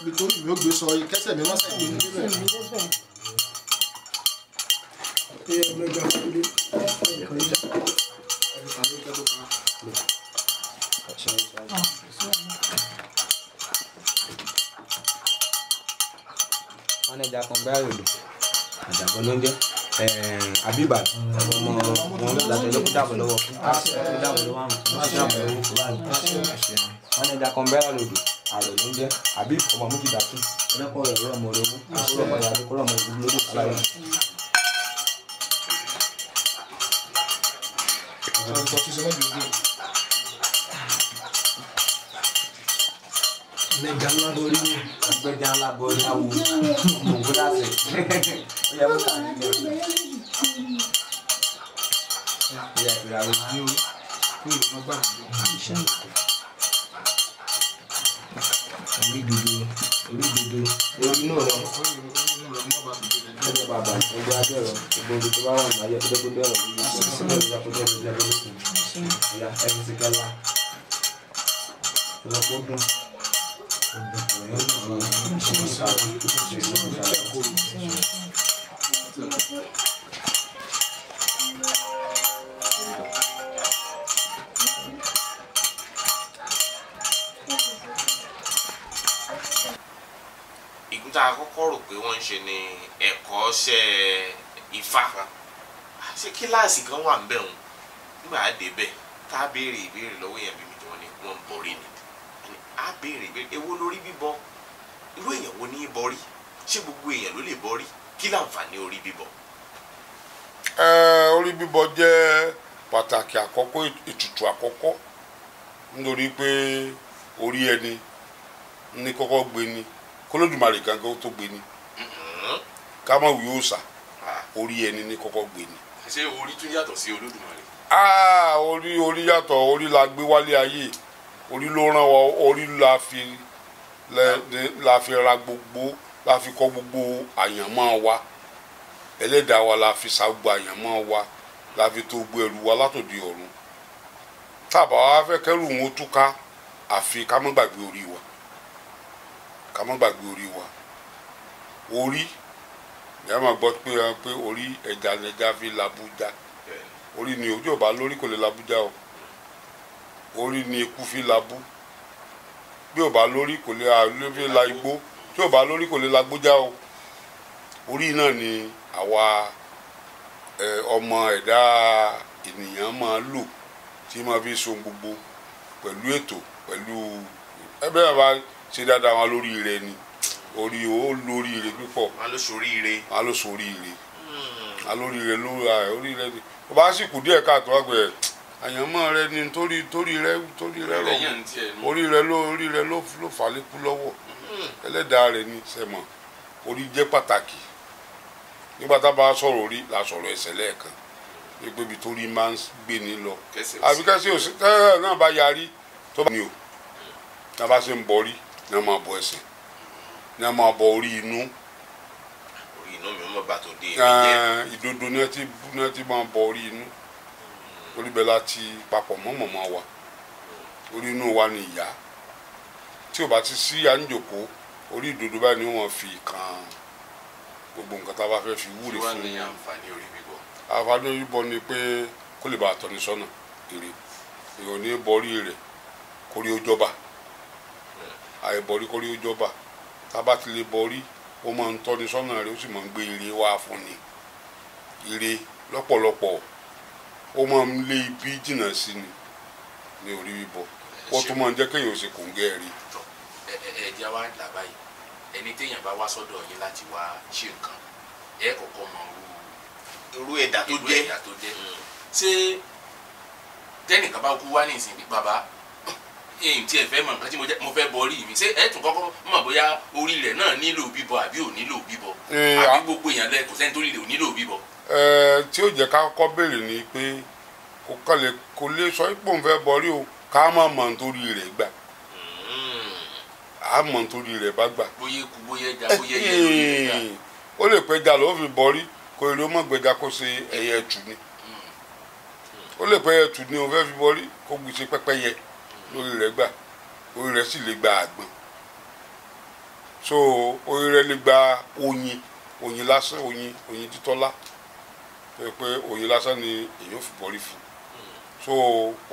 ibi tó lù mí ó gbé sọ kẹsẹ̀ mi lọ́sẹ̀ gbé ní wọ́n ẹja kan gbá yòlù àjàgbọ́n ló ń jẹ́ abibat ọmọ wọn láti ọjọ́ kó dàbọ̀ lọ́wọ́ kó dàbọ̀ lọ́wọ́ àwọn kó dàbọ̀ lọ́wọ́ kó dàbọ̀ lọ́wọ́ wọn ní ẹja kan bẹ́rẹ̀ lòdì àrò ló ń jẹ́ àbí ọmọ méjì dàtú ẹlẹ́kọ̀ọ́ rẹ̀ rọ̀ mọ́ lówó àti ọmọ ìyàwó kọ́ ọmọ ìlú lójú aláwọ̀. Gbẹ̀jà ńlá borí ni. Gbẹ̀jà ńlá borí awo. Mo gbọ́dọ̀ sè. Ó yẹ kó kà ní ilé. Ìyá ìgbéra ló ń o. Kí ìlú náà gbà mí lọ. orí dodo orí dodo orí inú rẹ ẹgbẹ́ bàbá ẹgbẹ́ abẹ́rọ gbogbo ibi tó bá wà ní ayé tó dẹ́gbẹ́ bẹ́rọ gbogbo ibi tó dẹ́gbẹ́ bẹ́rọ lókun ìyá ẹni ti gala ìlọ́pọ̀ dùn ọ̀dùnkùn ẹ̀yọ́ ọ̀dùnkùn ìṣàlù ìṣèlú ìṣàlù. tá a kọ́kọ́ pe wọn wọ́n ń ṣe ni ẹ̀kọ́ ṣe ifá kan ah, kíláàsì kan wà wọn nígbà a béèrè ìbéèrè lọ́wọ́ èèyàn bíbí tí wọ́n ní wọ́n ni á béèrè ìbéèrè lórí bíbọ irú èèyàn wo ní í bọrí ṣé gbogbo èèyàn ló lè bọrí kí láǹfààní orí bíbọ. Eh, orí bíbọ jẹ́ pàtàkì àkọ́kọ́ ètùtù àkọ́kọ́ nítorí pé ẹni ní kólódùmarè gangan tó gbé ni mm-hmm. ká má wí òòsà orí ẹni ní kọ́kọ́ gbé ni. ṣé orí tún yàtọ̀ sí olódùmarè. aa orí orí yàtọ̀ orí la gbé wálé ayé orí ló ràn wá orí la fi la fi ra gbogbo la fi kọ́ gbogbo àyànmọ́ wa ẹlẹ́dàá wa la fi ṣàgbọ́ àyànmọ́ wa la fi tó gbé ẹrù wa látòdì ọ̀run tábà wa fẹ́ kẹ́rù wọn túká àfi ká má gbàgbé orí wa ká má gbàgbé orí wa orí ìyá máa gbọ́ pé pé orí ẹja ẹja fi làbújá orí ni ojú ọba lórí kò lè làbújá o orí ni eku fi labú bí ọba lórí kò lè fi la igbó tí ọba lórí kò lè làgbójá o orí náà ni àwa ọmọ ẹ̀dá ènìyàn máa lò tí máa fi so gbogbo pẹ̀lú ètò Pẹ̀lú ẹbí ẹ bá ṣe dáadáa wọn lórí ire ni orí o lórí ire púpọ̀ wọn ló sórí ire wọn ló sórí ire wọn hmm. lórí ire lórí orí ire ni o bá sì kù díẹ̀ káàtó wá gbẹ àyànmọ́ rẹ ni torí torí rẹ torí rẹ rọ orí rẹ ló orí rẹ ló ló fà lékú lọ́wọ́ hmm. ẹlẹ́dàá rẹ ni sẹ́mọ̀ orí jẹ́ pàtàkì nígbà tá a bá sọ̀rọ̀ orí la sọ̀rọ̀ ẹsẹ̀ lẹ́ẹ̀kan gbogbo ibi tó rí máa ń gbé ní lọ àbíkẹ́sì òsì tẹ́lẹ̀ náà bá yarí tó bá ní o tá a bá ṣe ń bọ orí ní a máa bọ ẹsẹ̀ ní a máa bọ orí inú. orí inú mi mọ̀ bá tó dé èmi ah, jẹ́. ìdodo ní a ti ní a ti máa bọ orí inú orí bẹ́ẹ̀ láti papọ̀ mọ́ màmá wa orí inú wa ni ìyá tí ò bá ti sí à orí ìdodo báyìí ni wọ́n fi kàn gbogbo nǹkan tá a bá fẹ́ fi wúre fún un. àǹfààní orí bíbọ. ni pé kó lè bàa tọ́ni sọ́nà èrè èèyàn ní borí rẹ̀ kórí ó jọba àìbọ̀rí kórí ó jọba tába ti lè bọ̀rí ó máa ń tọ́ni sọ́nà rẹ̀ ó sì máa ń gbé ire wá fún ni ire lọ́pọ̀lọpọ̀ ó máa ń lé ibi jìnnà sí ni ní orí bíbọ ó tún máa ń jẹ́ kéèyàn ṣe kòǹgẹ́ rí. ẹ̀ẹ́dì àwa làbá yìí ẹni téèyàn bá wá sọ́dọ̀ yín láti wá ṣe nǹkan ẹ kọ̀ọ̀kan mọ̀ irú ẹ̀dá tó jẹ́ ṣé tẹ́nìkan bá kú wá ní ìsìn bàbá èyí tí ẹ fẹ́ mọ̀ nǹkan tí mo fẹ́ bọ orí mi ṣé ẹ tún kọ́kọ́ mọ̀ bóyá orí rẹ̀ náà nílò bíbọ àbí ò nílò bíbọ àbí gbogbo èèyàn lẹ kò sẹ́ni tó rí rẹ̀ ò nílò bíbọ. tí ó jẹ́ ká kọ́kọ́ béèrè ni pé kò kọ́lẹ̀ kò lè sọ pé òun fẹ́ bọ orí o ká má mọ̀ nítorí rẹ̀ gbà á hmm. mọ̀ nítorí rẹ̀ bá gbà. bóyá ikú bóyá ẹja bóyá ẹyẹ lórí rẹ̀ gbà. ó lè pẹja ló fi bọrí kò èrè ó mọ̀ gbẹja kó ṣe ẹyẹ ẹtù ni hmm. Hmm. ó lè pẹyẹ ẹtù ni òun fẹ́ fi bọrí kó gbèsè pẹ́pẹ́yẹ lórí rẹ̀ gbà orí rẹ̀ sì lè gba àgbọn so orí rẹ̀ lè gba oyin oyin lásán oyin oyin títọ́lá tó yẹ pé oyin lásán ni èèyàn fi bọ́rí fún so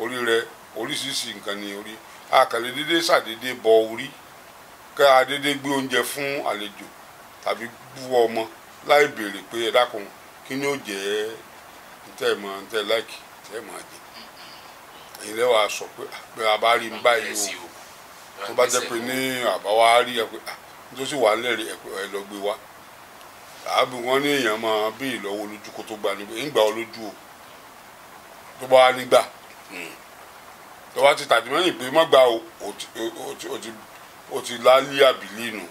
orí rẹ̀ oríṣiríṣi nǹkan ni orí àkàlẹ́ dédé ṣàdédé bọ orí ká dédé gbé oúnjẹ fún àlejò tàbí búwọ́ ọmọ láì béèrè pé ẹ dákun kí ni ó jẹ́ ntẹ́ mọ̀ ntẹ́ láìkì ntẹ́ mọ̀ àjẹ́ ilé wa sọ pé ah, pé a bá rí n báyìí o tó bá jẹ́ pé ní àbáwá rí ẹ pé ah, tó sì wà lẹ́rìí ẹ lọ gbé wa àbí wọn ní èèyàn máa bí ìlọ́wọ́ lójú kó tó gba ni ń gbà ọ lójú o tó bá wá nígbà hmm. tó bá ti tàbí mẹ́yìn pé má gba o ti lálé àbílí nù.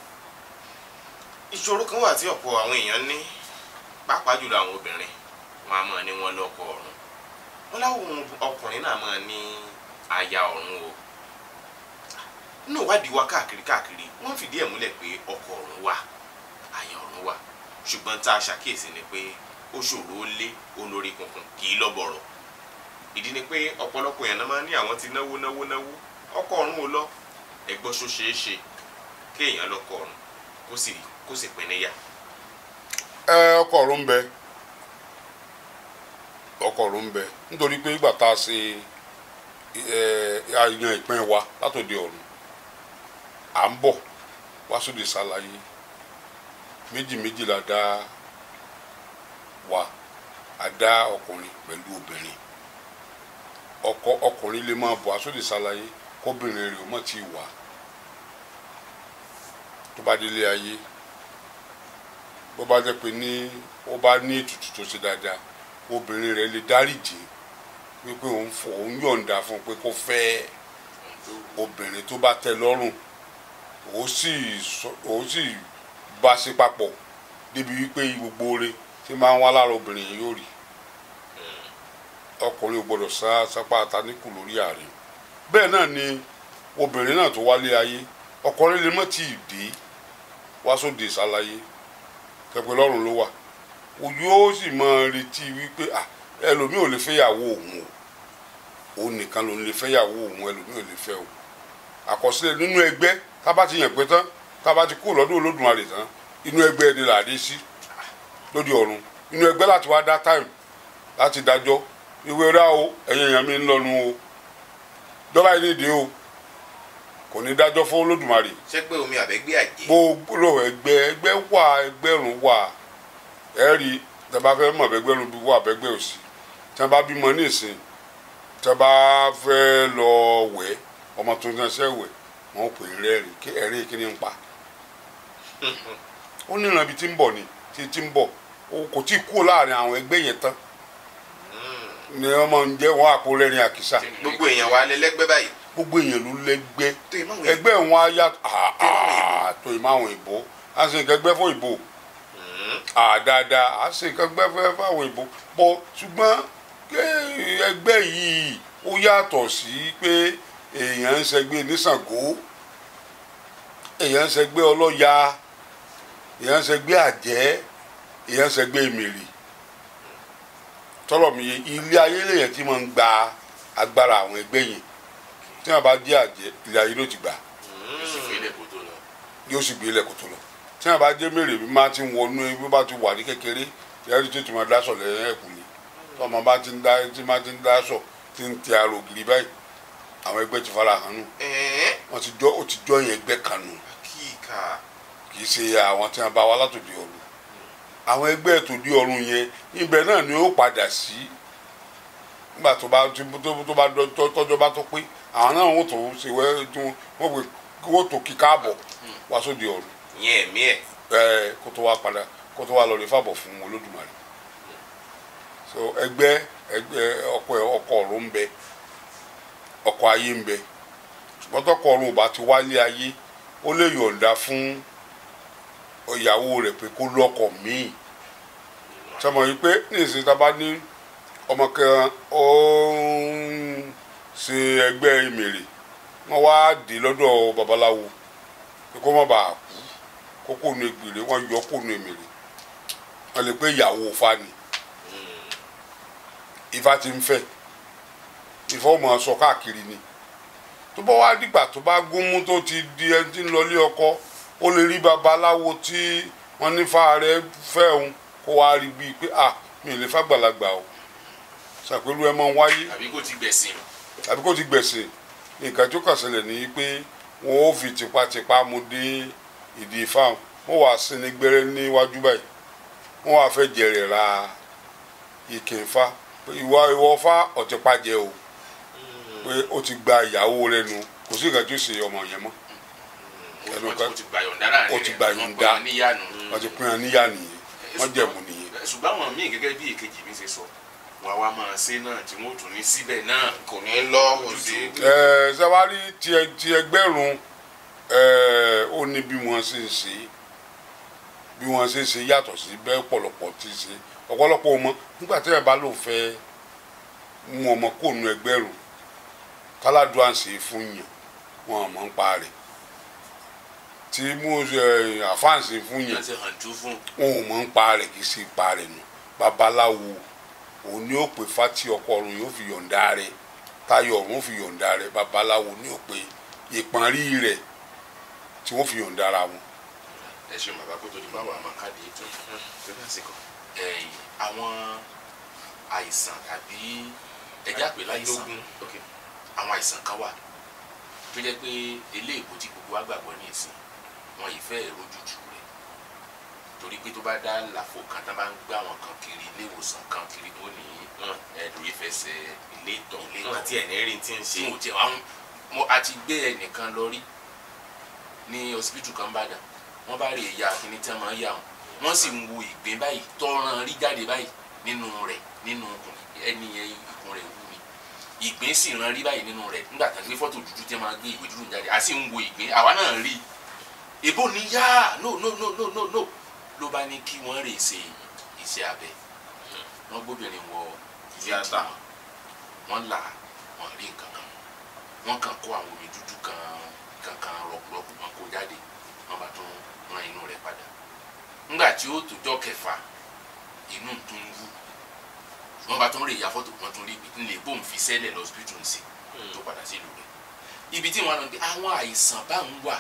ìṣòro kan wà tí ọ̀pọ̀ àwọn èèyàn ní pàápàá jùlọ àwọn obìnrin wọn a máa ní wọn lọ́kọ ọ̀run wọn láwọn ọkùnrin náà máa ní aya ọ̀run o nínú ìwádìí wa káàkiri káàkiri wọ́n fìdí ẹ̀ múlẹ̀ pé ọkọ ọ̀run wà aya ọ̀run wà ṣùgbọ́n tá a ṣàkíyèsí ni pé ó ṣòro ó lé olórí kunkun kì í lọ́bọ̀rọ̀ ìdí ni pé ọ̀pọ̀lọpọ̀ èèyàn náà máa ní àwọn ti náwó náwó náwó ọkọ ọ̀run ò lọ ẹ̀gbọ́n ṣó ṣeé ṣe kéèyàn lọ́kọ ọ̀run kó sì kó sì pín ọkọ̀rọ̀ ń bẹ nítorí pé ìgbà tá a ṣe àyàn ìpín wa látòde ọ̀run à ń bọ̀ wá ṣàlàyé méjì méjì la dá wa a dá ọkùnrin pẹ̀lú obìnrin ọkọ ọkùnrin lè máa bọ̀ àsóde ṣàlàyé kóbìnrin rẹ̀ ó mọ̀ tí ì wà tó bá délé ayé bó bá jẹ́ pé ní ó bá ní ètùtù tó obìnrin rẹ̀ lè dáríjì wípé òun fọ òun yọ̀ǹda fún un pé kó fẹ́ obìnrin tó bá tẹ lọ́rùn òun sì òun sì bá ṣe papọ̀ débi wípé gbogbo oore tí máa ń wá lára obìnrin yìí yóò rí ọkùnrin ò gbọdọ̀ sá sápá àtàníkù lórí ààrẹ bẹ́ẹ̀ náà ni obìnrin náà tó wálé ayé ọkùnrin lè mọ́ tí ì dé wá sóde ìsàlàyé tẹ̀pẹ́ lọ́rùn ló wà yóò sì máa retí wípé ẹlòmíì ò lè fẹ́yàwó òun o òun nìkan ló ń lè fẹ́yàwó òun ẹlòmíì ò lè fẹ́ o àkọsílẹ̀ nínú ẹgbẹ́ tábà ti yàn pé tán tábà ti kú lọ́dún Olódùmarè tán inú ẹgbẹ́ ẹni là dé sí lóde ọ̀run inú ẹgbẹ́ láti wá dá táìmù láti dájọ́ ìwé rà o ẹ̀yìn èèyàn mi ń lọ́nu o dọ́là yìí nìdí o kò ní dájọ́ fún Olódùmarè. ṣé gbé omi àbẹ́gbé àjẹ́. gbogbo ẹgbẹ́ ẹgbẹ́ wà ẹgbẹ́rún wà ẹ rí tẹ bá fẹ́ mọ̀ bẹ́gbẹ́ ló wà bẹ́gbẹ́ òsì tẹ bá bímọ ní ìsìn tẹ bá fẹ́ lọ wẹ̀ ọmọ tuntun ṣe wẹ̀ wọn pè é rẹ́rìn kí ẹ̀rín kí ni ń pa ó ní ìrànbí tí ń bọ̀ ni tí tí ń bọ̀ kò tí ì kúrò láàrin àwọn ẹgbẹ́ yẹn tán ni wọn máa ń jẹ wọn àpò rẹ́rìn àkísà. gbogbo èèyàn wà lẹ́lẹ́gbẹ́ báyìí. gbogbo èèyàn ló lẹ́gbẹ́ ẹgbẹ́ wọn á yá tó ìmáwọn ah, ah, ìbò á sì ń kẹgbẹ́ fún ìbò àdáadáa à ń ṣe nǹkan gbẹ́fẹ́ fáwọn òyìnbó bọ́ ṣùgbọ́n ẹgbẹ́ yìí ó yàtọ̀ sí pé èèyàn ń ṣẹgbẹ́ nísàngó èèyàn ń ṣẹgbẹ́ ọlọ́ya èèyàn ń ṣẹgbẹ́ àjẹ́ èèyàn ń ṣẹgbẹ́ mèrì tọ́lọ̀mù yẹn ilé ayé lèèyàn ti máa ń gba agbára àwọn ẹgbẹ́ yẹn tí wọ́n bá jẹ́ àjẹ́ ilé ayé ló ti gbà yóò sì gbé ilẹ̀ kó tó lọ tí wọn bá jẹ́ mèrè bí máa ti wọnú bí bá ti wà ní kékeré yẹri tó ti máa dáṣọ lẹ́yìn ẹ̀kú ni tọmọ bá ti ń dá tí máa ti ń dáṣọ ti ń tẹ aró gírí báyìí àwọn ẹgbẹ́ ti fara hàn nù wọn ti jọ ó ti jọ yẹn ẹgbẹ́ kan nù kì í ṣe àwọn tí wọn bá wá látòdì ọ̀run àwọn ẹgbẹ́ tòdì ọ̀run yẹn ibẹ̀ náà ni ó padà sí nígbà tó bá tó bá tọ́jọ́ bá tó pé àwọn náà wọ́n tó ṣe wẹ́ẹ́ tó tó kí káàbọ̀ hmm. wá sódì ọ̀run ìyẹn ẹ̀mí ẹ̀. ẹ kó wa padà kó wa wá lọ rí fàbọ̀ fún olódùmarè so ẹgbẹ́ ẹgbẹ́ ọkọ ọkọ ọ̀run ń bẹ ọkọ ayé ń bẹ ṣùgbọ́n tọkọ ti wálé ayé ó lè yọ̀ǹda fún ìyàwó pé kó lọ́kọ míì sọmọ yìí pé ní taba tá a bá ní ọmọ kan ó ń ṣe ẹgbẹ́ wọ́n wá dé lọ́dọ̀ babaláwo kó má kókó nu egbèrè wọ́n yọ kó nu èmèrè wọ́n lè pé ìyàwó Ifá ni hmm. Ifá ti ń fẹ́ Ifá ò máa sọ káàkiri ni tó bá wá dìgbà tó bá gúnmú tó ti di ẹni tí ń lọlé ọkọ ó lè rí babaláwo tí wọ́n nífa rẹ̀ fẹ́ òun kó wá rí bíi pé ah mi ò lè fàgbàlagbà o ṣàpèlú ẹ máa ń wáyé àbí kò ti gbẹ̀sìn àbí kò ti gbẹ̀sìn nǹkan tó kàn ṣẹlẹ̀ ni pé wọ́n ó fi tipátipá mu dín ìdí fáwọn wọ́n wàá sinmi gbére níwájú báyìí wọ́n wàá fẹ́ jèrè ra ike fa ìwà ìwọ fa ọ̀tí pàjẹ́ o pé ó ti gba ìyàwó rẹ nu kò sí ìkàjú sí ọmọ yẹn mọ́ ẹnu kan ó ti gbà yọ̀ǹda wọ́n ti pín níyà nìyẹn wọ́n jẹ̀mú nìyẹn. ṣùgbọ́n àwọn míì gẹ́gẹ́ bí èkejì mi ṣe sọ wàá wá máa ṣe náà tí wọ́n tún ní síbẹ̀ náà kò ní lọ́ọ́ òde. ẹ ṣe wá rí tiẹ̀ tiẹ̀ Eh, ó ní bí wọ́n ṣe ń ṣe bí wọ́n ṣe ń ṣe yàtọ̀ sí bẹ́ẹ̀ pọ̀lọpọ̀ ti ṣe ọ̀pọ̀lọpọ̀ ọmọ nígbà tí ẹ̀ bá lò fẹ́ mú ọmọ kó nu ẹgbẹ́rún káládùá ń ṣe fún yàn wọn àmọ́ ń pa rẹ̀ tí mú eh, àfáǹsì fún yàn wọn ò mọ̀ ń pa rẹ̀ kì í ṣe pa rẹ̀ nù babaláwo òun ni pè fati ọkọ ọ̀run yóò fi yọ̀ǹda rẹ̀ tayọ̀ ọ̀run fi yọ̀ǹda rẹ̀ babaláwo ni ó pè ìpọ́nrí rẹ̀ tí wọ́n fi yọ̀ǹda ara wọn. ẹ ṣe bàbá kó tó di báwa máa káàdì ètò tó bá sì kọ àwọn àìsàn tàbí ẹjá pé láìsàn àwọn àìsàn kan wà tó jẹ́ pé eléèbó tí gbogbo àgbàgbọ́ ní ìsìn wọn ìfẹ́ ìrójújú rẹ̀ torí pé tó bá dá làfo kan tán bá ń gbá wọn kan kiri ilé ìwòsàn kan kiri tó ní hmm. ẹ̀dùn ìfẹsẹ̀ ilé ìtọ̀ ilé ìtọ̀ tí ẹ̀ ní ń ṣe. mo àti gbé ẹnìkan lọ rí ní ọsibítù kan bàdàn wọ́n bá rí ẹ̀yà kíní tí wọ́n máa yà wọ́n wọ́n sì ń wo ìgbín báyìí tọ́ran rí jáde báyìí nínú rẹ̀ nínú ẹni yẹn ikùn rẹ̀ wú mi ìgbín sì ran rí báyìí nínú rẹ̀ nígbà tá a gbé fọ́tò dúdú tí wọ́n máa gbé ìwé dúdú jáde a ń wo ìgbín àwa náà rí i ni yá no no no no no no ló bá ní kí wọ́n rè ṣe iṣẹ́ abẹ wọ́n gbóbìnrin wọ tíátà wọ́n là wọ́n rí nǹkan kan wọ́n kàn kó àwọn omi dúdú kan kankan rọkùrọkù wọn kó jáde wọn bá tún ran inú rẹ̀ padà nígbà tí ó tòjọ́ kẹfà inú tó ń wú wọn bá tún rí ìyá fọ́tò wọn tún rí nílé bóun fi sẹ́lẹ̀ lọ́sibítù ń sè hmm. tó padà sí ìlú rẹ̀ ibi tí wọn lọ pé àwọn àìsàn bá ń wà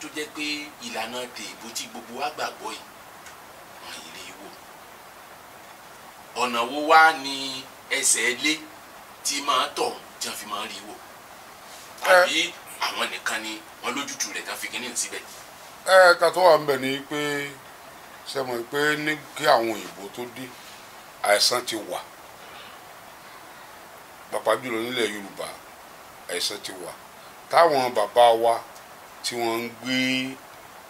tó jẹ́ pé ìlànà dèbò tí gbogbo wa gbàgbọ́ yìí wọn ilé wò ọ̀nà wo wá ni ẹsẹ̀ lé tí máa tọ̀ jẹun fi máa rí wò tàbí àwọn nìkan ni wọn lójútu rẹ̀ tán fi kíní síbẹ̀. ẹ ká tó wà ń bẹ̀ ni pé ṣe mọ̀ pé ní kí àwọn òyìnbó tó dé àìsàn ti wà pàpà jùlọ nílẹ̀ yorùbá àìsàn ti wà táwọn bàbá wa tí wọ́n ń gbé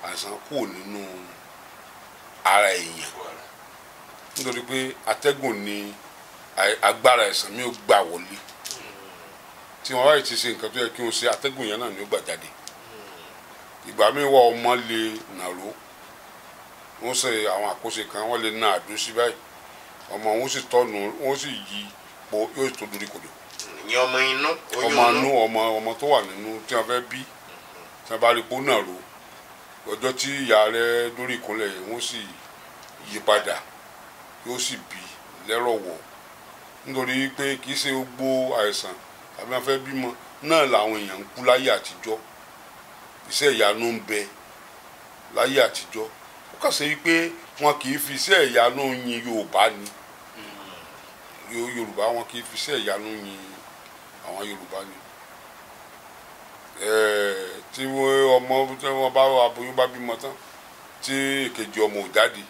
àìsàn kúrò nínú ara èèyàn nítorí pé atẹ́gùn ni agbára àìsàn mi ò gbà wọlé. tí wọn báyìí ti ṣe nǹkan tó yẹ kí wọn se atẹ́gùn yẹn náà ni ó gbà jáde ọmọ lè nàró wọn ṣe àwọn àkóso kan wọn lè na àdó sí báyìí ọmọ wọn sì tọnu wọn sì yí po yóò tó dorí kodò. ọmọ inú ọmọ inú ọmọ ọmọ tó wà nínú tí wọn bí tí wọn bá rí wọn sì yí padà yóò sì bí wọ nítorí pé ṣe àìsàn àbí wọn fẹ́ bímọ náà làwọn èèyàn ń kú láyé àtijọ́ iṣẹ́ ìyanu ń bẹ láyé àtijọ́ ó kà sí wípé wọn kì í fi iṣẹ́ ìyanu yin Yorùbá ni Yorùbá wọn kì í fi iṣẹ́ ìyanu yin àwọn Yorùbá ni tí ọmọ tí wọn bá aboyún bá bímọ tán tí èkejì ọmọ ò jáde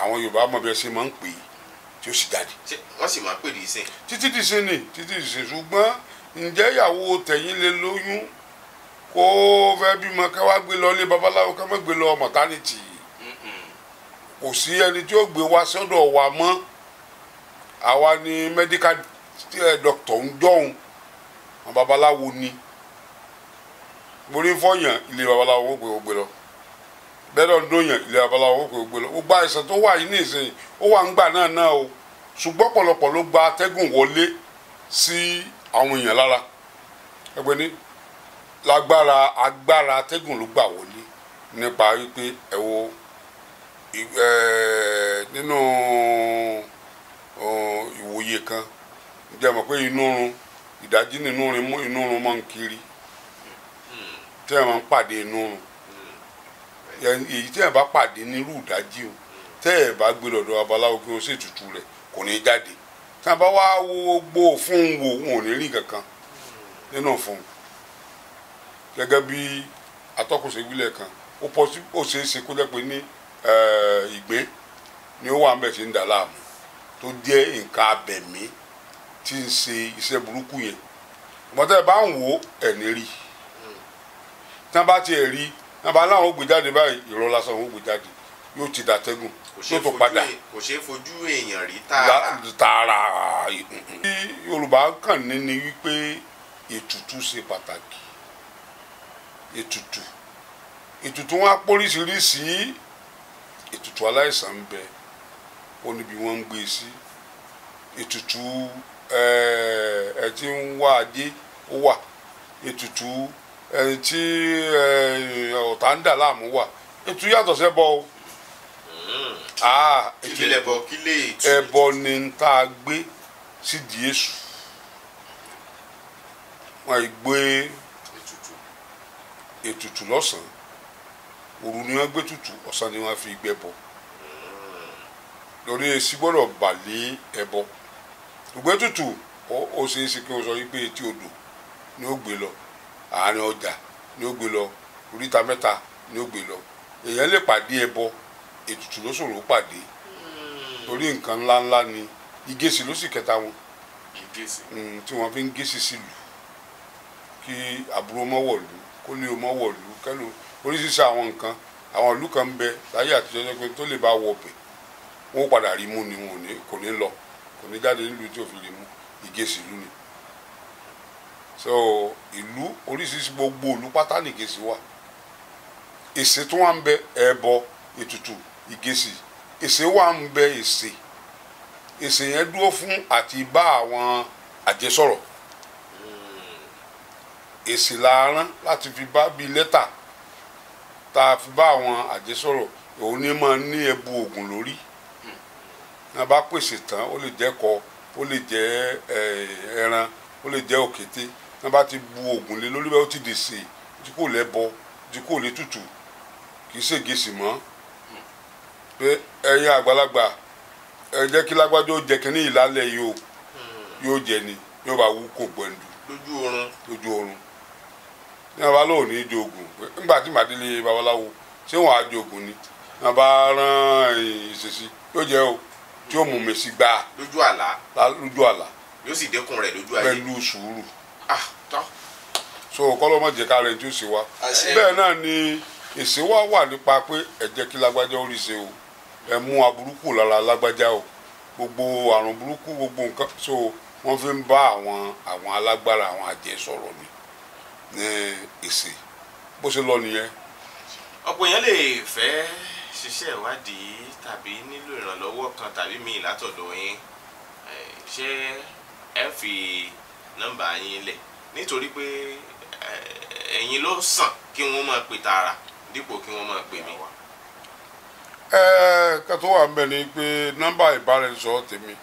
àwọn Yorùbá mọ̀ bí ẹ ṣe máa ń pè é tí ó sì jáde. wọ́n sì máa pè ní ìsìn. títí di ìsìn ni títí di ìsìn ṣùgbọ́n ǹjẹ́ ìyàwó tẹ̀yìn lè lóyún kó fẹ́ bímọ ká wá gbé lọ ilé babaláwo ká má gbé lọ mọ̀tánìtì kò sí ẹni tí ó gbé wá sọ́dọ̀ wa mọ́ àwa ni medical eh, doctor ń dọ̀hún àwọn babaláwo ni mo fọyàn ilé babaláwo ó gbé lọ. bẹ́ẹ̀ ọdún yẹn ilé babaláwo kò gbé lọ gbogbo àìsàn tó wà yìí ní ó wà ń gbà náà o ṣùgbọ́n pọ̀lọpọ̀ ló gba atẹ́gùn wọlé sí àwọn èèyàn lára ẹgbẹ́ ní lágbára agbára atẹ́gùn ló gbà wọlé nípa wípé ẹ wo nínú ìwòye kan ǹjẹ́ mọ̀ pé inú ìdájí inú mọ́ ń kiri tí ẹ máa ń pàdé inú èyí tẹ́ ẹ̀ bá pàdé nírú ìdájí o tẹ́ ẹ̀ bá gbé lọ́dọ̀ babaláwo kí wọ́n ṣètùtù rẹ̀ kò ní jáde tí wọ́n bá wá wo gbó fún wo wọn ò ní rí kankan nínú fún un gẹ́gẹ́ bí atọ́kùnṣe wílẹ̀ kan ó pọ̀ sí ó ṣeé ṣe kó jẹ́ pé ní ìgbín ni ó wà ń bẹ̀ ṣe ń dà láàmú tó jẹ́ nǹkan abẹ̀mí tí ń ṣe iṣẹ́ burúkú yẹn ìmọ̀tẹ́ bá ń wò ẹ̀ ní rí tí wọ́n bá tiẹ̀ rí nàbà aláwọn gbé jáde báyìí ìrọ̀ lásán wọn gbé jáde yóò ti dàtẹ́gùn yóò tó padà. kò ṣe é fojú èèyàn rí tààrà. tààrà yorùbá kàn ní ni wípé ètùtù ṣe pàtàkì ètùtù ètùtù wọn apóríṣiríṣi ètùtù aláìsàn ń bẹ wọn níbi wọn ń gbé sí ètùtù ẹ ẹ ti ń wá adé ó wà ètùtù ẹni tí ọ̀tá ń dà láàmú wà ètò yàtọ̀ sẹ́bọ̀ o hmm. ah, kílẹ̀ bọ̀ kílẹ̀ ètò ẹbọ ni ń tá a gbé sídìí èṣù wọn ì gbé ètùtù lọ́sàn-án òru ni wọ́n gbé tutù ọ̀sán ni wọ́n fi gbẹ bọ̀ hmm. lórí èsì gbọ́dọ̀ bàlẹ́ ẹbọ ìgbẹ́ tutù ó ṣeé ṣe kí wọ́n sọ wípé etí odò ni ó gbé lọ àárín ọjà ni ó gbé lọ oríta mẹ́ta ni ó gbé lọ èèyàn lè pàdé ẹbọ ètùtù ló ṣòro pàdé hmm. torí nǹkan ńláńlá ni igéṣi ló sì kẹta wọn hmm, tí wọn fi ń géṣi sílùú kí àbúrò mọ wọ̀lú kó lè mọ wọ̀lú kẹlò oríṣiríṣi àwọn nǹkan àwọn ìlú kan ń bẹ láyé àtijọ́ jẹ́ pé tó lè bá wọ bẹ̀ wọ́n padà rí mú ni wọn kò ní lọ kò ní jáde nílùú tí ò fi rí mú igéṣi lú so ìlú oríṣiríṣi gbogbo ìlú pátá ní ìgèsì wà èsè tó wà ń bẹ ẹbọ ètùtù ìgèsì èsè wà ń bẹ èsè èsè yẹn dúró fún àti bá àwọn àjẹsọ̀rọ̀ hmm. èsì la rán láti fi bá bíi lẹ́tà tá a fi bá àwọn àjẹsọ̀rọ̀ òun ní máa ní ẹbu oògùn lórí náà hmm. bá pèsè tán ó lè jẹ́ kọ ó lè jẹ́ eh, ẹran ó lè jẹ́ òkété náà bá ti bu oògùn lé lórí bẹ́ẹ̀ ó ti dèsè ó ti kó lẹ́bọ ó ti kó lé tutù kì í ṣègèsì mọ́ pé ẹ̀yin àgbàlagbà ẹ jẹ́ kí lágbájọ́ jẹ kínní ìlàlẹ̀ yìí o yóò jẹ ni yóò bá wú kò gbẹ̀ndù lójú oorun lójú oorun ní wọn bá lóò ní jogun nígbà tí màdílé babaláwo ṣé wọn á jogun ni wọn bá rán ìṣesí yóò jẹ o tí yóò mú mi sí gbà lójú àlá lójú àlá yóò sì dẹ́kun rẹ̀ lójú ayé pẹ̀lú sùúrù ah tán so kọ́lọ́ mọ̀ jẹ́ ká rẹ̀ tí ó ṣe bẹ́ẹ̀ náà ni èsì wa wà nípa pé ẹ jẹ́ kí lágbájá ó rí ṣe o ẹ mú aburúkú lára lágbájá o gbogbo àrùn burúkú gbogbo nǹkan so wọ́n fi ń bá àwọn àwọn alágbára àwọn àjẹ́ sọ̀rọ̀ ni ní èsì bó ṣe lọ nìyẹn. ọ̀pọ̀ èèyàn lè fẹ́ ṣiṣẹ́ ìwádìí tàbí nílò ìrànlọ́wọ́ kan tàbí míì látọ̀dọ̀ yín ṣé ẹ fi nọ́mbà yín lẹ̀ nítorí pé ẹ̀yin ló sàn kí wọ́n máa pè tààrà dípò kí wọ́n máa pè mí. ẹ ká tó wà mbẹ ni pé nọ́mbà ìbáraẹnisọ̀rọ̀ tèmi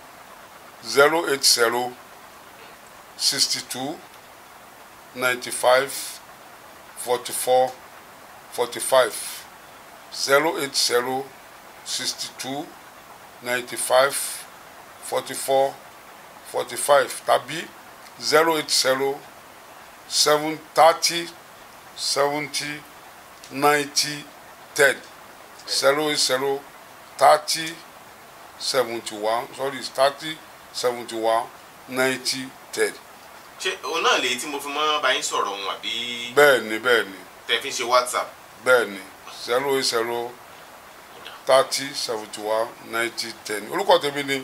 zero eight zero sixty two ninety five forty four forty five zero eight zero sixty two ninety five forty four forty five tàbí zero eight zero seven thirty seventy ninety ten zero eight zero thirty seventy one sorry thirty seventy one ninety ten. ṣé òun náà lè tí mo fi mọ́ bá yín sọ̀rọ̀ òun àbí. bẹ́ẹ̀ni bẹ́ẹ̀ni. tẹ́ fi ṣe whatsapp. bẹ́ẹ̀ni zero eight zero thirty seventy one ninety ten orúkọ tèmi ni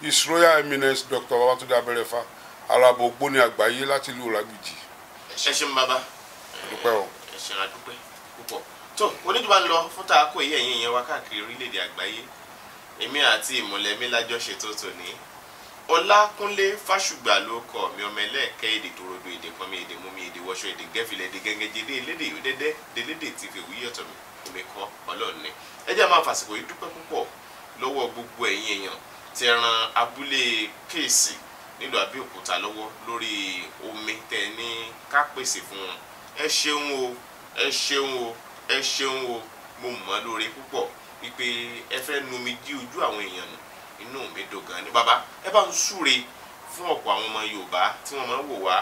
his royal eminence dr babatunde abẹ́rẹ́fà alábò gbóni àgbáyé láti ìlú Ìrágbìjí. ẹ ṣeun bàbá dúpẹ́ o ẹ ṣeun àdúpẹ́ púpọ̀ tó oníjọba lọ fún tààkó yìí ẹ̀yìn ìyẹn wá káàkiri orílẹ̀-èdè àgbáyé èmi àti ìmọ̀lẹ́mí lájọṣe tó tò ní ọlákúnlé fásùgbà ló kọ mi ọmọ ẹlẹ́ẹ̀kẹ́ èdè tó rodo èdè kan mi èdè mú mi èdè wọṣọ èdè gẹ́fìlẹ̀ èdè gẹ́gẹ́jẹ dé elédè yóò dẹ́dẹ́ délédè tí lọ́wọ́ gbogbo ẹ̀yin èèyàn tẹ abúlé kéèsì nílùú Abẹ́òkúta lọ́wọ́ lórí omi tẹ ní ká pèsè fún wọn ẹ ṣeun o ẹ ṣeun o ẹ ṣeun o mo mọ̀ lóore púpọ̀ wípé ẹ fẹ́ numi dí ojú àwọn èèyàn nù inú mi dùn gan ni bàbá ẹ bá ń súre fún ọ̀pọ̀ àwọn ọmọ Yorùbá tí wọ́n máa ń wò wá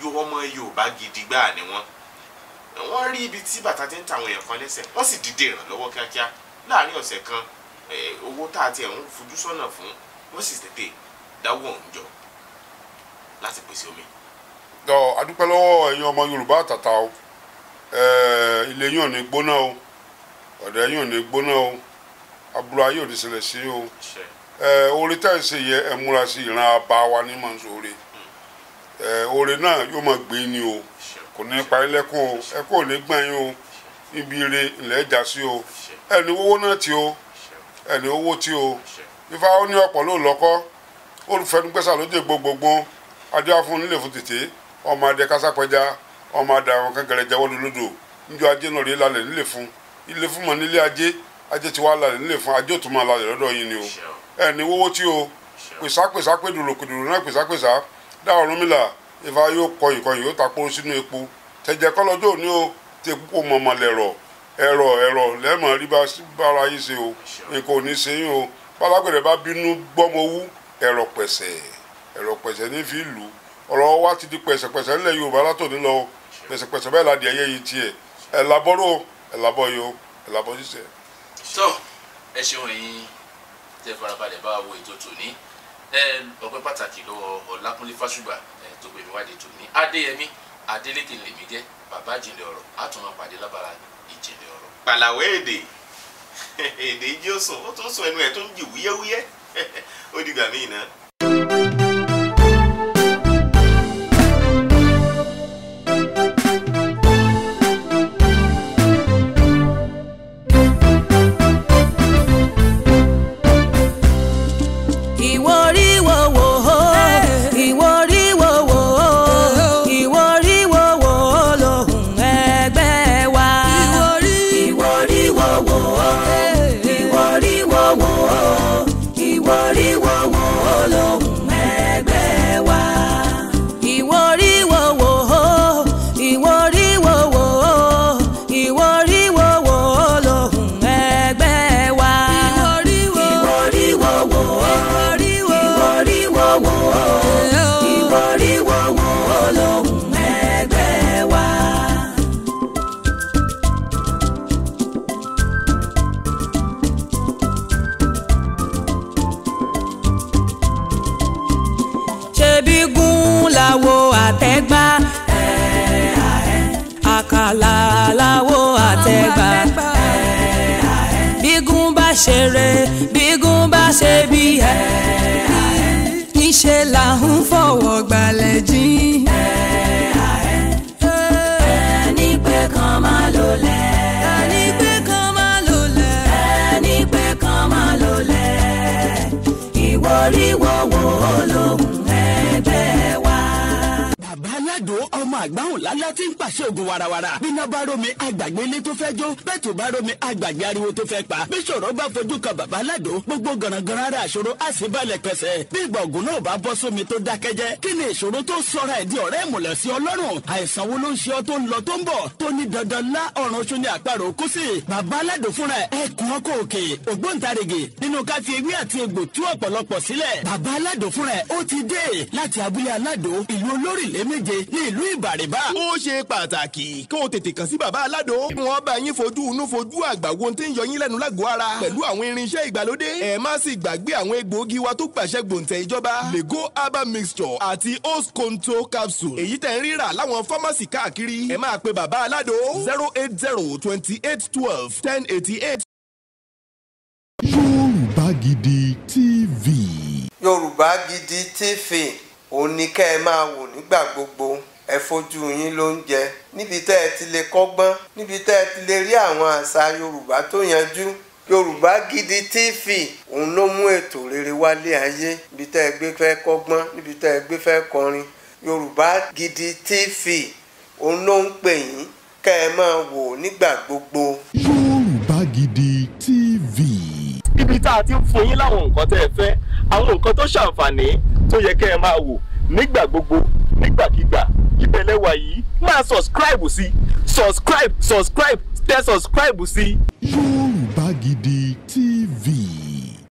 yóò ọmọ Yorùbá gidi gbáà ni wọ́n wọ́n rí ibi tí bàtà ti ń ta àwọn èèyàn kan lẹ́sẹ̀ wọ́n sì dìde ìrànlọ́wọ́ kíákíá láàrin ọ̀sẹ̀ kan owó tá a ti ẹ̀ ń fojú sọ́nà fún wọ́n sì tètè dáwọ́ ọ̀hún jọ láti pèsè omi. dọ adúpẹ́ lọ́wọ́ ẹ̀yin ọmọ Yorùbá àtàtà o ilé yín ò ní gbóná o ọ̀dọ̀ yín ò ní gbóná o aburú ayé ò ní ṣẹlẹ̀ sí o oore tá à ń ṣe yẹ ẹ múra sí ìran abá wa ní mọ̀ sóore hmm. oore náà yóò máa gbé ni o kò ní pa lẹ́kùn o ẹ kò ní gbọ́n yín o ibi ire ilẹ̀ ẹja sí o ẹni owó náà tí o ẹni owó tí o ifá ó ní ọ̀pọ̀ ló lọ́kọ́. olùfẹnugbẹsà lójú gbogbogbò adé afún a fún tètè ọmọ adé kásápẹjá ọmọ adé àwọn kankẹrẹ jẹwọ lólódò njọ ajé náà rí lálẹ́ nílé fún ilé fún mọ nílé ajé ajé ti wá lálẹ́ nílé fún ajé òtún máa lálẹ́ lọ́dọ̀ yìí ni o ẹ ní wọ́wọ́ tí o pèsàpèsà pédòlò pédòlò náà ìfà yóò kọyìn kọyìn yóò sínú epo o tí epo rí o nǹkan ò o bá bínú ẹ̀rọ pẹ̀sẹ̀ ẹ̀rọ pẹ̀sẹ̀ ní fi lù ọ̀rọ̀ wa ti di pẹ̀sẹ̀pẹ̀sẹ̀ ńlẹ̀ Yorùbá látòní lọ pẹ̀sẹ̀pẹ̀sẹ̀ bẹ́ẹ̀ la di ẹyẹ yìí tiẹ̀ ẹ̀ labọ́rò ẹ̀ labọ́ yìí o ẹ̀ labọ́ ṣiṣẹ́. tó ẹ ṣeun yín tẹ farabalẹ̀ bá wo ètò tòní ọpẹ́ pàtàkì lọ́wọ́ Ọlákúnlé Fásùgbà tó gbé wádìí tòní Adéyẹmí Adélékè lèmi bàbá ìjìnlẹ̀ ọ̀rọ̀ àtúnmọ̀ pàdé lábàrá ìjìnlẹ̀ ọ̀rọ̀. pàlàwé èdè èdè jí ó tún sùn ẹnu ẹ̀ tó ń jì wúyẹ́wúyẹ́ what do you got me now? gbàgbé ariwo tó fẹ́ pa bí sọ̀rọ̀ bá fojú kan bàbá aládò gbogbo gànàgànà àṣòro á sì balẹ̀ pẹ̀sẹ̀ bí gbọ̀ngàn náà bá bọ́ sómi tó dákẹ́jẹ́ kí ni ìṣòro tó sọra ẹ̀dí ọ̀rẹ́ ìmùlẹ̀ sí ọlọ́run àìsàn wo ló ń ṣe ọ tó ń lọ tó ń bọ̀ tó ní dandan lá ọ̀run oṣù ní àparò kú sí bàbá aládùn fúnra ẹ̀ kún ọkọ̀ òkè ògbóǹtarìgì nínú ká fi ewé àti egbò tú ọ̀pọ̀lọpọ̀ sílẹ̀ bàbá aládùn fúnra ẹ̀ ó ti dé láti abúlé aládùn ìlú olórílé méje ní ìlú ìbàrìbà. ó ṣe pàtàkì kó o tètè kàn sí bàbá aládùn wọn bá yín fojú inú fojú àgbà wo ti ń yọ yín lẹ́nu lágọ̀ọ́ ara pẹ̀lú àwọn irinṣẹ́ ìgbàlódé ẹ má sì gbàgbé àwọn egbòogi wa tó gbàṣẹ gbòǹtẹ̀ ìjọba lego herbal mixture àti host control capsule èyí tẹ̀ ń rírà láwọn fámásì káàkiri ẹ máa pe bàbá aládò zero eight zero twenty eight twelve ten eighty eight. Yorùbá Gidi TV. Yorùbá Gidi TV òun ni kẹ́ ẹ máa wò nígbà gbogbo ẹ fojú yín ló ń jẹ níbi tẹ́ ẹ ti lè kọ́gbọ́n níbi tẹ́ ẹ ti lè rí àwọn àṣà Yorùbá tó yanjú yorùbá gidi tv òun ló mú ètò rere wálé ayé ibi tá ẹ gbé fẹ́ kọ́gbọ́n níbi tá ẹ gbé fẹ́ kọrin yorùbá gidi tv òun ló ń pè yín kẹ́ ẹ máa wò nígbà gbogbo. yorùbá gidi tv. ibi tá a ti ń fún yín láwọn nǹkan tẹ́ ẹ fẹ́ àwọn nǹkan tó ṣàǹfààní tó yẹ kẹ́ ẹ máa wò nígbà gbogbo nígbàkigbà ìbẹ̀lẹ̀ wà yìí máa subscribe sí subscribe subscribe tẹ subscribe sí. Yorùbá Gidi TV.